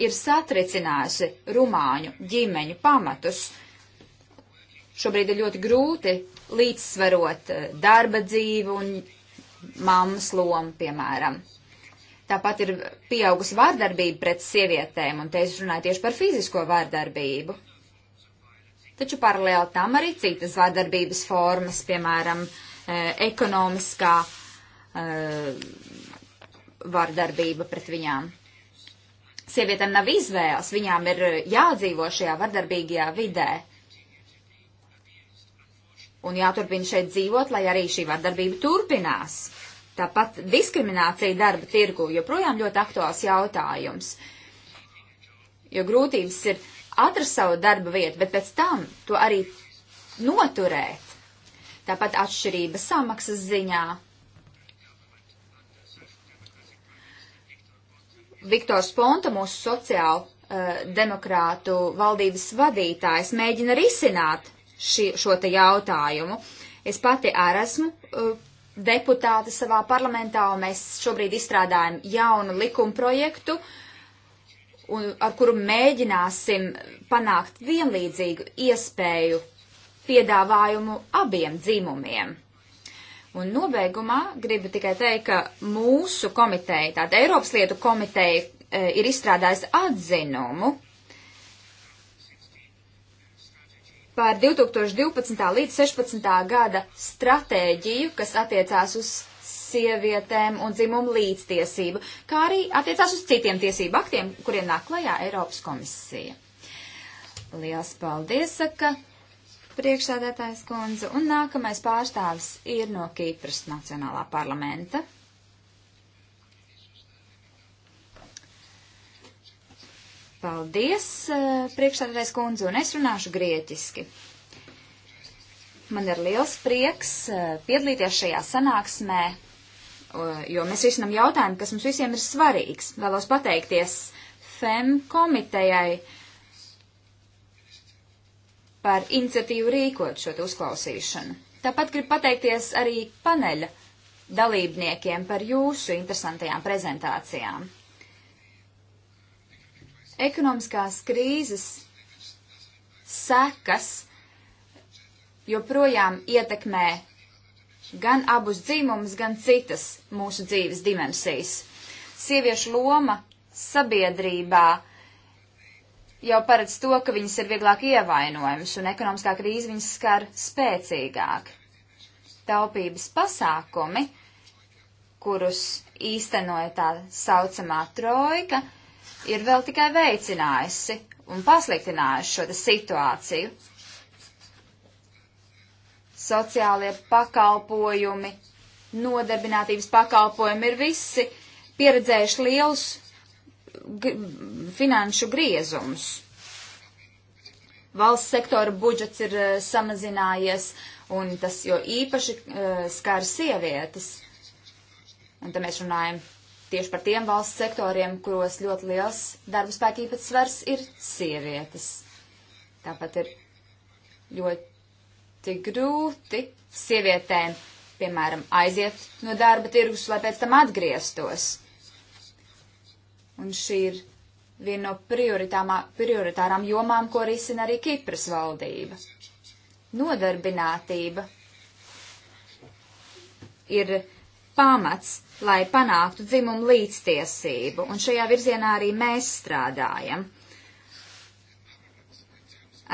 ir satricinājusi rumāņu ģimeņu pamatus. Šobrīd ir ļoti grūti līdzsvarot eh, darba dzīvi un mammas lomu, piemēram. Tāpat ir pieaugusi vārdarbība pret sievietēm, un te es runāju tieši par fizisko vārdarbību. Taču paralēli tam arī citas vārdarbības formas, piemēram, e, ekonomiskā e, vārdarbība pret viņām. Sievietēm nav izvēles, viņām ir jādzīvo šajā vardarbīgajā vidē. Un jāturpina šeit dzīvot, lai arī šī vardarbība turpinās. Tāpat diskriminācija darba tirgu joprojām ļoti aktuāls jautājums, jo grūtības ir atrast savu darba vietu, bet pēc tam to arī noturēt. Tāpat atšķirība samaksas ziņā. Viktors Ponta, mūsu sociāla uh, eh, demokrātu valdības vadītājs, mēģina risināt ši, šo te jautājumu. Es pati arī esmu uh, deputāti savā parlamentā, un mēs šobrīd izstrādājam jaunu likumprojektu, un, ar kuru mēģināsim panākt vienlīdzīgu iespēju piedāvājumu abiem dzimumiem. Un nobeigumā gribu tikai teikt, ka mūsu komiteja, tāda Eiropas lietu komiteja, eh, ir izstrādājusi atzinumu, par 2012. līdz 16. gada stratēģiju, kas attiecās uz sievietēm un dzimumu līdztiesību, kā arī attiecās uz citiem tiesību aktiem, kuriem nāk klajā Eiropas komisija. Lielas paldies, saka priekšsādētājs kundze, un nākamais pārstāvis ir no Kīpras Nacionālā parlamenta. Paldies, eh, priekšstādātais kundze, un es runāšu grieķiski. Man ir liels prieks eh, piedalīties šajā sanāksmē, eh, jo mēs risinam jautājumu, kas mums visiem ir svarīgs. Vēlos pateikties FEM komitejai par iniciatīvu rīkot šo uzklausīšanu. Tāpat gribu pateikties arī paneļa dalībniekiem par jūsu interesantajām prezentācijām ekonomiskās krīzes sekas joprojām ietekmē gan abus dzīmumus, gan citas mūsu dzīves dimensijas. Sieviešu loma sabiedrībā jau paredz to, ka viņas ir vieglāk ievainojamas un ekonomiskā krīze viņas skar spēcīgāk. Taupības pasākumi, kurus īstenoja tā saucamā trojka, ir vēl tikai veicinājusi un pasliktinājusi šo situāciju. Sociālie pakalpojumi, nodarbinātības pakalpojumi ir visi pieredzējuši lielus finanšu griezumus. Valsts sektora budžets ir uh, samazinājies, un tas jo īpaši uh, skar sievietes. Un te mēs runājam tieši par tiem valsts sektoriem, kuros ļoti liels darba spēka īpatsvars ir sievietes. Tāpat ir ļoti grūti sievietēm, piemēram, aiziet no darba tirgus, lai pēc tam atgrieztos. Un šī ir viena no prioritārām jomām, ko risina arī Kipras valdība. Nodarbinātība ir pamats lai panāktu dzimumu līdztiesību, un šajā virzienā arī mēs strādājam.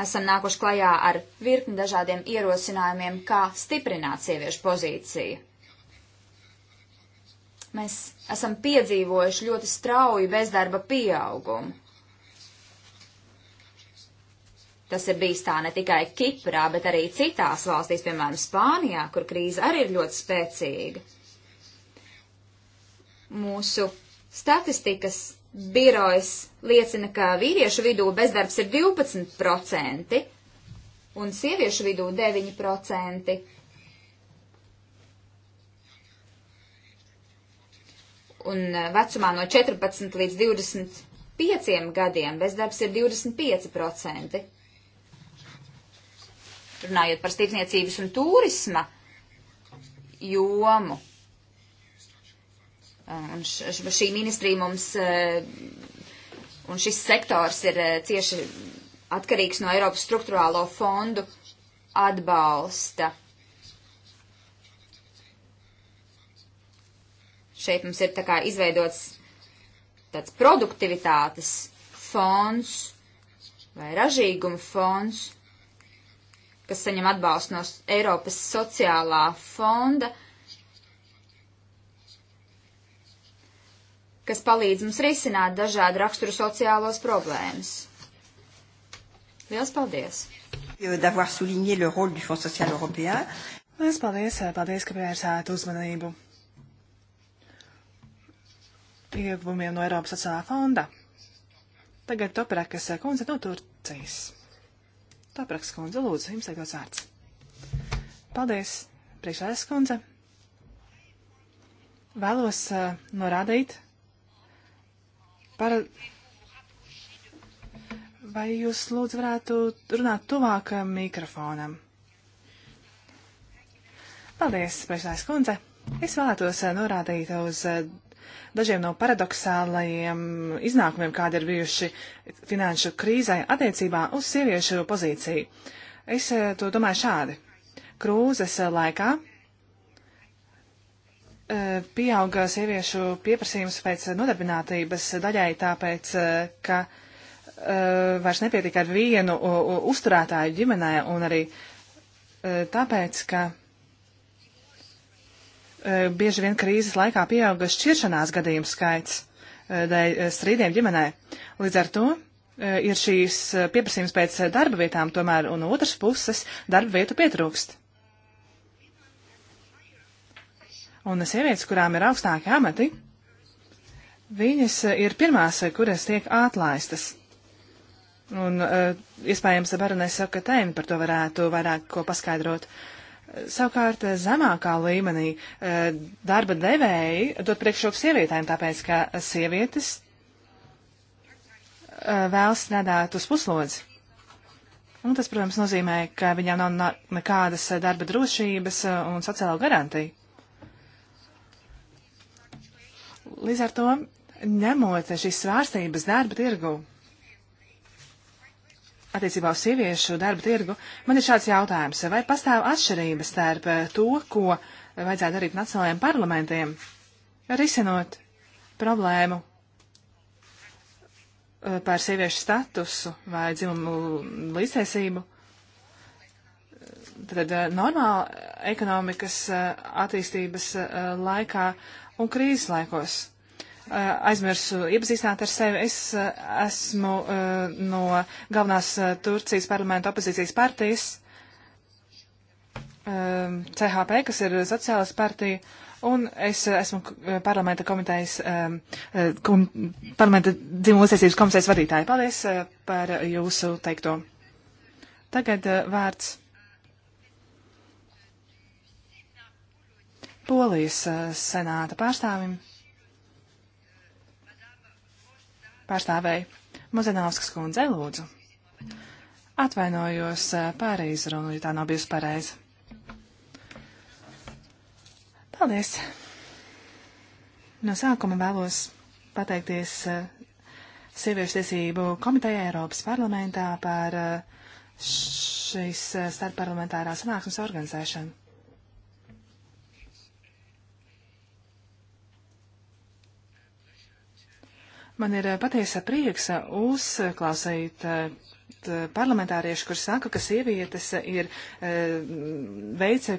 Esam nākuši klajā ar virkni dažādiem ierosinājumiem, kā stiprināt sieviešu pozīciju. Mēs esam piedzīvojuši ļoti strauju bezdarba pieaugumu. Tas ir bijis tā ne tikai Kiprā, bet arī citās valstīs, piemēram, Spānijā, kur krīze arī ir ļoti spēcīga. Mūsu statistikas birojas liecina, ka vīriešu vidū bezdarbs ir 12% un sieviešu vidū 9%. Un eh, vecumā no 14 līdz 25 gadiem bezdarbs ir 25%. Runājot par stīpniecības un turisma jomu, Eh, un š, š, šī ministrija mums eh, un šis sektors ir eh, cieši atkarīgs no Eiropas struktūrālo fondu atbalsta. Šeit mums ir tā kā izveidots tāds produktivitātes fonds vai ražīguma fonds, kas saņem atbalstu no Eiropas sociālā fonda. Uh, kas palīdz mums risināt dažādu raksturu sociālos problēmas. Liels paldies! Liels paldies, paldies, ka pievērsāt uzmanību ieguvumiem no Eiropas sociālā fonda. Tagad Toprakas kundze no Turcijas. Toprakas kundze, lūdzu, jums ir dots vārds. Paldies, priekšsēdētājas kundze. Vēlos uh, norādīt, Par... Vai jūs lūdzu varētu runāt tuvāk mikrofonam? Paldies, priekšnājas kundze. Es vēlētos eh, norādīt uz eh, dažiem no paradoxālajiem iznākumiem, kādi ir bijuši finanšu krīzai attiecībā uz sieviešu pozīciju. Es eh, to domāju šādi. Krūzes laikā E, pieauga sieviešu pieprasījums pēc nodarbinātības daļai tāpēc, e, ka e, vairs nepietiek ar vienu uzturētāju ģimenē un arī tāpēc, ka bieži vien krīzes laikā pieauga šķiršanās gadījumu skaits dēļ strīdiem ģimenē. Līdz ar to ir šīs pieprasījums pēc darba vietām tomēr, un otras puses darba vietu pietrūkst. Un sievietes, kurām ir augstāki amati, viņas eh, ir pirmās, eh, kuras tiek atlaistas. Un eh, iespējams, baronesa Katēna par to varētu vairāk ko paskaidrot. Savukārt, zemākā līmenī darba devēji dod priekšroku sievietēm, tāpēc, ka sievietes vēl strādāt uz puslodzi. Un tas, protams, nozīmē, ka viņām nav nekādas darba drošības un sociālo garantiju. Līdz ar to, ņemot šīs svārstības darba tirgu, attiecībā uz sieviešu darba tirgu, man ir šāds jautājums. Vai pastāv atšķirības starp eh, to, ko vajadzētu darīt nacionālajiem parlamentiem, risinot problēmu eh, par sieviešu statusu vai dzimumu līdztiesību? Tad eh, normāla ekonomikas attīstības laikā un krīzes laikos. Aizmirsu iepazīstināt ar sevi. Es esmu no galvenās Turcijas parlamenta opozīcijas partijas CHP, kas ir sociālas partija, un es esmu parlamenta komitejas, kom, parlamenta dzimumlīsēsības komisijas vadītāja. Paldies par jūsu teikto. Tagad vārds Polijas eh, senāta pārstāvim. Pārstāvēja Muzenovskas kundze, lūdzu. Atvainojos eh, par izrunu, ja tā nav bijusi pareiza. Paldies! No sākuma vēlos pateikties eh, Sieviešu tiesību komiteja Eiropas parlamentā par šīs starpparlamentārās sanāksmes organizēšanu. Man ir eh, patiesa prieks eh, uzklausīt eh, parlamentārieši, kur saka, ka sievietes ir veice,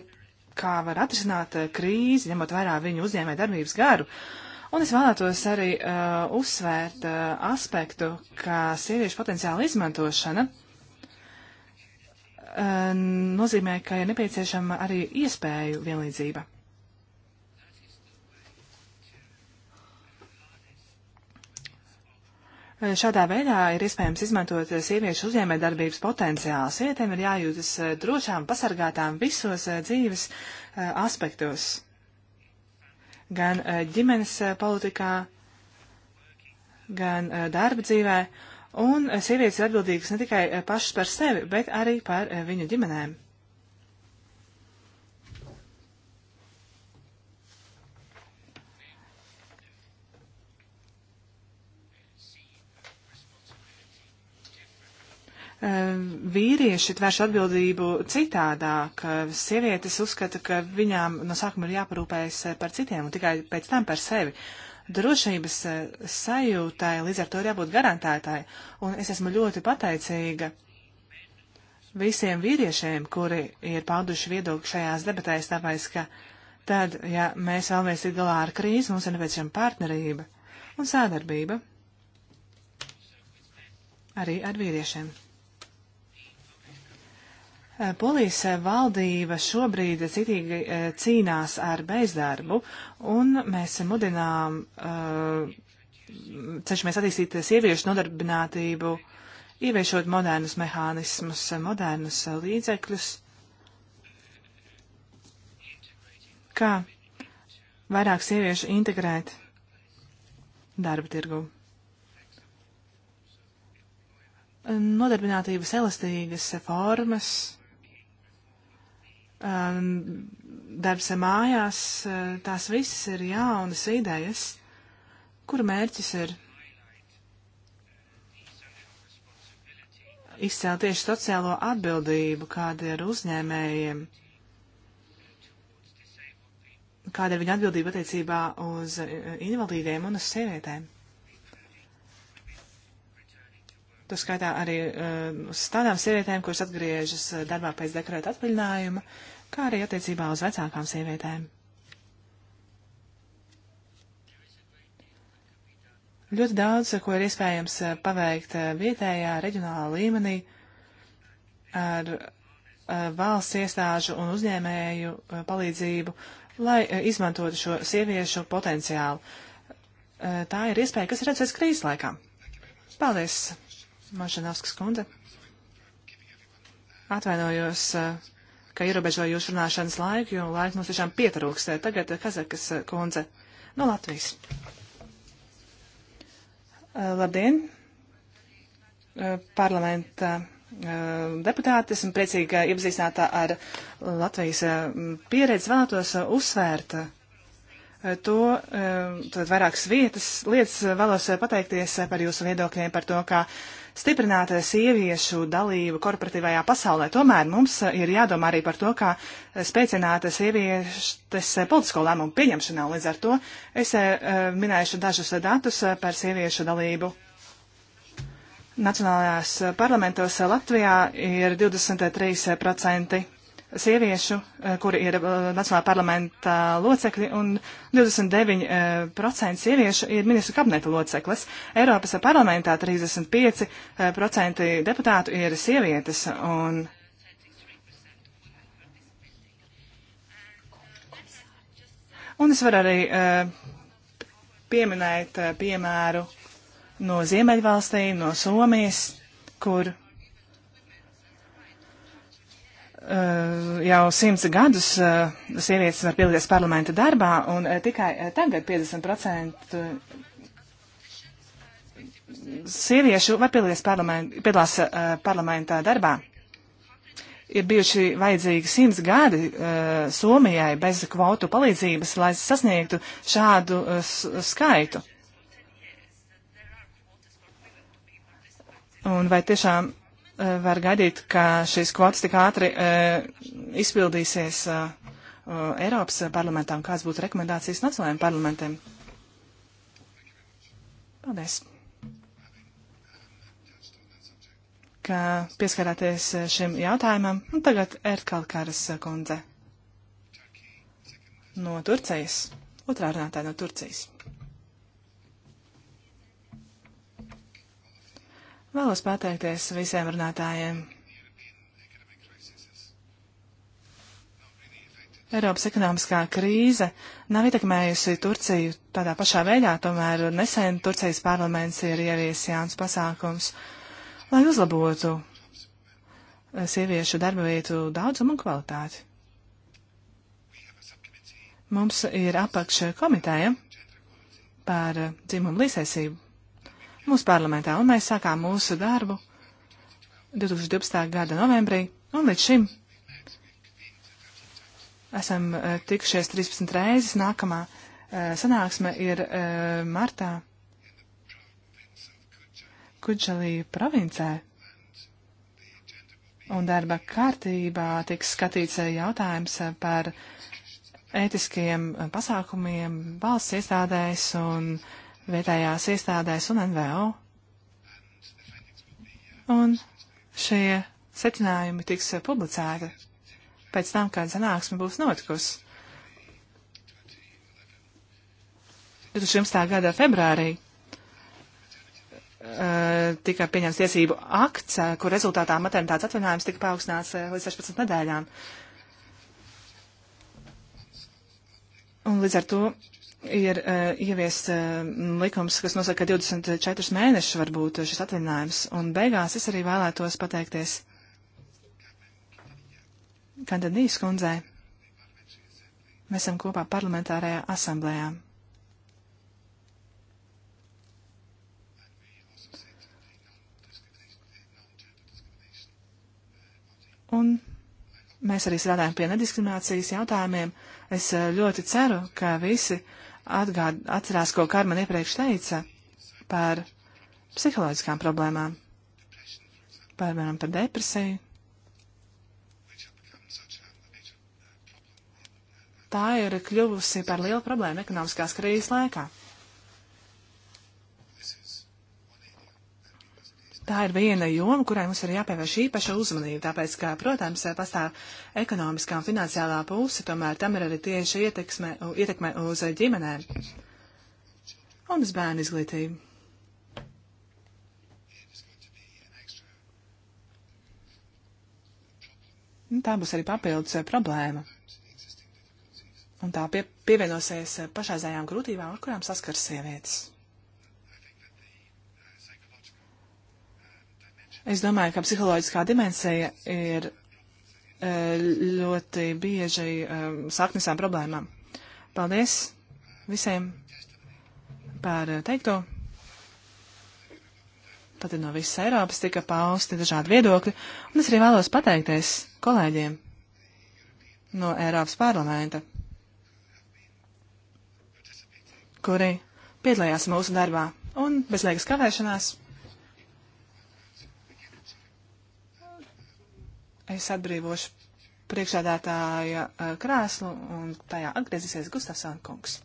kā var atrisināt krīzi, ņemot vērā viņu uzņēmē darbības garu. Un es vēlētos arī uh, uzsvērt uh, aspektu, ka sieviešu potenciāla izmantošana uh, nozīmē, ka ir nepieciešama arī iespēju vienlīdzība. Šādā veidā ir iespējams izmantot sieviešu uzņēmējdarbības potenciālu. Sievietēm ir jājūtas eh, drošām, pasargātām visos eh, dzīves eh, aspektos. Gan ģimenes politikā, gan darba dzīvē. Un sievietes ir atbildīgas ne tikai pašas par sevi, bet arī par viņu ģimenēm. Eh, vīrieši tvērš atbildību citādāk. Sievietes uzskata, ka viņām no sākuma ir jāparūpējas eh, par citiem un tikai pēc tam par sevi. Drošības eh, sajūtai līdz ar to ir jābūt garantētāji, un es esmu ļoti pateicīga visiem vīriešiem, kuri ir pauduši viedokli šajās debatēs, tāpēc, ka tad, ja mēs vēlamies tikt galā ar krīzi, mums ir nepieciešama partnerība un sādarbība arī ar vīriešiem. Polijas valdība šobrīd citīgi e, cīnās ar bezdarbu, un mēs mudinām, e, cenšamies attīstīt sieviešu nodarbinātību, ieviešot modernus mehānismus, modernus līdzekļus, kā vairāk sieviešu integrēt darba tirgu. Nodarbinātības elastīgas formas um, darbs mājās, eh, tās visas ir jaunas idejas, kuru mērķis ir izcelt tieši sociālo atbildību, kāda ir uzņēmējiem, kāda ir viņa atbildība attiecībā uz eh, invalīdiem un uz sievietēm. Tas skaitā arī um, uz tādām sievietēm, kuras atgriežas uh, darbā pēc dekrēta atvaļinājuma, kā arī attiecībā uz vecākām sievietēm. Ļoti daudz, uh, ko ir iespējams uh, paveikt vietējā, reģionālā līmenī ar valsts iestāžu un uzņēmēju palīdzību, lai izmantotu šo sieviešu potenciālu. Tā ir iespēja, kas ir redzēts krīzes laikā. Paldies! Mažanovskas kundze. Atvainojos, eh, ka ierobežoju jūsu runāšanas laiku, jo laika mums tiešām pietrūks. Eh, tagad Kazakas eh, kundze no Latvijas. Labdien! Parlamenta deputāti, esmu priecīga iepazīstinātā ar Latvijas pieredzi, vēlētos uzsvērt to, tad vairākas vietas, lietas vēlos pateikties par jūsu viedokļiem par to, kā stiprināt sieviešu dalību korporatīvajā pasaulē. Tomēr mums ir jādomā arī par to, kā spēcināt sievietes politisko lēmumu pieņemšanā. Līdz ar to es eh, minēšu dažus datus par sieviešu dalību Nacionālajās parlamentos Latvijā ir 23% sieviešu, eh, kuri ir eh, Nacionālā parlamenta locekļi, un 29% eh, sieviešu ir ministru kabineta loceklis. Eiropas parlamentā 35% deputātu ir sievietes, un Un es varu arī uh, pieminēt uh, piemēru no Ziemeļvalstīm, no Somijas, kur Eh, jau simts gadus eh, sievietes var piedalīties parlamenta darbā, un eh, tikai tagad 50% sieviešu var piedalīties parlament, piedalās parlamentā darbā. Ir bijuši vajadzīgi simts gadi Somijai bez kvotu palīdzības, lai sasniegtu šādu skaitu. Un vai tiešām Eh, var gaidīt, ka šīs kvotas tik ātri eh, izpildīsies eh, Eiropas parlamentām? Kāds būtu rekomendācijas nacionālajiem parlamentiem? Paldies! ka pieskarāties šim jautājumam. Un tagad Erkal Karas kundze no Turcijas, otrā runātāja no Turcijas. Vēlos pateikties visiem runātājiem. Eiropas ekonomiskā krīze nav ietekmējusi Turciju tādā pašā veidā, tomēr nesen Turcijas parlaments ir ievies jauns pasākums, lai uzlabotu eh, sieviešu darba vietu daudzumu un kvalitāti. Mums ir apakškomiteja par dzimumu līdzēsību mūsu parlamentā, un mēs sākām mūsu darbu 2012. gada novembrī, un līdz šim esam eh, tikušies 13 reizes. Nākamā eh, sanāksme ir eh, martā Kudžalī provincē. Un darba kārtībā tiks skatīts jautājums par ētiskiem pasākumiem valsts iestādēs un uh, vietējās iestādēs un NVO. Un šie secinājumi tiks publicēti pēc tam, kad sanāksme būs notikusi. 2011. gada februārī eh, tika pieņemts tiesību akts, eh, kur rezultātā maternitātes atvaļinājums tika paaugstināts eh, līdz 16 nedēļām. Un līdz ar to ir uh, eh, ieviests uh, eh, likums, kas nosaka, ka 24 mēneši var būt eh, šis atvaļinājums. Un beigās es arī vēlētos pateikties Kandanīs kundzē. Mēs esam kopā parlamentārajā asamblējā. Un mēs arī strādājam pie nediskriminācijas jautājumiem. Es ļoti ceru, ka visi uh, atgād, atcerās, ko Karma iepriekš teica par psiholoģiskām problēmām, pārmēram par depresiju. Tā ir kļuvusi par lielu problēmu ekonomiskās krīzes laikā. tā ir viena joma, kurai mums ir jāpievērš īpaša uzmanība, tāpēc, ka, protams, pastāv ekonomiskā un finansiālā puse, tomēr tam ir arī tieši ietekme, ietekme uz ģimenēm un uz bērnu izglītību. Tā būs arī papildus eh, problēma. Un tā pie, pievienosies eh, pašreizējām grūtībām, ar kurām saskars sievietes. Es domāju, ka psiholoģiskā dimensija ir e, ļoti bieži e, saknesām problēmām. Paldies visiem par teikto. Pat no visas Eiropas tika pausti dažādi viedokļi, un es arī vēlos pateikties kolēģiem no Eiropas parlamenta, kuri piedalījās mūsu darbā. Un bez liekas kavēšanās Es atbrīvošu priekšādātāja eh, krēslu un tajā atgriezīsies Gustafsson kungs.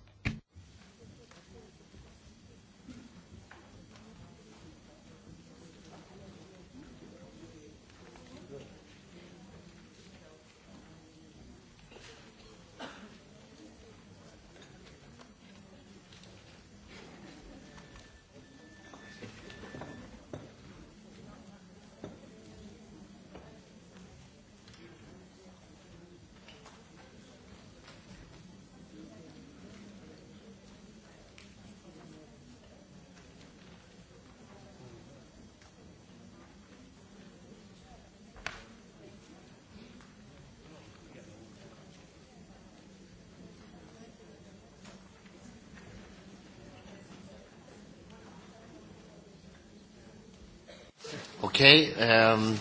Okay, um,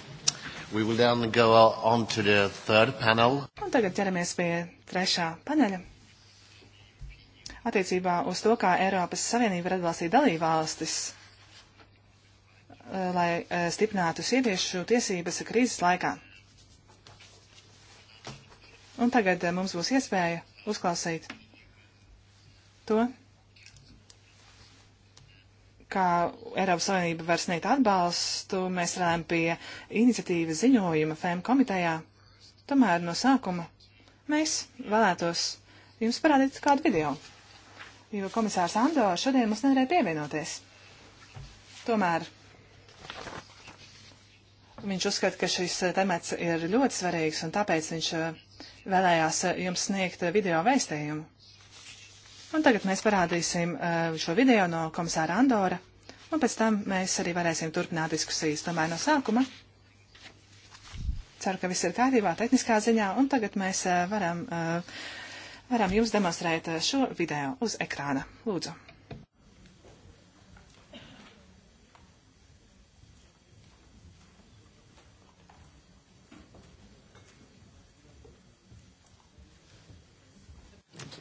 we will then go on to the third panel. Un tagad ķeramies pie trešā paneļa. Attiecībā uz to, kā Eiropas Savienība var atbalstīt dalībvalstis, eh, lai eh, stiprinātu sieviešu tiesības krīzes laikā. Un tagad eh, mums būs iespēja uzklausīt to, kā Eiropas Savienība var sniegt atbalstu, mēs rādām pie iniciatīvas ziņojuma FEM komitejā. Tomēr no sākuma mēs vēlētos jums parādīt kādu video, jo komisārs Ando šodien mums nevarēja pievienoties. Tomēr viņš uzskata, ka šis temats ir ļoti svarīgs, un tāpēc viņš eh, vēlējās eh, jums sniegt video vēstījumu. Un tagad mēs parādīsim eh, šo video no komisāra Andora, un pēc tam mēs arī varēsim turpināt diskusijas tomēr no sākuma. Ceru, ka viss ir kārtībā tehniskā ziņā, un tagad mēs eh, varam, eh, varam jums demonstrēt šo video uz ekrāna. Lūdzu!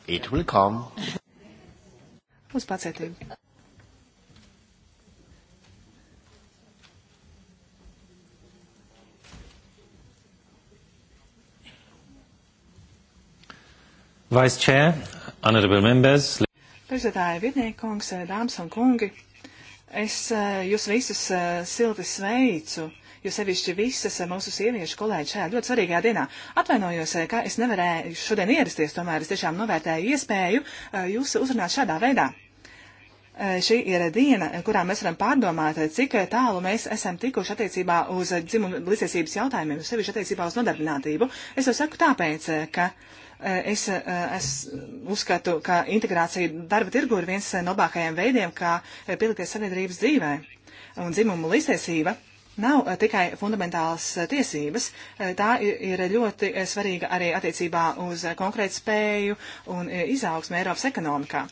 It will come. Uz pacietību. Vice Chair, Honorable Members. Prezidētāja Vidniekungs, dāmas un kungi, es eh, jūs visus eh, silti sveicu jo sevišķi visas mūsu sieviešu kolēģi šajā ļoti svarīgā dienā. Atvainojos, eh, ka es nevarēju šodien ierasties, tomēr es tiešām novērtēju iespēju eh, jūs uzrunāt šādā veidā. Eh, šī ir diena, kurā mēs varam pārdomāt, cik tālu mēs esam tikuši attiecībā uz dzimumu līdztiesības jautājumiem, sevišķi attiecībā uz nodarbinātību. Es to saku tāpēc, ka es, es uzskatu, ka integrācija darba tirgu ir viens no labākajiem veidiem, kā pielikties sabiedrības dzīvē. Un dzimumu līdztiesība nav eh, tikai fundamentālas eh, tiesības, eh, tā ir ļoti svarīga arī attiecībā uz konkrētu spēju un izaugsmu Eiropas ekonomikā.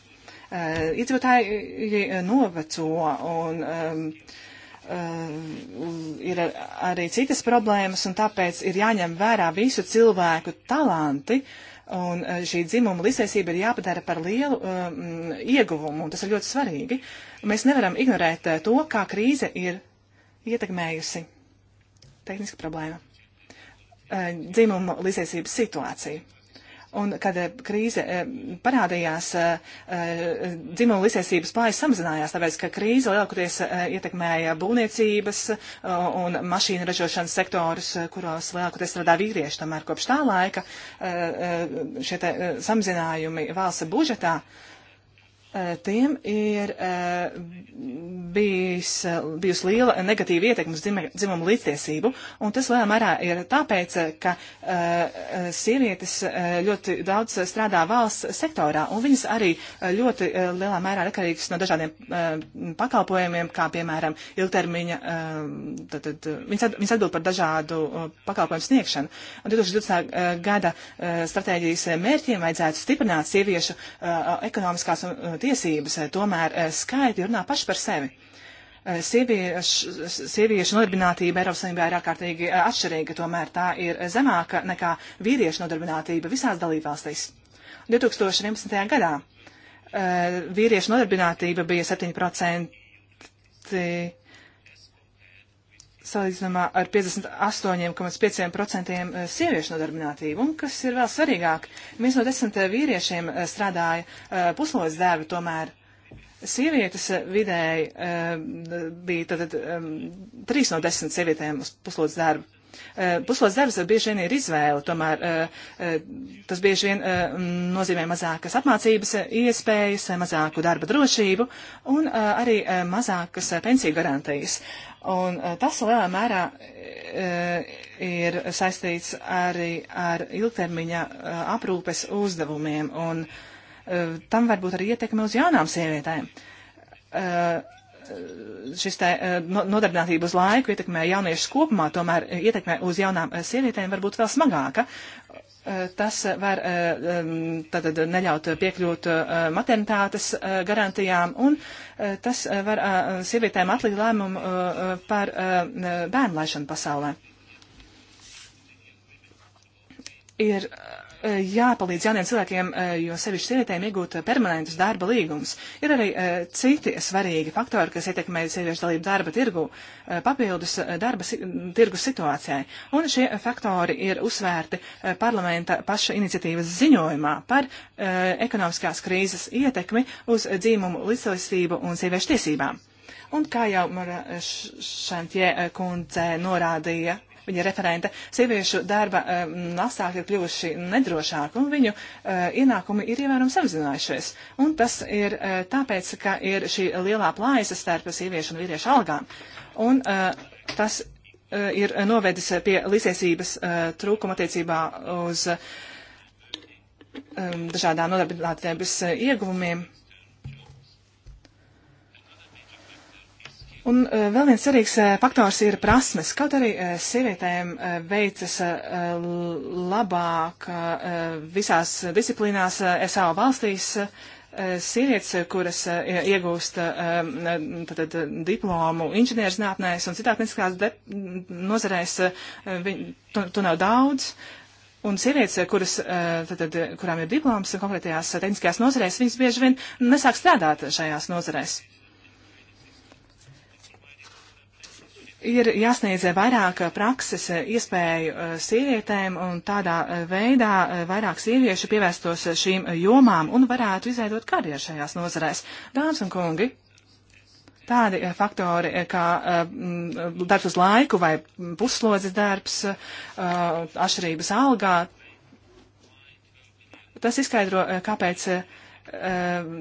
Iedzīvotāji noveco un um, um, ir arī citas problēmas, un tāpēc ir jāņem vērā visu cilvēku talanti, un šī dzimuma līdzsēsība ir jāpadara par lielu um, ieguvumu, un tas ir ļoti svarīgi. Mēs nevaram ignorēt to, kā krīze ir ietekmējusi tehniska problēma - dzimumu līdzēsības situācija. Un, kad krīze parādījās, dzimuma līdzsvarotības plājas samazinājās, tāpēc, ka krīze lielākoties ietekmēja būvniecības un mašīnu ražošanas sektorus, kuros lielākoties strādā vīrieši. Tomēr kopš tā laika šie samazinājumi valsts budžetā tiem ir bijis, bijusi liela negatīva ietekme uz dzimumu līdztiesību, un tas lielā mērā ir tāpēc, ka sievietes ļoti daudz strādā valsts sektorā, un viņas arī ļoti lielā mērā ir atkarīgas no dažādiem pakalpojumiem, kā piemēram ilgtermiņa, tad, tad viņas, at, viņas atbild par dažādu pakalpojumu sniegšanu. Un 2020. gada stratēģijas mērķiem vajadzētu stiprināt sieviešu ekonomiskās un tiesības, eh, tomēr eh, skaidri runā paši par sevi. Eh, sieviešu, sieviešu nodarbinātība Eiropas Savienībā ir ārkārtīgi atšķirīga, tomēr tā ir zemāka nekā vīriešu nodarbinātība visās dalībvalstīs. 2011. gadā vīriešu nodarbinātība bija 7% salīdzinājumā ar 58,5% eh, sieviešu nodarbinātību. Un kas ir vēl svarīgāk, viens no desmit eh, vīriešiem eh, strādāja puslodes dēvi, tomēr sievietes vidēji bija tad, tad trīs no desmit sievietēm uz puslodes darbu. Eh, Puslodes darbs bieži vien ir izvēle, tomēr eh, eh, tas bieži vien nozīmē mazākas apmācības iespējas, mazāku darba drošību un arī mazākas pensiju garantijas. Un tas lielā mērā ir saistīts arī ar ilgtermiņa aprūpes uzdevumiem, un tam varbūt arī ietekme uz jaunām sievietēm. Uh, šis tā eh, nodarbinātība uz laiku ietekmē jauniešus kopumā, tomēr ietekmē uz jaunām eh, sievietēm varbūt vēl smagāka. Eh, tas var tātad neļaut piekļūt maternitātes garantijām, un tas var sievietēm atlikt lēmumu par bērnu laišanu pasaulē. Ir jāpalīdz jauniem cilvēkiem, eh, jo sevišķi sievietēm iegūt permanentus darba līgumus. Ir arī eh, citi svarīgi faktori, kas ietekmē sieviešu dalību darba tirgu, eh, papildus darba tirgus situācijai. Un šie faktori ir uzsvērti parlamenta paša iniciatīvas ziņojumā par ekonomiskās krīzes ietekmi uz dzīmumu līdzsalistību un sieviešu tiesībām. Un kā jau Mara Šantie kundze norādīja viņa referente, sieviešu darba eh, nasāki ir kļuvuši nedrošāki un viņu eh, ienākumi ir ievērojami samazinājušies. Un tas ir eh, tāpēc, ka ir šī lielā plājas starp sieviešu un vīriešu algām. Un tas ir novedis pie līdziesības trūkuma attiecībā uz dažādām nodarbinātības ieguvumiem Un e, vēl viens svarīgs e, faktors ir prasmes. Kaut arī e, sievietēm veicas labāk visās disciplīnās SAO valstīs, sievietes, kuras iegūst tātad, diplomu inženierzinātnēs un citātniskās nozarēs, to, to nav daudz. Un sievietes, kuras, tātad, kurām ir diploms konkrētajās tehniskajās nozarēs, viņas bieži vien nesāk strādāt šajās nozarēs. ir jāsniedz vairāk eh, prakses eh, iespēju eh, sievietēm, un tādā veidā vairāk sieviešu pievērstos šīm jomām un varētu izveidot karjeru šajās nozarēs. Dāmas un kungi, tādi faktori kā darbs uz laiku vai puslodzes darbs, atšķirības algā, tas izskaidro, kāpēc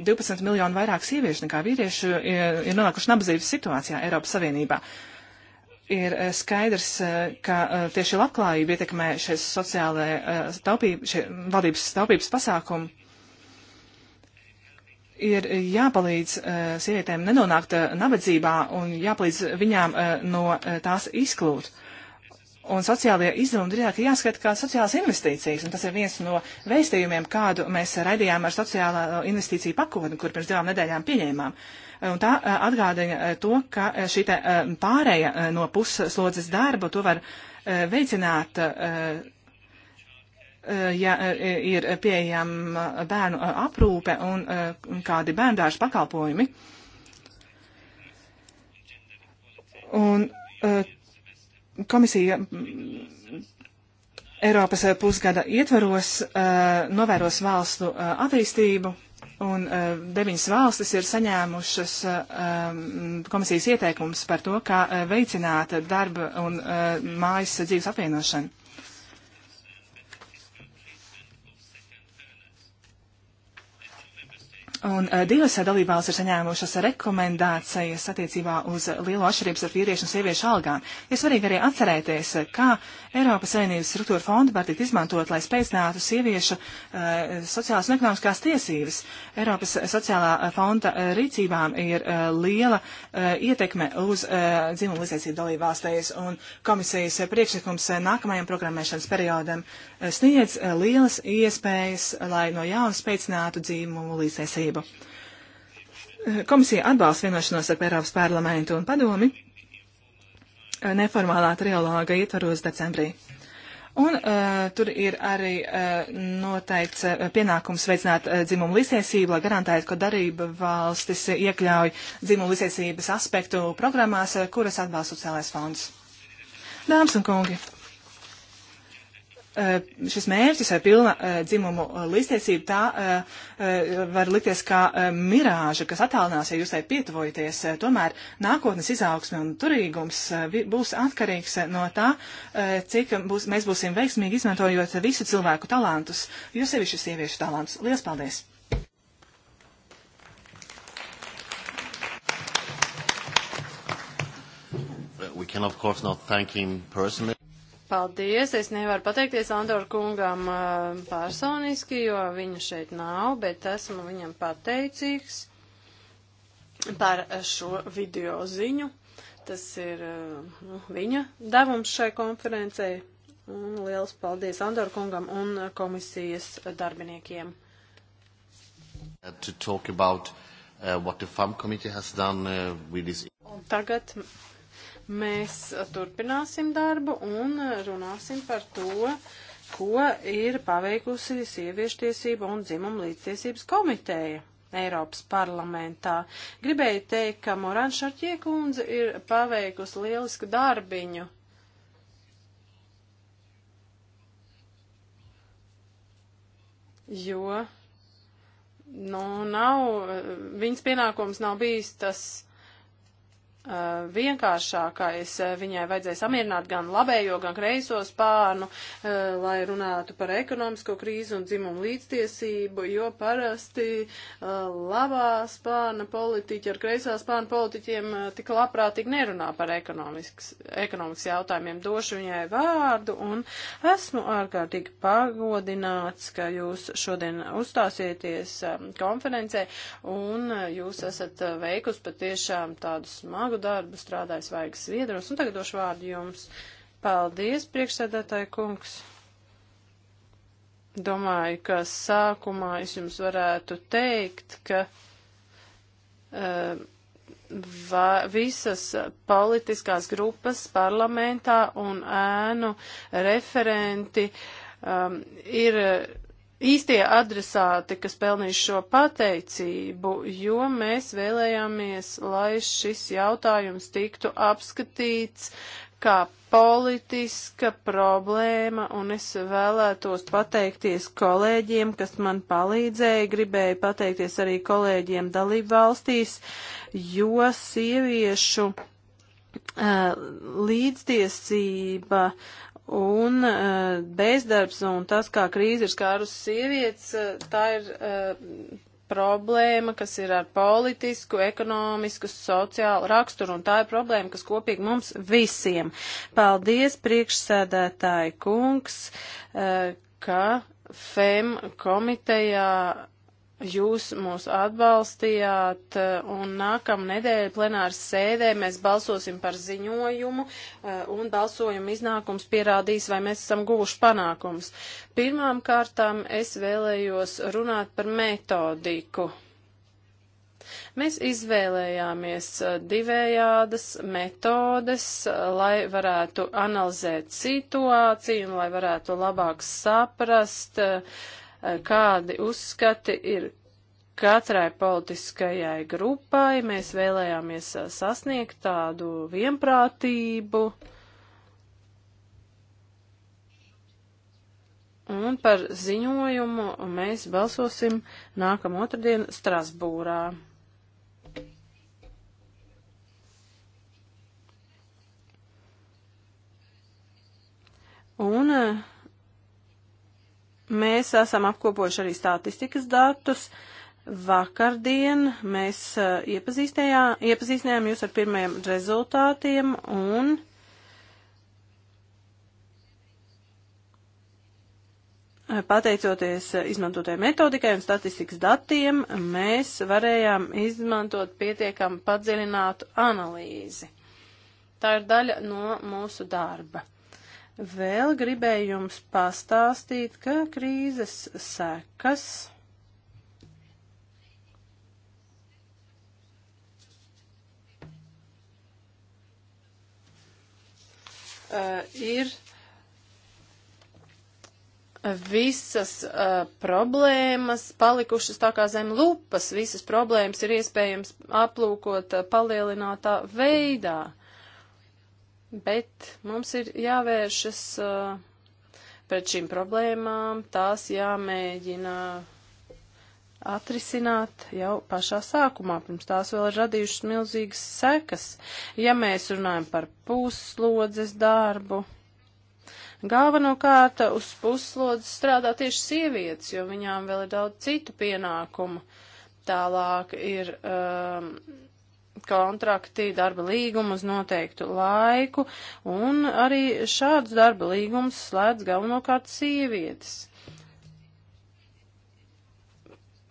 12 miljonu vairāk sieviešu nekā vīriešu ir nonākuši nabadzības situācijā Eiropas Savienībā. Uh, ir eh, skaidrs, eh, ka eh, tieši labklājība ietekmē šīs sociālā taupība, šie valdības taupības pasākumi. Ir jāpalīdz sievietēm nenonākt nabadzībā un jāpalīdz viņām no tās izkļūt. Un sociālajie izdevumi drīzāk jāskata kā sociālās investīcijas, un tas ir viens no veistījumiem, kādu mēs raidījām ar sociālā investīciju pakotni, kur pirms divām nedēļām pieņēmām. Uh, Un tā eh, atgādina eh, to, ka eh, šī pārēja no pusslodzes darba to var veicināt, ja ir pieejama bērnu aprūpe un kādi bērndāršu pakalpojumi. Un komisija mm, Eiropas pusgada ietvaros novēros valstu attīstību Un uh, deviņas valstis ir saņēmušas uh, komisijas ieteikums par to, kā uh, veicināt darba un uh, mājas dzīves apvienošanu. Un uh, divas dalībvalstis ir saņēmušas rekomendācijas attiecībā uz lielo atšķirības ar vīriešu un sieviešu algām. Ir svarīgi arī atcerēties, kā uh, Eiropas Savienības struktūra fonda var tikt izmantot, lai spēcinātu sieviešu eh, sociālās un ekonomiskās tiesības. Eiropas sociālā eh, fonda eh, rīcībām ir liela ietekme uz dzimumu līdzēcību dalību valstīs, un komisijas priekšlikums nākamajam programmēšanas periodam sniedz lielas iespējas, lai no jauna spēcinātu dzimumu līdzēcību. Komisija atbalsta vienošanos ar Eiropas parlamentu un padomi Eh, neformālā trialoga ietvaros decembrī. Un uh, tur ir arī uh, noteikts uh, pienākums veicināt uh, dzimumu līdztiesību, lai garantētu, ka darība valstis iekļauj dzimumu līdztiesības aspektu programmās, uh, kuras atbalsta sociālais fonds. Dāmas un kungi, Eh, šis mērķis ar pilna eh, dzimumu eh, līdztiesību, tā var likties kā mirāža, kas attālinās, ja jūs tai pietuvojaties. Tomēr nākotnes izaugsme un turīgums būs atkarīgs no tā, cik būs, mēs būsim veiksmīgi izmantojot visu cilvēku talantus, jo sevišķi sieviešu talantus. Lielas paldies! We can of course not thank him personally. Paldies! Es nevaru pateikties Andoru kungam uh, personiski, jo viņa šeit nav, bet esmu viņam pateicīgs par šo video ziņu. Tas ir uh, nu, viņa devums šai konferencei. Un liels paldies Andoru kungam un komisijas darbiniekiem. About, uh, done, uh, Tagad Mēs turpināsim darbu un runāsim par to, ko ir paveikusi sieviešu tiesību un dzimumu līdztiesības komiteja. Eiropas parlamentā. Gribēju teikt, ka Moran Šarķie kundze ir paveikusi lielisku darbiņu jo nu, nav, viņas pienākums nav bijis tas Uh, vienkāršākais. Uh, viņai vajadzēja samierināt gan labējo, gan kreiso spārnu, uh, lai runātu par ekonomisko krīzi un dzimumu līdztiesību, jo parasti labā spārna politiķi ar kreisā spārna politiķiem tik labprātīgi nerunā par ekonomikas jautājumiem. Došu viņai vārdu un esmu ārkārtīgi pagodināts, ka jūs šodien uzstāsieties um, konferencē un jūs esat veikus patiešām tādu smagu smagu darbu, strādājis vaigas viedros, un tagad došu vārdu jums. Paldies, priekšsēdētāji kungs. Domāju, ka sākumā es jums varētu teikt, ka uh, va, visas politiskās grupas parlamentā un ēnu referenti um, ir. Uh, īstie adresāti, kas pelnīs šo pateicību, jo mēs vēlējāmies, lai šis jautājums tiktu apskatīts kā politiska problēma, un es vēlētos pateikties kolēģiem, kas man palīdzēja, gribēju pateikties arī kolēģiem dalību valstīs, jo sieviešu uh, līdztiesība Un eh, bezdarbs un tas, kā krīze ir skārus sievietes, eh, tā ir eh, problēma, kas ir ar politisku, ekonomisku, sociālu raksturu, un tā ir problēma, kas kopīgi mums visiem. Paldies, priekšsēdētāji kungs, ka FEM komitejā Jūs mūs atbalstījāt, eh, un nākamā nedēļa plenāras sēdē mēs balsosim par ziņojumu, eh, un balsojuma iznākums pierādīs, vai mēs esam guvuši panākums. Pirmām kārtām es vēlējos runāt par metodiku. Mēs izvēlējāmies eh, divējādas metodes, lai varētu analizēt situāciju un lai varētu labāk saprast, uh, kādi uzskati ir katrai politiskajai grupai. Mēs vēlējāmies sasniegt tādu vienprātību. Un par ziņojumu mēs balsosim nākamā otrdiena Strasbūrā. Un uh, Mēs esam apkopojuši arī statistikas datus. Vakardien mēs eh, iepazīstinājām jūs ar pirmajiem rezultātiem un pateicoties izmantotajai metodikai un statistikas datiem, mēs varējām izmantot pietiekami padziļinātu analīzi. Tā ir daļa no mūsu darba. Vēl gribēju jums pastāstīt, ka krīzes sekas uh, ir visas uh, problēmas palikušas tā kā zem lupas, visas problēmas ir iespējams aplūkot uh, palielinātā veidā. Bet mums ir jāvēršas uh, pret šīm problēmām, tās jāmēģina atrisināt jau pašā sākumā, pirms tās vēl ir radījušas milzīgas sekas. Ja mēs runājam par puslodzes darbu, galvenokārt uz puslodzes strādā tieši sievietes, jo viņām vēl ir daudz citu pienākumu. Tālāk ir um, kontrakti, darba līgumu uz noteiktu laiku, un arī šāds darba līgums slēdz galvenokārt sievietes.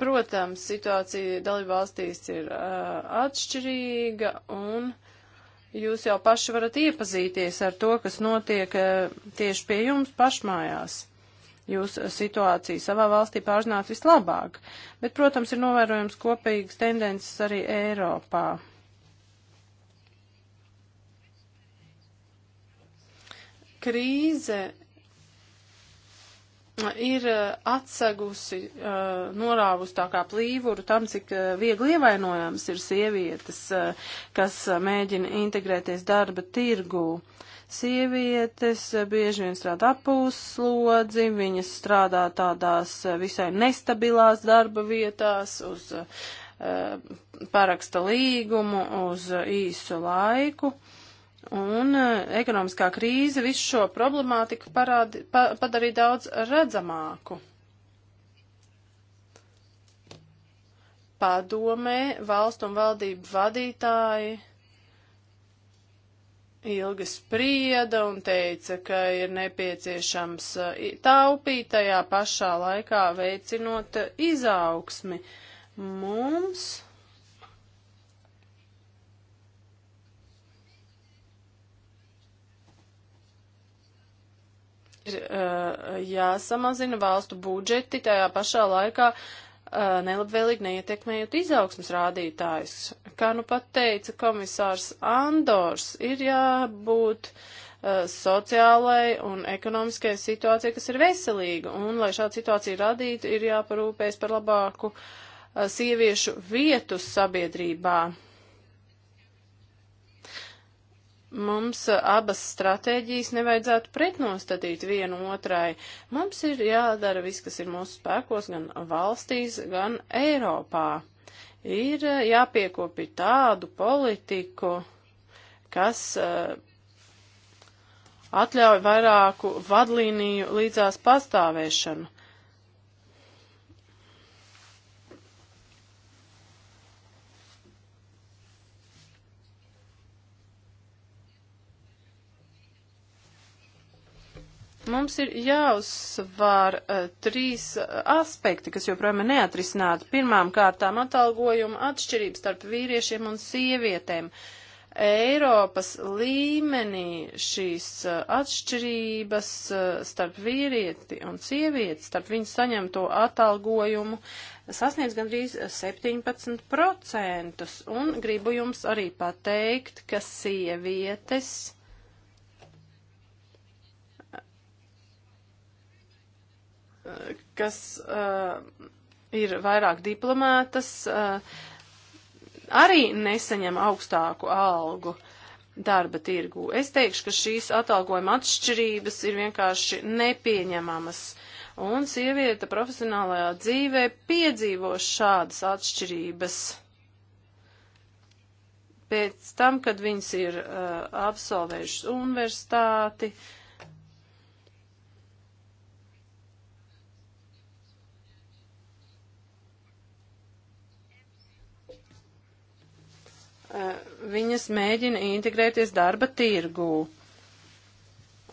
Protams, situācija dalībvalstīs ir uh, atšķirīga, un jūs jau paši varat iepazīties ar to, kas notiek uh, tieši pie jums pašmājās. Jūs situāciju savā valstī pārzināt vislabāk, bet, protams, ir novērojams kopīgas tendences arī Eiropā. krīze ir eh, atsegusi, eh, norāvusi tā kā plīvuru tam, cik eh, viegli ievainojams ir sievietes, kas mēģina integrēties darba tirgū. Sievietes bieži vien strādā pusslodzi, viņas strādā tādās visai nestabilās darba vietās, uz paraksta līgumu, uz īsu laiku. Uh, Un e, ekonomiskā krīze visu šo problemātiku parādi, pa, padarīja daudz redzamāku. Padomē valstu un valdību vadītāji ilgi sprieda un teica, ka ir nepieciešams e, taupīt tajā pašā laikā veicinot izaugsmi. Mums ir uh, jāsamazina valstu budžeti, tajā pašā laikā uh, nelabvēlīgi neietekmējot izaugsmas rādītājus. Kā nu pat teica komisārs Andors, ir jābūt uh, sociālai un ekonomiskai situācijai, kas ir veselīga, un, lai šāda situācija radītu, ir jāparūpējas par labāku sieviešu vietu sabiedrībā mums eh, abas stratēģijas nevajadzētu pretnostatīt vienu otrai. Mums ir jādara viss, kas ir mūsu spēkos, gan valstīs, gan Eiropā. Ir eh, jāpiekopi tādu politiku, kas uh, atļauj vairāku vadlīniju līdzās pastāvēšanu. mums ir jāuzsvar uh, trīs e, aspekti, kas joprojām ir neatrisināti. Pirmām kārtām atalgojuma atšķirības starp vīriešiem un sievietēm. Eiropas līmenī šīs uh, atšķirības uh, starp vīrieti un sievieti, starp viņu saņemto atalgojumu, sasniedz gandrīz 17%. Un gribu jums arī pateikt, ka sievietes kas uh, ir vairāk diplomētas, uh, eh, arī nesaņem augstāku algu darba tirgū. Es teikšu, ka šīs atalgojuma atšķirības ir vienkārši nepieņemamas. Un sieviete profesionālajā dzīvē piedzīvo šādas atšķirības. Pēc tam, kad viņas ir uh, absolvējušas universitāti, uh, viņas mēģina integrēties darba tirgū.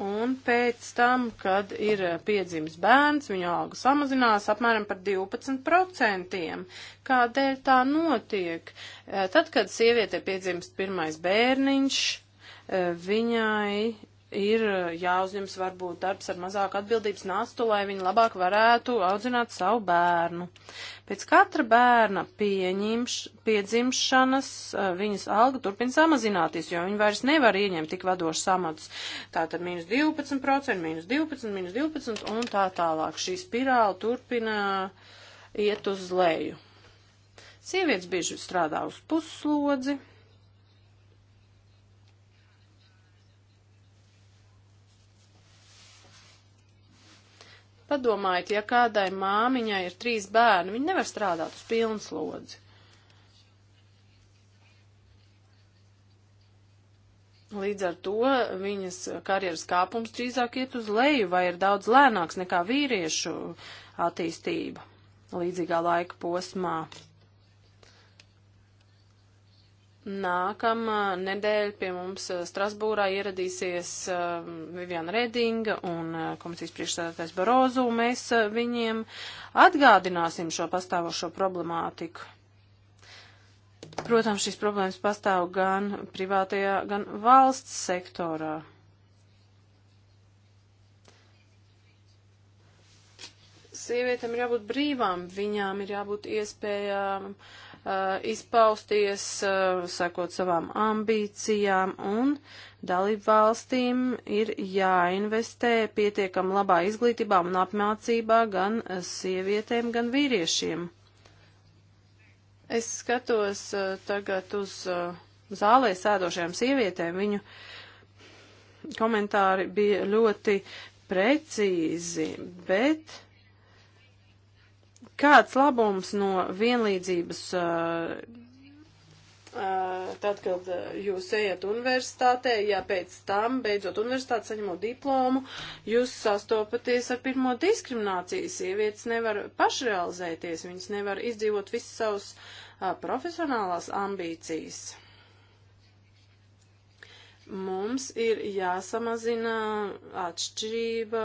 Un pēc tam, kad ir piedzimis bērns, viņa alga samazinās apmēram par 12%. Kādēļ tā notiek? Eh, tad, kad sievietē piedzimst pirmais bērniņš, eh, viņai ir eh, jāuzņems varbūt darbs ar mazāk atbildības nastu, lai viņi labāk varētu audzināt savu bērnu. Pēc katra bērna pieņimš, piedzimšanas eh, viņas alga turpina samazināties, jo viņi vairs nevar ieņemt tik vadošas amatus. Tātad mīnus 12%, mīnus 12, mīnus 12 un tā tālāk. Šī spirāla turpina iet uz leju. Sievietes bieži strādā uz puslodzi. Padomājiet, ja kādai māmiņai ir trīs bērni, viņi nevar strādāt uz pilnslodzi. Līdz ar to viņas karjeras kāpums drīzāk iet uz leju vai ir daudz lēnāks nekā vīriešu attīstība līdzīgā laika posmā. Nākamā nedēļa pie mums eh, Strasbūrā ieradīsies eh, Viviana Redinga un eh, komisijas priekšsēdētājs Barozu. Mēs viņiem atgādināsim šo pastāvošo problemātiku. Protams, šīs problēmas pastāv gan privātajā, gan valsts sektorā. Sievietēm ir jābūt brīvām, viņām ir jābūt iespējām uh, Uh, izpausties, uh, sakot savām ambīcijām, un dalību valstīm ir jāinvestē pietiekam labā izglītībā un apmācībā gan uh, sievietēm, gan vīriešiem. Es skatos tagad uz zālē sēdošajām sievietēm, viņu komentāri bija ļoti precīzi, bet Kāds labums no vienlīdzības, tad, kad jūs ejat universitātē, ja pēc tam, beidzot universitāti saņemot diplomu, jūs sastopaties ar pirmo diskrimināciju. Sievietes nevar pašrealizēties, viņas nevar izdzīvot visas savas profesionālās ambīcijas mums ir jāsamazina atšķirība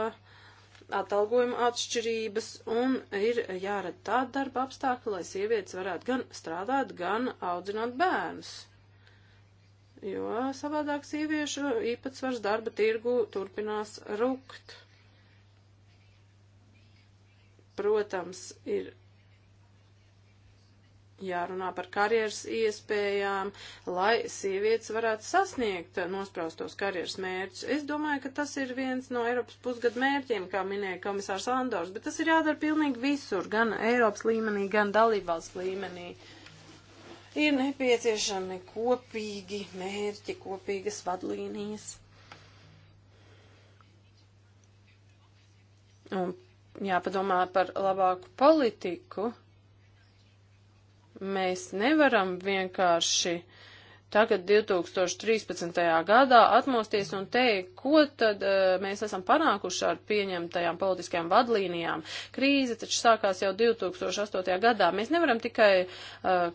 atalgojuma atšķirības un ir jārada tāda darba apstākļa, lai sievietes varētu gan strādāt, gan audzināt bērnus. Jo savādāk sieviešu īpatsvars darba tirgu turpinās rukt. Protams, ir jārunā par karjeras iespējām, lai sievietes varētu sasniegt nospraustos karjeras mērķus. Es domāju, ka tas ir viens no Eiropas pusgada mērķiem, kā minēja komisārs Andors, bet tas ir jādara pilnīgi visur, gan Eiropas līmenī, gan dalībvalsts līmenī ir nepieciešami kopīgi mērķi, kopīgas vadlīnijas. Un jāpadomā par labāku politiku. Mēs nevaram vienkārši tagad 2013. gadā atmosties un teikt, ko tad uh, mēs esam panākuši ar pieņemtajām politiskajām vadlīnijām. Krīze taču sākās jau 2008. gadā. Mēs nevaram tikai uh,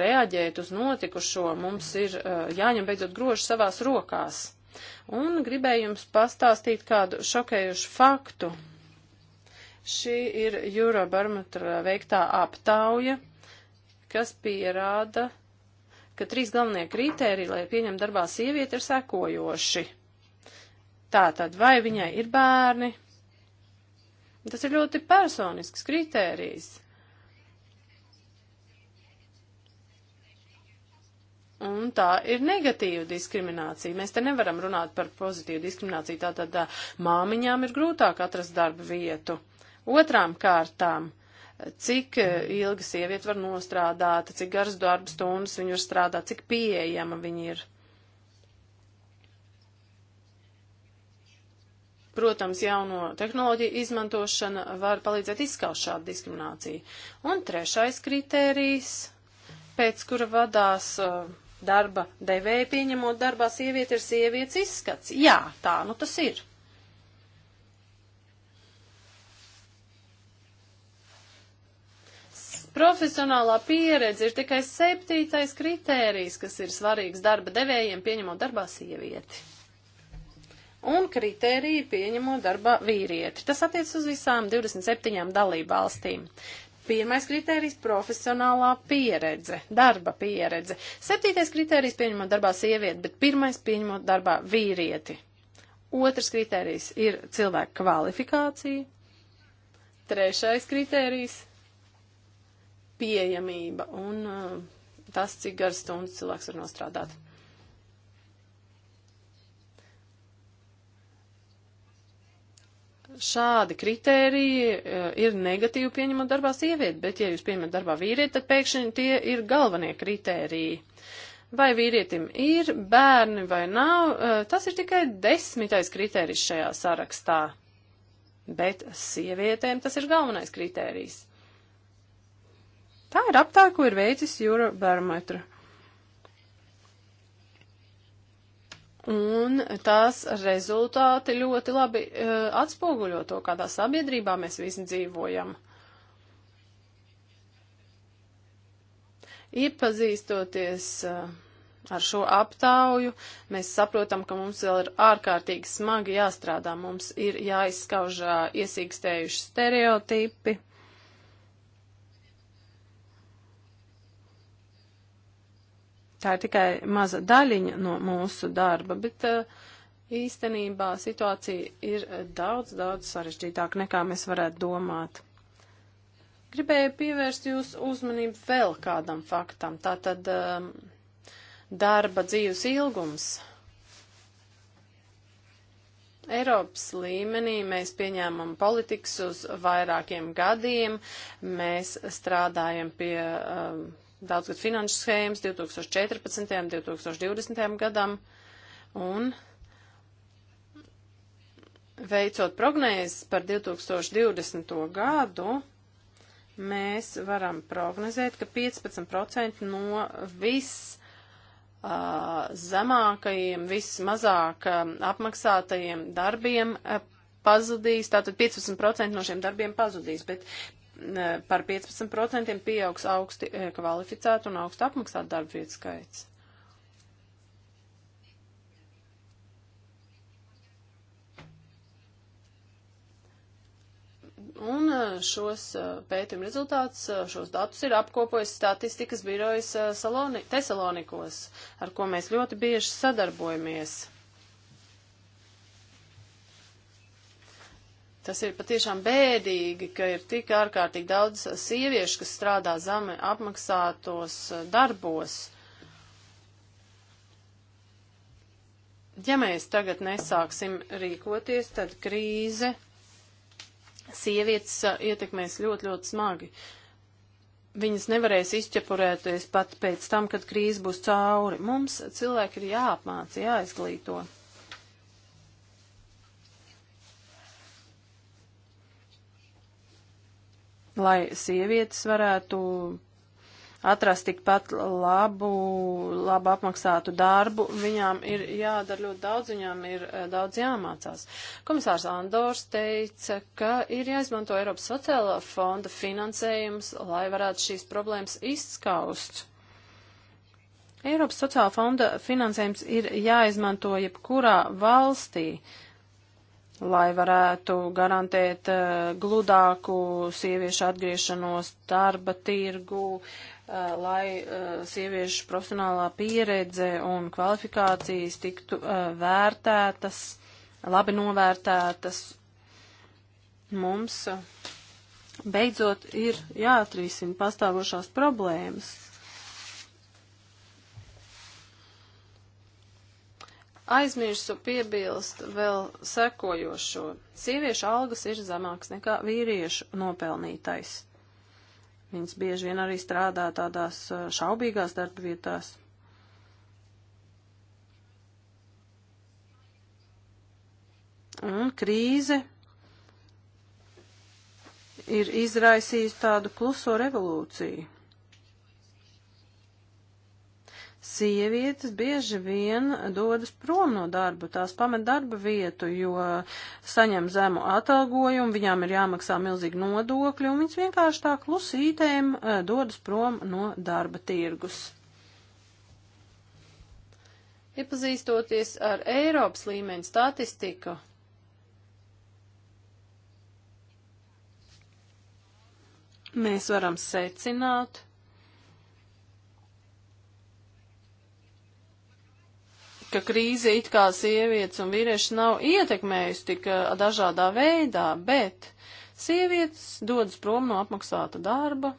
reaģēt uz notikušo, mums ir uh, jāņem beidzot groži savās rokās. Un gribēju jums pastāstīt kādu šokējušu faktu. Šī ir Eurobarometra veiktā aptauja. Uh, kas pierāda, ka trīs galvenie kriteriji, lai pieņem darbā sievieti, ir sekojoši. Tātad, vai viņai ir bērni? Tas ir ļoti personisks kriterijs. Un tā ir negatīva diskriminācija. Mēs te nevaram runāt par pozitīvu diskrimināciju. Tātad māmiņām ir grūtāk atrast darba vietu. Otrām kārtām cik eh, ilgi sieviete var nostrādāt, cik garas darba stundas viņa var strādāt, cik pieejama viņa ir. Protams, jauno tehnoloģiju izmantošana var palīdzēt izskaust šādu diskrimināciju. Un trešais kritērijs, pēc kura vadās eh, darba devēja pieņemot darbā sievieti, ir sievietes izskats. Jā, tā nu tas ir. Profesionālā pieredze ir tikai septītais kritērijs, kas ir svarīgs darba devējiem pieņemot darbā sievieti. Un kritēriju pieņemot darbā vīrieti. Tas attiec uz visām 27 dalību valstīm. Pirmais kriterijs - profesionālā pieredze, darba pieredze. Septītais kriterijs - pieņemot darbā sievieti, bet pirmais - pieņemot darbā vīrieti. Otrs kriterijs ir cilvēka kvalifikācija. Trešais kriterijs pieejamība un uh, tas, cik garas stundas cilvēks var nostrādāt. Šādi kritēriji uh, ir negatīvi pieņemot darbā sievieti, bet ja jūs pieņemat darbā vīrieti, tad pēkšņi tie ir galvenie kritēriji. Vai vīrietim ir bērni vai nav, uh, tas ir tikai desmitais kritērijs šajā sarakstā. Bet sievietēm tas ir galvenais kritērijs. Tā ir aptāja, ko ir veicis Eurobarometra. Un tās rezultāti ļoti labi uh, atspoguļo to, kādā sabiedrībā mēs visi dzīvojam. Iepazīstoties uh, ar šo aptauju, mēs saprotam, ka mums vēl ir ārkārtīgi smagi jāstrādā, mums ir jāizskauž e, iesīkstējuši stereotipi. Tā ir tikai maza daļiņa no mūsu darba, bet uh, īstenībā situācija ir eh, daudz, daudz sarežģītāka nekā mēs varētu domāt. Gribēju pievērst jūsu uzmanību vēl kādam faktam. Tātad um, darba dzīves ilgums. Eiropas līmenī mēs pieņēmam politikas uz vairākiem gadiem, mēs strādājam pie um, daudzgad finanšu schēmas 2014. un 2020. gadam. Un veicot prognēzes par 2020. gadu, mēs varam prognozēt, ka 15% no viss uh, zemākajiem, vismazāk uh, apmaksātajiem darbiem uh, pazudīs, tātad 15% no šiem darbiem pazudīs, bet par 15% pieaugs augsti e, kvalificētu un augstu apmaksātu darba vietu skaits. Un e, šos e, pētījumu rezultātus, šos datus ir apkopojis statistikas birojas Tesaloninikos, ar ko mēs ļoti bieži sadarbojamies. Tas ir patiešām bēdīgi, ka ir tik ārkārtīgi daudz sieviešu, kas strādā zemi apmaksātos eh, darbos. Ja mēs tagad nesāksim rīkoties, tad krīze sievietes eh, ietekmēs ļoti, ļoti smagi. Viņas nevarēs izķepurēties pat pēc tam, kad krīze būs cauri. Mums cilvēki ir jāapmāca, jāizglīto. lai sievietes varētu atrast tikpat labu, labu apmaksātu darbu. Viņām ir jādara ļoti daudz, viņām ir eh, daudz jāmācās. Komisārs Andors teica, ka ir jāizmanto Eiropas sociālā fonda finansējums, lai varētu šīs problēmas izskaust. Eiropas sociālā fonda finansējums ir jāizmanto jebkurā valstī. Uh, lai varētu garantēt uh, gludāku sieviešu atgriešanos darba tirgu, uh, lai uh, sieviešu profesionālā pieredze un kvalifikācijas tiktu vērtētas, labi novērtētas. Mums beidzot ir jāatrisina pastāvošās problēmas. aizmirsu piebilst vēl sekojošo. Sieviešu algas ir zemāks nekā vīriešu nopelnītais. Viņas bieži vien arī strādā tādās eh, šaubīgās darba vietās. Un krīze ir izraisījusi tādu kluso revolūciju. sievietes bieži vien dodas prom no darba, tās pamet darba vietu, jo saņem zemu atalgojumu, viņām ir jāmaksā milzīgi nodokļi, un viņas vienkārši tā klusītēm eh, dodas prom no darba tirgus. Iepazīstoties ar Eiropas līmeņa statistiku, mēs varam secināt, ka krīze it kā sievietes un vīrieši nav ietekmējusi tik eh, dažādā veidā, bet sievietes dodas prom no apmaksāta darba.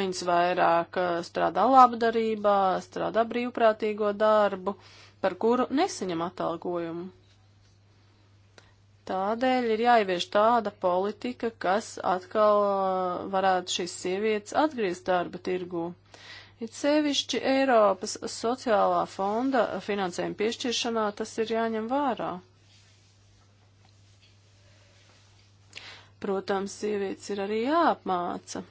Viņas vairāk eh, strādā labdarībā, strādā brīvprātīgo darbu, par kuru nesaņem atalgojumu. Tādēļ ir jāievieš tāda politika, kas atkal uh, varētu šīs sievietes atgriezt darba tirgū. It sevišķi Eiropas sociālā fonda finansējuma piešķiršanā tas ir jāņem vērā. Protams, sievietes ir arī jāapmāca,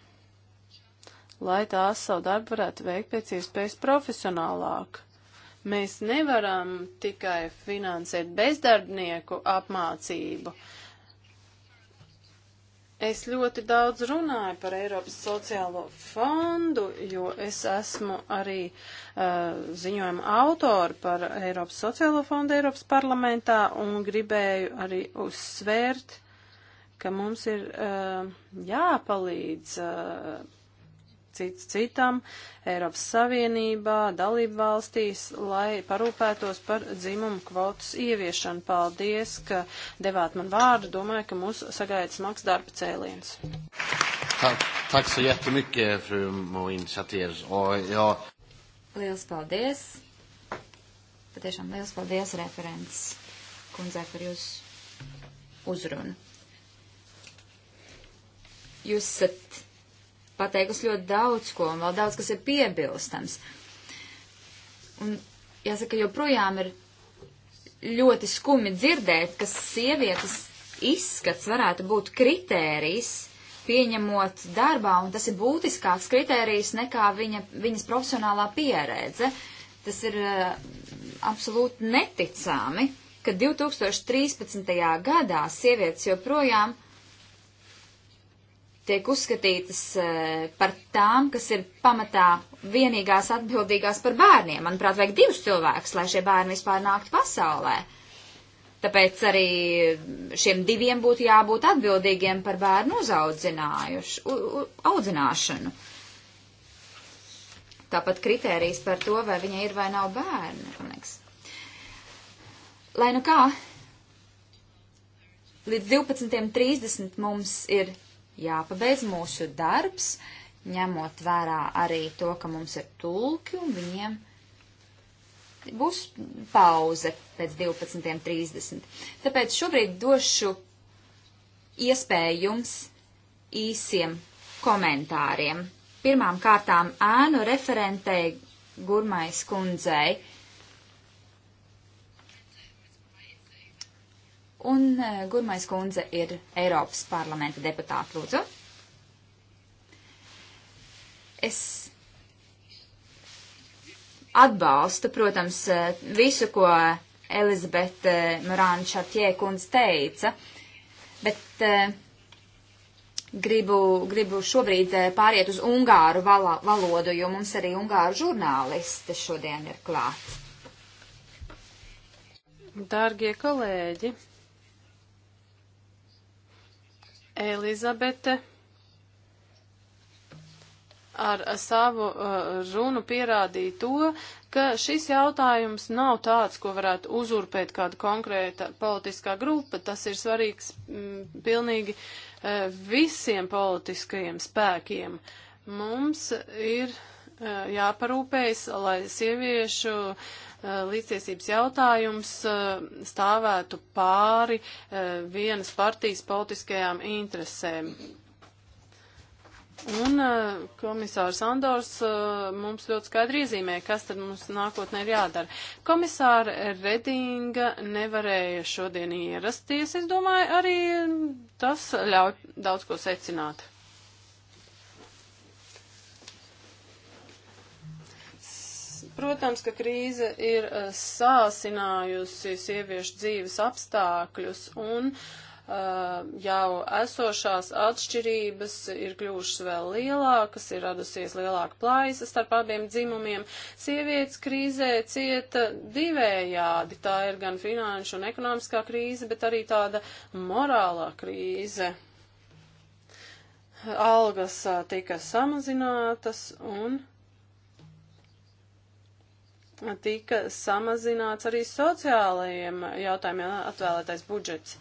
lai tās savu darbu varētu veikt pēc iespējas profesionālāk. Mēs nevaram tikai finansēt bezdarbnieku apmācību. Es ļoti daudz runāju par Eiropas sociālo fondu, jo es esmu arī uh, ziņojuma autori par Eiropas sociālo fondu Eiropas parlamentā un gribēju arī uzsvērt, ka mums ir uh, jāpalīdz uh, cits citam Eiropas Savienībā, dalību valstīs, lai parūpētos par dzimumu kvotas ieviešanu. Paldies, ka devāt man vārdu. Domāju, ka mūs sagaida smags darba cēliens. Tack så jättemycket, fru Moin Satir. Ja... Liels paldies! Patiešām liels paldies, referents kundzē, par jūsu uzrunu. Jūs esat pateikusi ļoti daudz ko, un vēl daudz, kas ir piebilstams. Un jāsaka, joprojām ir ļoti skumi dzirdēt, ka sievietes izskats varētu būt kritērijs pieņemot darbā, un tas ir būtiskāks kritērijs nekā viņa, viņas profesionālā pieredze. Tas ir uh, absolūti neticami, ka 2013. gadā sievietes joprojām tiek uzskatītas eh, par tām, kas ir pamatā vienīgās atbildīgās par bērniem. Manuprāt, vajag divus cilvēkus, lai šie bērni vispār nāktu pasaulē. Tāpēc arī šiem diviem būtu jābūt atbildīgiem par bērnu audzināšanu. Tāpat kritērijas par to, vai viņai ir vai nav bērni. Liekas. Lai nu kā, līdz 12.30 mums ir jāpabeidz mūsu darbs, ņemot vērā arī to, ka mums ir tulki un viņiem būs pauze pēc 12.30. Tāpēc šobrīd došu iespēju jums īsiem komentāriem. Pirmām kārtām ēnu referentei Gurmais kundzei. Un e, Gurmais kundze ir Eiropas parlamenta deputāta, lūdzu. Es atbalstu, protams, e, visu, ko Elizabete e, Morāna Šartie kundze teica, bet gribu, gribu šobrīd pāriet uz ungāru vala, valodu, jo mums arī ungāru žurnāliste šodien ir klāt. Dārgie kolēģi, Elizabete ar savu uh, runu pierādīja to, ka šis jautājums nav tāds, ko varētu uzurpēt kāda konkrēta politiskā grupa. Tas ir svarīgs m, mm, pilnīgi uh, visiem politiskajiem spēkiem. Mums ir uh, jāparūpējas, lai sieviešu uh, Eh, līdztiesības jautājums eh, stāvētu pāri eh, vienas partijas politiskajām interesēm. Un komisārs Andors mums ļoti skaidri iezīmē, kas tad mums nākotnē ir jādara. Komisāra Redinga nevarēja šodien ierasties, es domāju, arī tas ļauj daudz ko secināt. Protams, ka krīze ir e, sāsinājusi sieviešu dzīves apstākļus un e, jau esošās atšķirības ir kļuvušas vēl lielākas, ir radusies lielāka plaisa starp abiem dzimumiem. Sievietes krīzē cieta divējādi. Tā ir gan finanšu un ekonomiskā krīze, bet arī tāda morālā krīze. Algas e, tika samazinātas un tika samazināts arī sociālajiem jautājumiem atvēlētais budžets.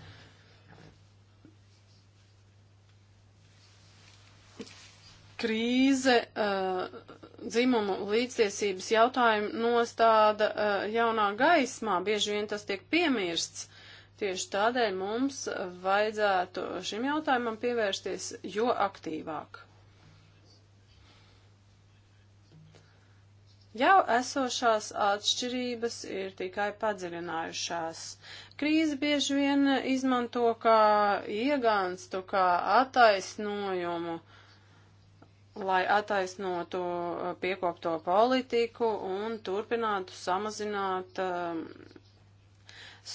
Krīze uh, dzimumu līdztiesības jautājumu nostāda uh, jaunā gaismā, bieži vien tas tiek piemirsts. Tieši tādēļ mums vajadzētu šim jautājumam pievērsties jo aktīvāk. Jau esošās atšķirības ir tikai padziļinājušās. Krīze bieži vien izmanto kā iegānstu, kā attaisnojumu, lai attaisnotu uh, piekopto politiku un turpinātu samazināt um,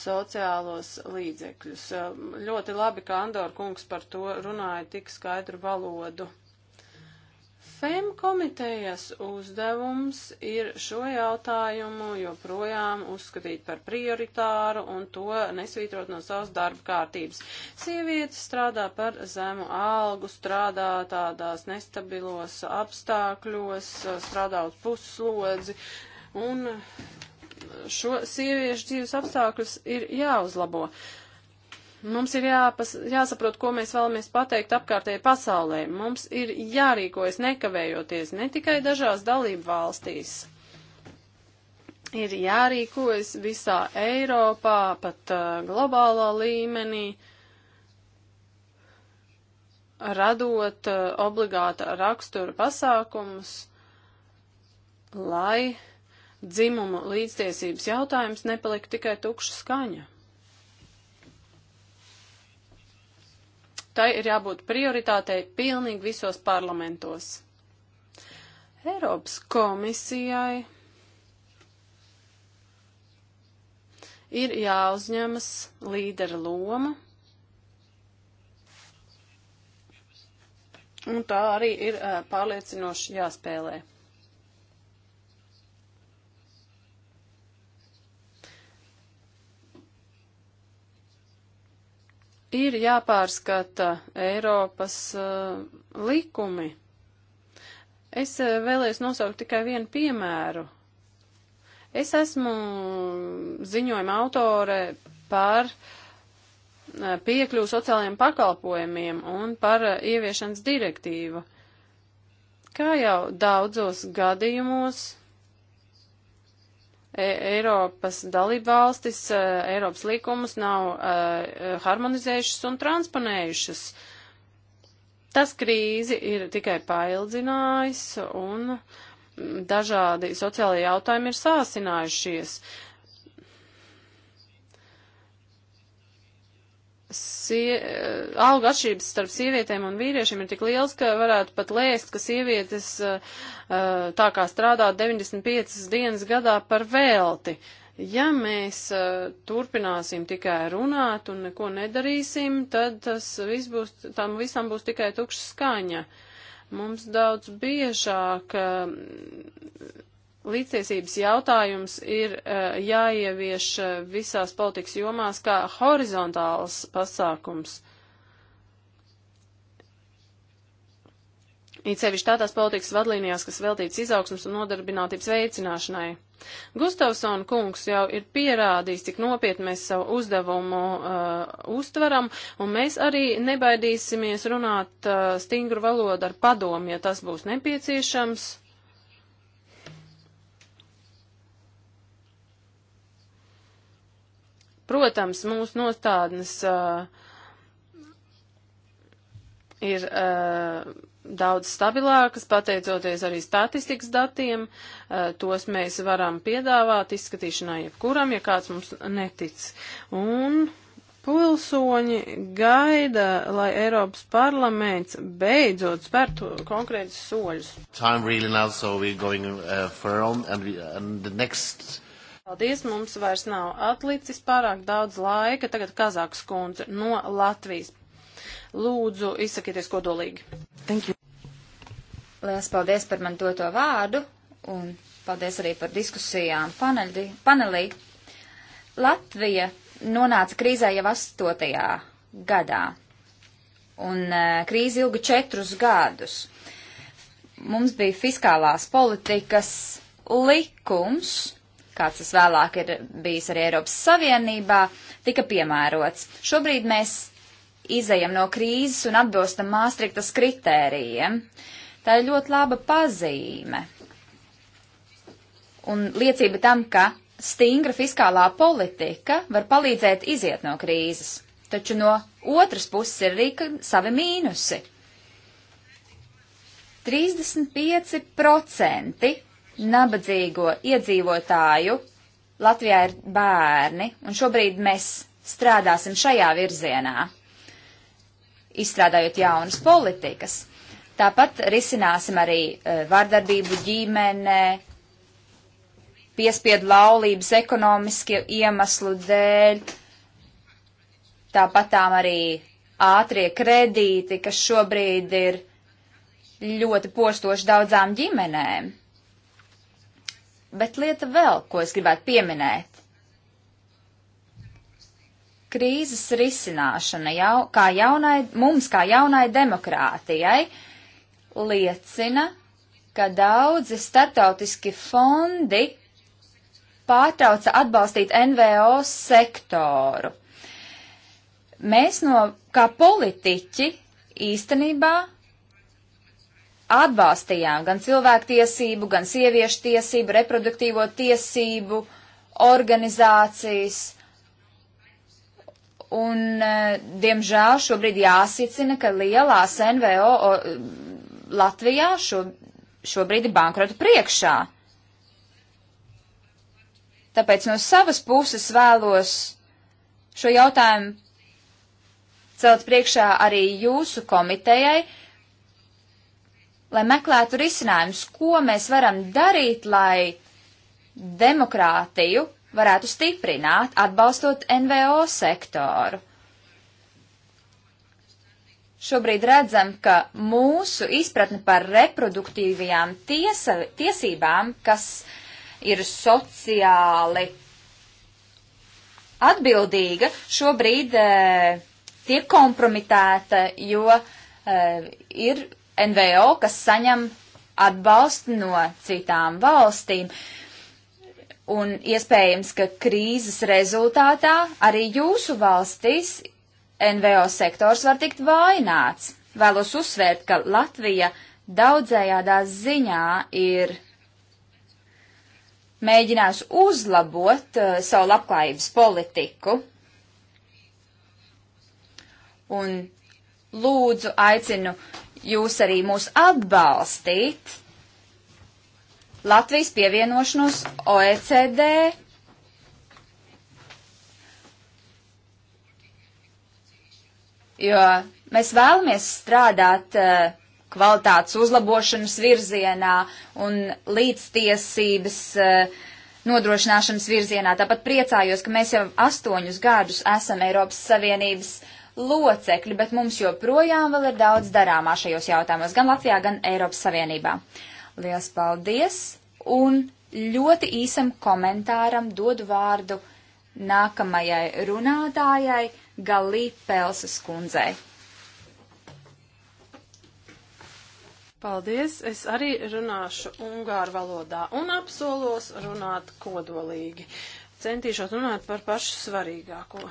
sociālos līdzekļus. Uh, ļoti labi, ka Andor kungs par to runāja tik skaidru valodu. FEM komitejas uzdevums ir šo jautājumu joprojām uzskatīt par prioritāru un to nesvītrot no savas darba kārtības. Sievietes strādā par zemu algu, strādā tādās nestabilos apstākļos, strādā uz puslodzi un šo sieviešu dzīves apstākļus ir jāuzlabo. Uh, Mums ir jāpas, jāsaprot, ko mēs vēlamies pateikt apkārtējai pasaulē. Mums ir jārīkojas nekavējoties ne tikai dažās dalību valstīs. Ir jārīkojas visā Eiropā, pat uh, globālā līmenī, radot uh, obligāta rakstura pasākumus, lai dzimumu līdztiesības jautājums nepalika tikai tukša skaņa. tai ir jābūt prioritātei pilnīgi visos parlamentos. Eiropas komisijai ir jāuzņemas līdera loma. Un tā arī ir pārliecinoši jāspēlē. ir jāpārskata Eiropas uh, likumi. Es uh, vēlējos nosaukt tikai vienu piemēru. Es esmu ziņojuma autore par uh, piekļuvu sociālajiem pakalpojumiem un par uh, ieviešanas direktīvu. Kā jau daudzos gadījumos E, Eiropas dalībvalstis e, Eiropas likumus nav e, harmonizējušas un transponējušas. Tas krīzi ir tikai paildzinājis un dažādi sociālai jautājumi ir sāsinājušies. Uh, sie, eh, alga atšķirības starp sievietēm un vīriešiem ir tik liels, ka varētu pat lēst, ka sievietes eh, eh, tā kā strādā 95 dienas gadā par velti. Ja mēs turpināsim tikai runāt un neko nedarīsim, tad tas viss būs, tam visam būs tikai tukša skaņa. Mums daudz biežāk Līdztiesības jautājums ir uh, jāievieš eh, visās politikas jomās kā horizontāls pasākums. It sevišķi tādās politikas vadlīnijās, kas veltīts izaugsmas un nodarbinātības veicināšanai. Gustavson kungs jau ir pierādījis, cik nopietni mēs savu uzdevumu uh, uztveram, un mēs arī nebaidīsimies runāt uh, stingru valodu ar padomu, ja tas būs nepieciešams. Protams, mūsu nostādnes uh, ir uh, daudz stabilākas, pateicoties arī statistikas datiem. Uh, tos mēs varam piedāvāt izskatīšanai jebkuram, ja kāds mums netic. Un pilsoņi gaida, lai Eiropas parlaments beidzot spērtu konkrētus soļus. Time really now, so we're going uh, for on, and, we, and the next Paldies, mums vairs nav atlicis pārāk daudz laika. Tagad Kazāks kundze no Latvijas. Lūdzu, izsakieties kodolīgi. Thank you. Lielas paldies par man doto vārdu un paldies arī par diskusijām paneldi, panelī. Latvija nonāca krīzē jau astotajā gadā un e, krīze ilga četrus gadus. Mums bija fiskālās politikas likums, kāds tas vēlāk ir bijis arī Eiropas Savienībā, tika piemērots. Šobrīd mēs izējam no krīzes un atbilstam māstriktas kritērijiem. Tā ir ļoti laba pazīme un liecība tam, ka stingra fiskālā politika var palīdzēt iziet no krīzes. Taču no otras puses ir arī savi mīnusi. 35% nabadzīgo iedzīvotāju Latvijā ir bērni, un šobrīd mēs strādāsim šajā virzienā, izstrādājot jaunas politikas. Tāpat risināsim arī e, vardarbību ģimenē, piespiedu laulības ekonomiski iemeslu dēļ, tāpat tām arī ātrie kredīti, kas šobrīd ir ļoti postoši daudzām ģimenēm. Bet lieta vēl, ko es gribētu pieminēt. Krīzes risināšana jau, kā jaunai, mums kā jaunai demokrātijai liecina, ka daudzi startautiski fondi pārtrauca atbalstīt NVO sektoru. Mēs no, kā politiķi īstenībā atbalstījām gan cilvēktiesību, gan sieviešu tiesību, reproduktīvo tiesību organizācijas. Un, e, diemžēl, šobrīd jāsicina, ka lielās NVO o, Latvijā šo, šobrīd ir bankrotu priekšā. Tāpēc no savas puses vēlos šo jautājumu celt priekšā arī jūsu komitejai, lai meklētu risinājumus, ko mēs varam darīt, lai demokrātiju varētu stiprināt, atbalstot NVO sektoru. Šobrīd redzam, ka mūsu izpratne par reproduktīvajām tiesa, tiesībām, kas ir sociāli atbildīga, šobrīd e, tiek kompromitēta, jo e, ir NVO, kas saņem atbalstu no citām valstīm. Un iespējams, ka krīzes rezultātā arī jūsu valstīs NVO sektors var tikt vaināts. Vēlos uzsvērt, ka Latvija daudzējādā ziņā ir mēģinājusi uzlabot uh, savu labklājības politiku. Un lūdzu, aicinu jūs arī mūs atbalstīt Latvijas pievienošanos OECD. Jo mēs vēlamies strādāt uh, kvalitātes uzlabošanas virzienā un līdztiesības uh, nodrošināšanas virzienā. Tāpat priecājos, ka mēs jau astoņus gadus esam Eiropas Savienības uh, locekļi, bet mums joprojām vēl ir daudz darāmā šajos jautājumos, gan Latvijā, gan Eiropas Savienībā. Lielas paldies! Un ļoti īsam komentāram dodu vārdu nākamajai runātājai Galī Pelsas kundzei. Paldies, es arī runāšu ungāru valodā un apsolos runāt kodolīgi. Centīšos runāt par pašu svarīgāko.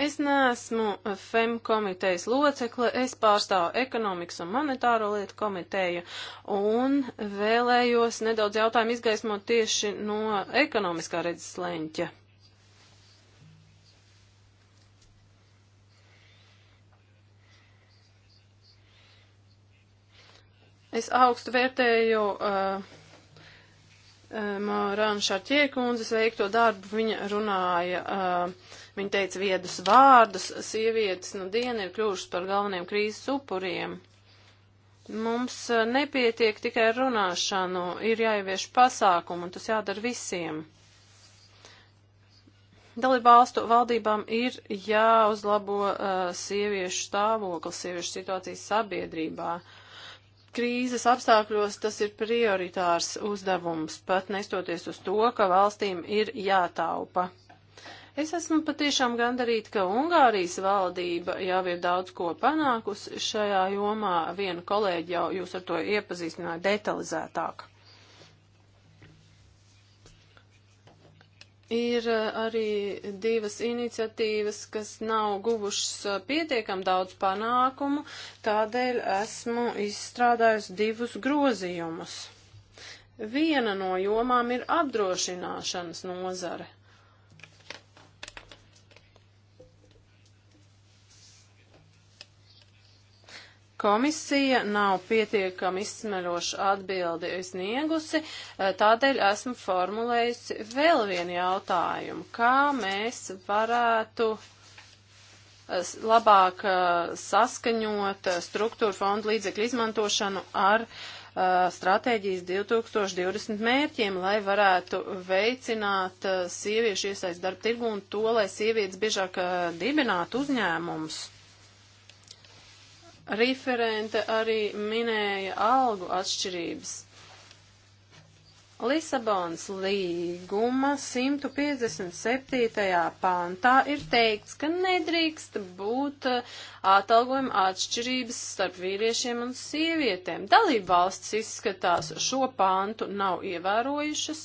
Es neesmu FEM komitejas locekle, es pārstāvu ekonomikas un monetāro lietu komiteju un vēlējos nedaudz jautājumu izgaismot tieši no ekonomiskā redzes leņķa. Es augstu vērtēju uh, uh Mārāna Šarķiekundzes veikto darbu. Viņa runāja uh, Viņa teica viedus vārdus, sievietes nu diena ir kļuvušas par galveniem krīzes upuriem. Mums e, nepietiek tikai runāšanu, ir jāievieš pasākumu, un tas jādara visiem. Dalībvalstu valdībām ir jāuzlabo uh, sieviešu stāvoklis, sieviešu situācijas sabiedrībā. Krīzes apstākļos tas ir prioritārs uzdevums, pat nestoties uz to, ka valstīm ir jātaupa. Es esmu patiešām gandarīta, ka Ungārijas valdība jau ir daudz ko panākusi šajā jomā. Viena kolēģi jau jūs ar to iepazīstināja detalizētāk. Ir eh, arī divas iniciatīvas, kas nav guvušas eh, pietiekam daudz panākumu, tādēļ esmu izstrādājusi divus grozījumus. Viena no jomām ir apdrošināšanas nozare. Komisija nav pietiekami izsmerošu atbildi sniegusi, e, tādēļ esmu formulējusi vēl vienu jautājumu. Kā mēs varētu e, labāk e, saskaņot struktūra fondu līdzekļu izmantošanu ar stratēģijas 2020 mērķiem, lai varētu veicināt sieviešu iesaist darba tirgu un to, lai sievietes biežāk dibinātu uzņēmumus. Referente arī minēja algu atšķirības. Lisabonas līguma 157. pāntā ir teikts, ka nedrīkst būt uh, atalgojuma atšķirības starp vīriešiem un sievietēm. Dalība valsts izskatās šo pāntu nav ievērojušas.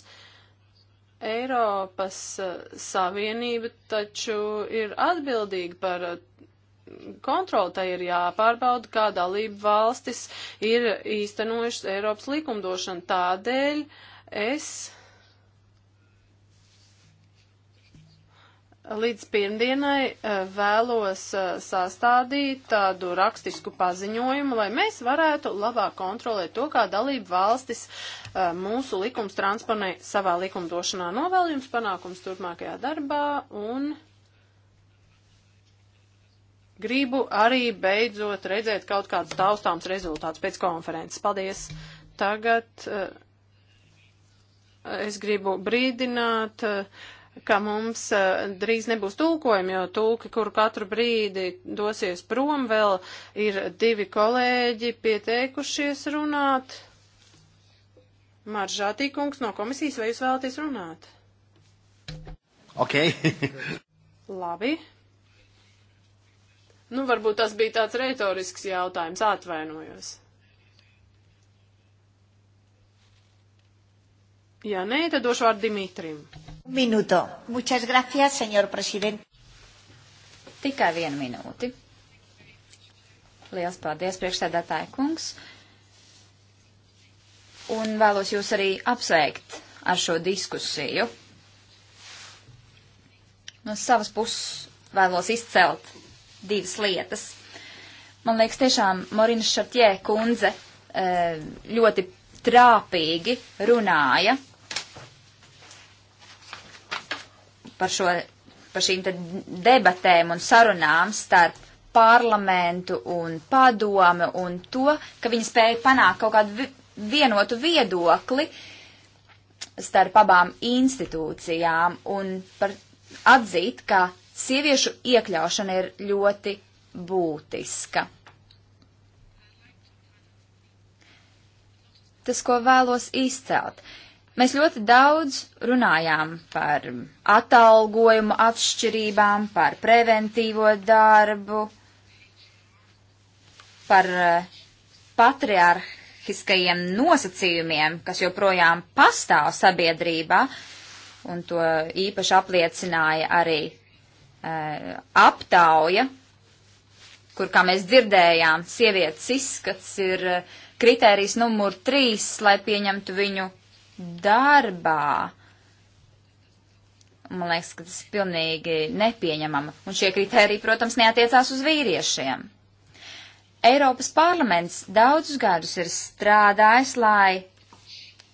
Eiropas uh, Savienība taču ir atbildīga par uh, kontroli, tai ir jāpārbauda, kā dalība valstis ir īstenojušas Eiropas likumdošanu. Tādēļ es līdz pirmdienai eh, vēlos eh, sastādīt tādu rakstisku paziņojumu, lai mēs varētu labāk kontrolēt to, kā dalību valstis eh, mūsu likums transponē savā likumdošanā. Novēl jums panākums turpmākajā darbā un. Gribu arī beidzot redzēt kaut kādus taustāms rezultātus pēc konferences. Paldies! Tagad uh, es gribu brīdināt. Uh, ka mums uh, drīz nebūs tulkojumi, jo tulki, kuru katru brīdi dosies prom, vēl ir divi kolēģi pieteikušies runāt. Maržātī kungs no komisijas, vai jūs vēlaties runāt? Ok. Labi. Nu, varbūt tas bija tāds retorisks jautājums, atvainojos. Ja nē, tad došu vārdu Dimitrim. Minūto. Muchas gracias, senor president. Tikai vienu minūti. Liels paldies, priekšsēdētāja kungs. Un vēlos jūs arī apsveikt ar šo diskusiju. No savas puses vēlos izcelt divas lietas. Man liekas, tiešām Morina Šartjē kundze e, ļoti trāpīgi runāja par, šo, par šīm debatēm un sarunām starp parlamentu un padomi un to, ka viņi spēja panākt kaut kādu vienotu viedokli starp abām institūcijām un par atzīt, ka sieviešu iekļaušana ir ļoti būtiska. Tas, ko vēlos izcelt. Mēs ļoti daudz runājām par atalgojumu atšķirībām, par preventīvo darbu, par eh, patriarhiskajiem nosacījumiem, kas joprojām pastāv sabiedrībā, un to īpaši apliecināja arī Eh, aptauja, kur, kā mēs dzirdējām, sievietes izskats ir eh, kritērijs numur trīs, lai pieņemtu viņu darbā. Man liekas, ka tas ir pilnīgi nepieņemama. Un šie kritēriji, protams, neatiecās uz vīriešiem. Eiropas parlaments daudzus gadus ir strādājis, lai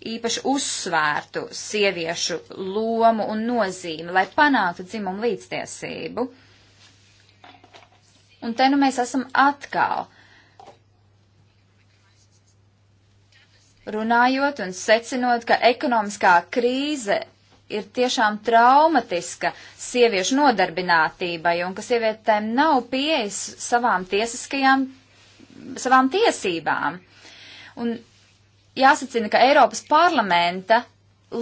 īpaši uzsvērtu sieviešu lomu un nozīmi, lai panāktu dzimumu līdztiesību. Un te nu mēs esam atkal runājot un secinot, ka ekonomiskā krīze ir tiešām traumatiska sieviešu nodarbinātībai un ka sievietēm nav pieejas savām tiesiskajām, savām tiesībām. Un jāsacina, ka Eiropas parlamenta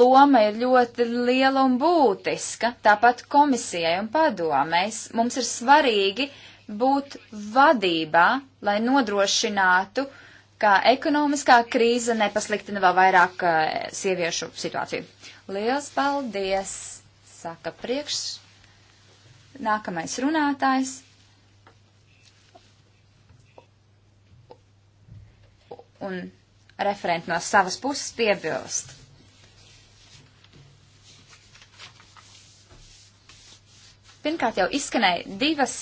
loma ir ļoti liela un būtiska, tāpat komisijai un padomēs. Mums ir svarīgi būt vadībā, lai nodrošinātu, ka ekonomiskā krīze nepasliktina vēl vairāk uh, sieviešu situāciju. Liels paldies, saka priekš. Nākamais runātājs. Un referenti no savas puses piebilst. Pirmkārt jau izskanēja divas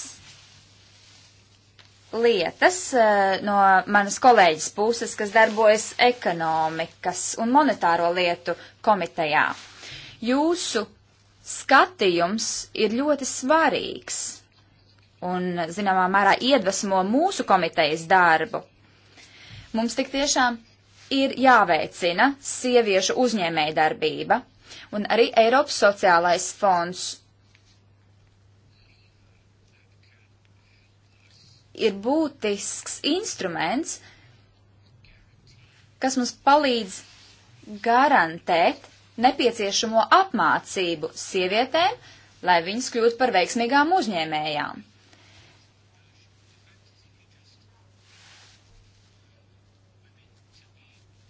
lietas eh, no manas kolēģis puses, kas darbojas ekonomikas un monetāro lietu komitejā. Jūsu skatījums ir ļoti svarīgs un, zināmā mērā, iedvesmo mūsu komitejas darbu. Mums tik tiešām ir jāveicina sieviešu uzņēmēja darbība, un arī Eiropas sociālais fonds ir būtisks instruments, kas mums palīdz garantēt nepieciešamo apmācību sievietēm, lai viņas kļūtu par veiksmīgām uzņēmējām.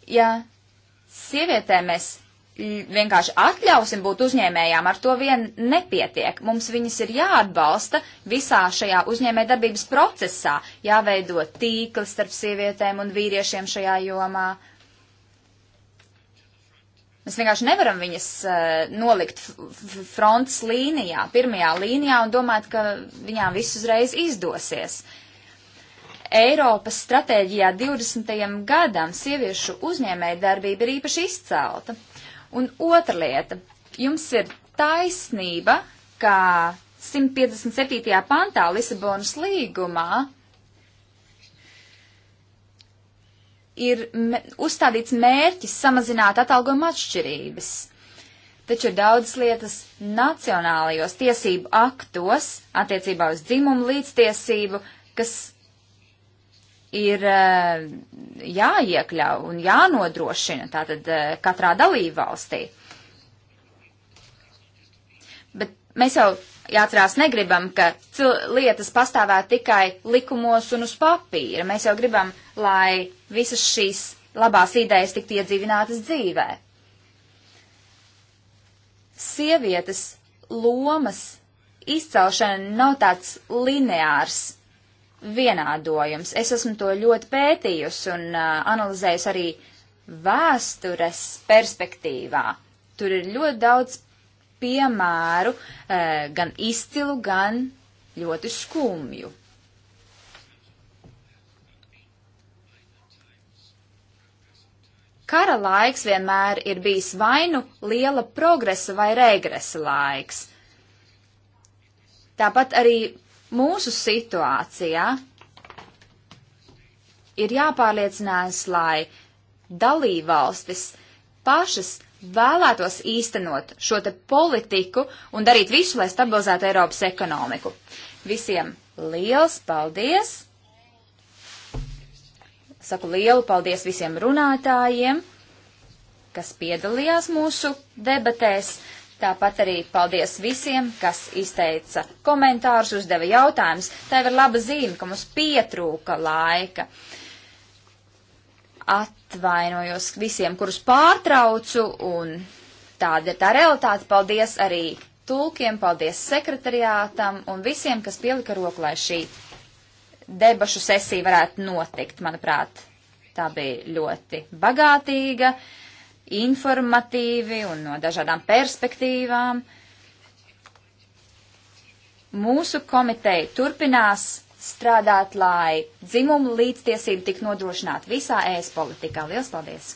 ja sievietēm mēs vienkārši atļausim būt uzņēmējām, ar to vien nepietiek. Mums viņas ir jāatbalsta visā šajā uzņēmējdarbības procesā, jāveido tīkli starp sievietēm un vīriešiem šajā jomā. Mēs vienkārši nevaram viņas uh, nolikt frontes līnijā, pirmajā līnijā un domāt, ka viņām viss uzreiz izdosies. Uh, Eiropas stratēģijā 20. gadam sieviešu uzņēmēja darbība ir īpaši izcelta. Un otra lieta, jums ir taisnība, ka 157. pantā Lisabonas līgumā ir uzstādīts mērķis samazināt atalgojuma atšķirības. Taču ir daudz lietas nacionālajos tiesību aktos attiecībā uz dzimumu līdztiesību, kas ir eh, jāiekļau un jānodrošina tātad eh, katrā dalībvalstī. Bet mēs jau jāatcerās negribam, ka lietas pastāvē tikai likumos un uz papīra. Mēs jau gribam, lai visas šīs labās idejas tiktu iedzīvinātas dzīvē. Sievietes lomas izcelšana nav tāds lineārs vienādojums. Es esmu to ļoti pētījusi un uh, analizējusi arī vēstures perspektīvā. Tur ir ļoti daudz piemēru, uh, gan izcilu, gan ļoti skumju. Kara laiks vienmēr ir bijis vainu liela progresa vai regresa laiks. Tāpat arī mūsu situācijā ir jāpārliecinās, lai dalībvalstis pašas vēlētos īstenot šo te politiku un darīt visu, lai stabilizētu Eiropas ekonomiku. Visiem liels paldies! Saku lielu paldies visiem runātājiem, kas piedalījās mūsu debatēs. Tāpat arī paldies visiem, kas izteica komentārus, uzdeva jautājumus. Tā ir laba zīme, ka mums pietrūka laika. Atvainojos visiem, kurus pārtraucu, un tāda ir tā realitāte. Paldies arī tulkiem, paldies sekretariātam un visiem, kas pielika roku, lai šī debašu sesija varētu notikt. Manuprāt, tā bija ļoti bagātīga informatīvi un no dažādām perspektīvām. Mūsu komiteja turpinās strādāt, lai dzimumu līdztiesība tik nodrošināta visā ēs politikā. Lielas paldies!